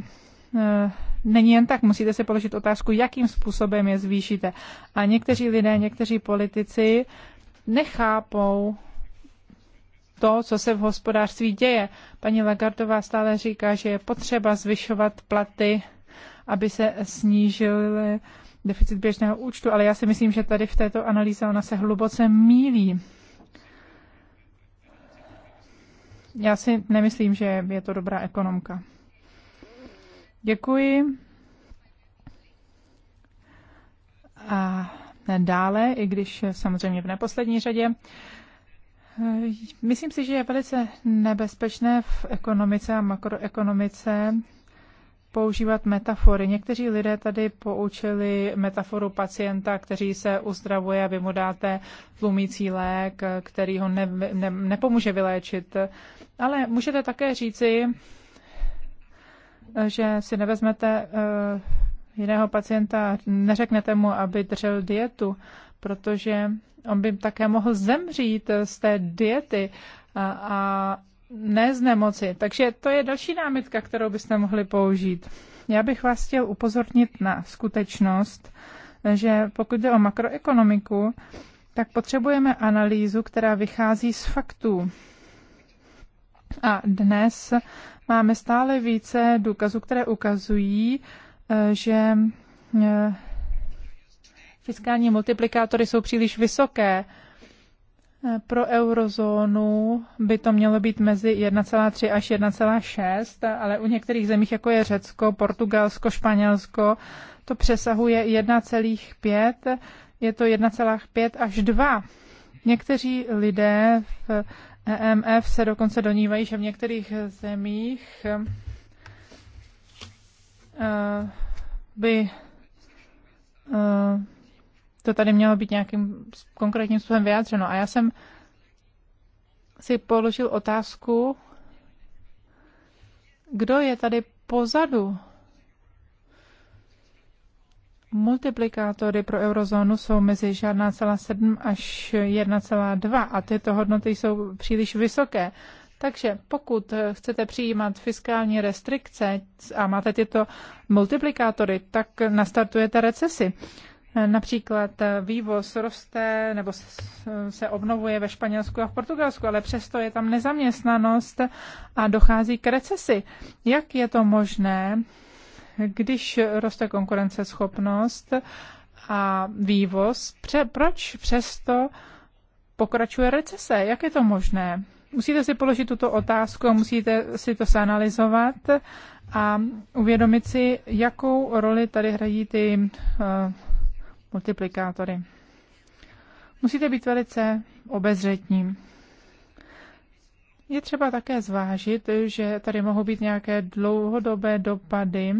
eh, není jen tak. Musíte si položit otázku, jakým způsobem je zvýšíte. A někteří lidé, někteří politici nechápou to, co se v hospodářství děje. Paní Lagardová stále říká, že je potřeba zvyšovat platy, aby se snížil deficit běžného účtu, ale já si myslím, že tady v této analýze ona se hluboce mílí. Já si nemyslím, že je to dobrá ekonomka. Děkuji. A dále, i když samozřejmě v neposlední řadě, myslím si, že je velice nebezpečné v ekonomice a makroekonomice používat metafory. Někteří lidé tady poučili metaforu pacienta, který se uzdravuje a vy mu dáte tlumící lék, který ho ne, ne, nepomůže vyléčit. Ale můžete také říci, že si nevezmete eh, jiného pacienta, neřeknete mu, aby držel dietu, protože on by také mohl zemřít z té diety a, a ne z nemoci. Takže to je další námitka, kterou byste mohli použít. Já bych vás chtěl upozornit na skutečnost, že pokud jde o makroekonomiku, tak potřebujeme analýzu, která vychází z faktů. A dnes máme stále více důkazů, které ukazují, eh, že eh, fiskální multiplikátory jsou příliš vysoké. Eh, pro eurozónu by to mělo být mezi 1,3 až 1,6, ale u některých zemích, jako je Řecko, Portugalsko, Španělsko, to přesahuje 1,5, je to 1,5 až 2. Někteří lidé v EMF se dokonce donívají, že v některých zemích eh, by eh, to tady mělo být nějakým konkrétním způsobem vyjádřeno. A já jsem si položil otázku, kdo je tady pozadu multiplikátory pro eurozónu jsou mezi 1,7 až 1,2 a tyto hodnoty jsou příliš vysoké. Takže pokud chcete přijímat fiskální restrikce a máte tyto multiplikátory, tak nastartujete recesi. Například vývoz roste nebo se obnovuje ve Španělsku a v Portugalsku, ale přesto je tam nezaměstnanost a dochází k recesi. Jak je to možné, když roste konkurenceschopnost a vývoz, pře, proč přesto pokračuje recese? Jak je to možné? Musíte si položit tuto otázku a musíte si to zanalizovat a uvědomit si, jakou roli tady hrají ty uh, multiplikátory. Musíte být velice obezřetní. Je třeba také zvážit, že tady mohou být nějaké dlouhodobé dopady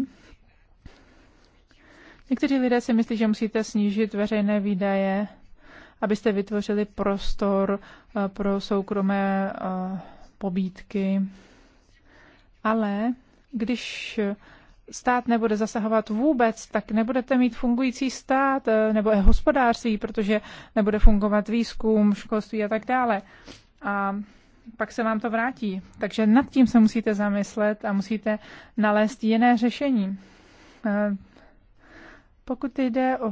Někteří lidé si myslí, že musíte snížit veřejné výdaje, abyste vytvořili prostor eh, pro soukromé eh, pobídky. Ale když stát nebude zasahovat vůbec, tak nebudete mít fungující stát eh, nebo hospodářství, protože nebude fungovat výzkum, školství a tak dále. A pak se vám to vrátí. Takže nad tím se musíte zamyslet a musíte nalézt jiné řešení. Pokud jde o,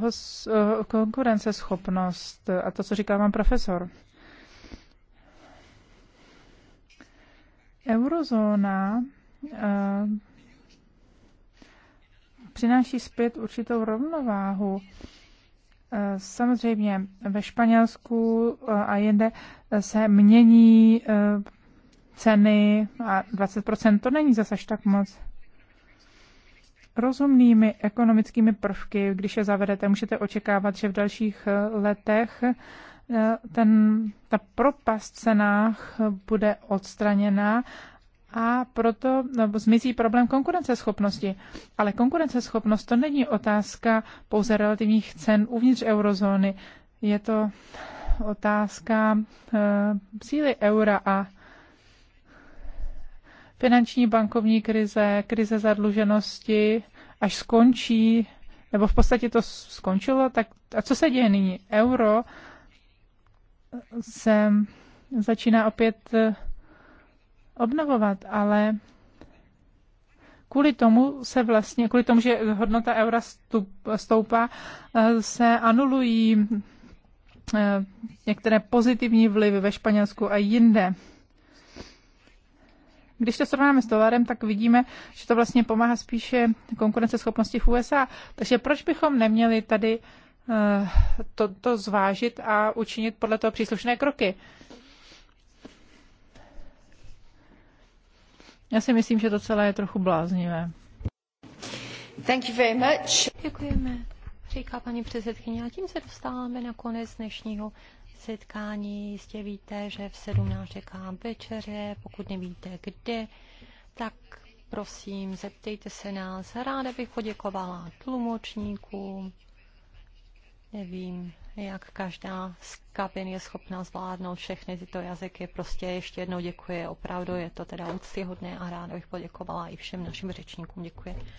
o konkurenceschopnost a to, co říkal vám profesor, eurozóna eh, přináší zpět určitou rovnováhu. Eh, samozřejmě ve Španělsku eh, a jinde se mění ceny a 20% to není zase až tak moc rozumnými ekonomickými prvky, když je zavedete, můžete očekávat, že v dalších eh, letech eh, ten, ta propast v cenách bude odstraněna a proto no, zmizí problém konkurenceschopnosti. Ale konkurenceschopnost to není otázka pouze relativních cen uvnitř eurozóny. Je to otázka e, síly eura a finanční bankovní krize, krize zadluženosti až skončí, nebo v podstatě to skončilo, tak a co se děje nyní? Euro se začíná opět eh, obnovovat, ale kvůli tomu se vlastně, kvůli tomu, že hodnota eura stoupá, eh, se anulují eh, některé pozitivní vlivy ve Španělsku a jinde. Když to srovnáme s dolarem, tak vidíme, že to vlastně pomáhá spíše konkurenceschopnosti v USA. Takže proč bychom neměli tady eh, to, to zvážit a učinit podle toho příslušné kroky? Já si myslím, že to celé je trochu bláznivé. Thank you very much. Děkujeme, říká paní předsedkyně. A tím se dostáváme na konec dnešního setkání. Jistě víte, že v 17 čeká večeře, pokud nevíte kde, tak prosím, zeptejte se nás. Ráda bych poděkovala tlumočníkům. Nevím, jak každá z kabin je schopná zvládnout všechny tyto jazyky. Prostě ještě jednou děkuji. Opravdu je to teda úctyhodné a ráda bych poděkovala i všem našim řečníkům. Děkuji.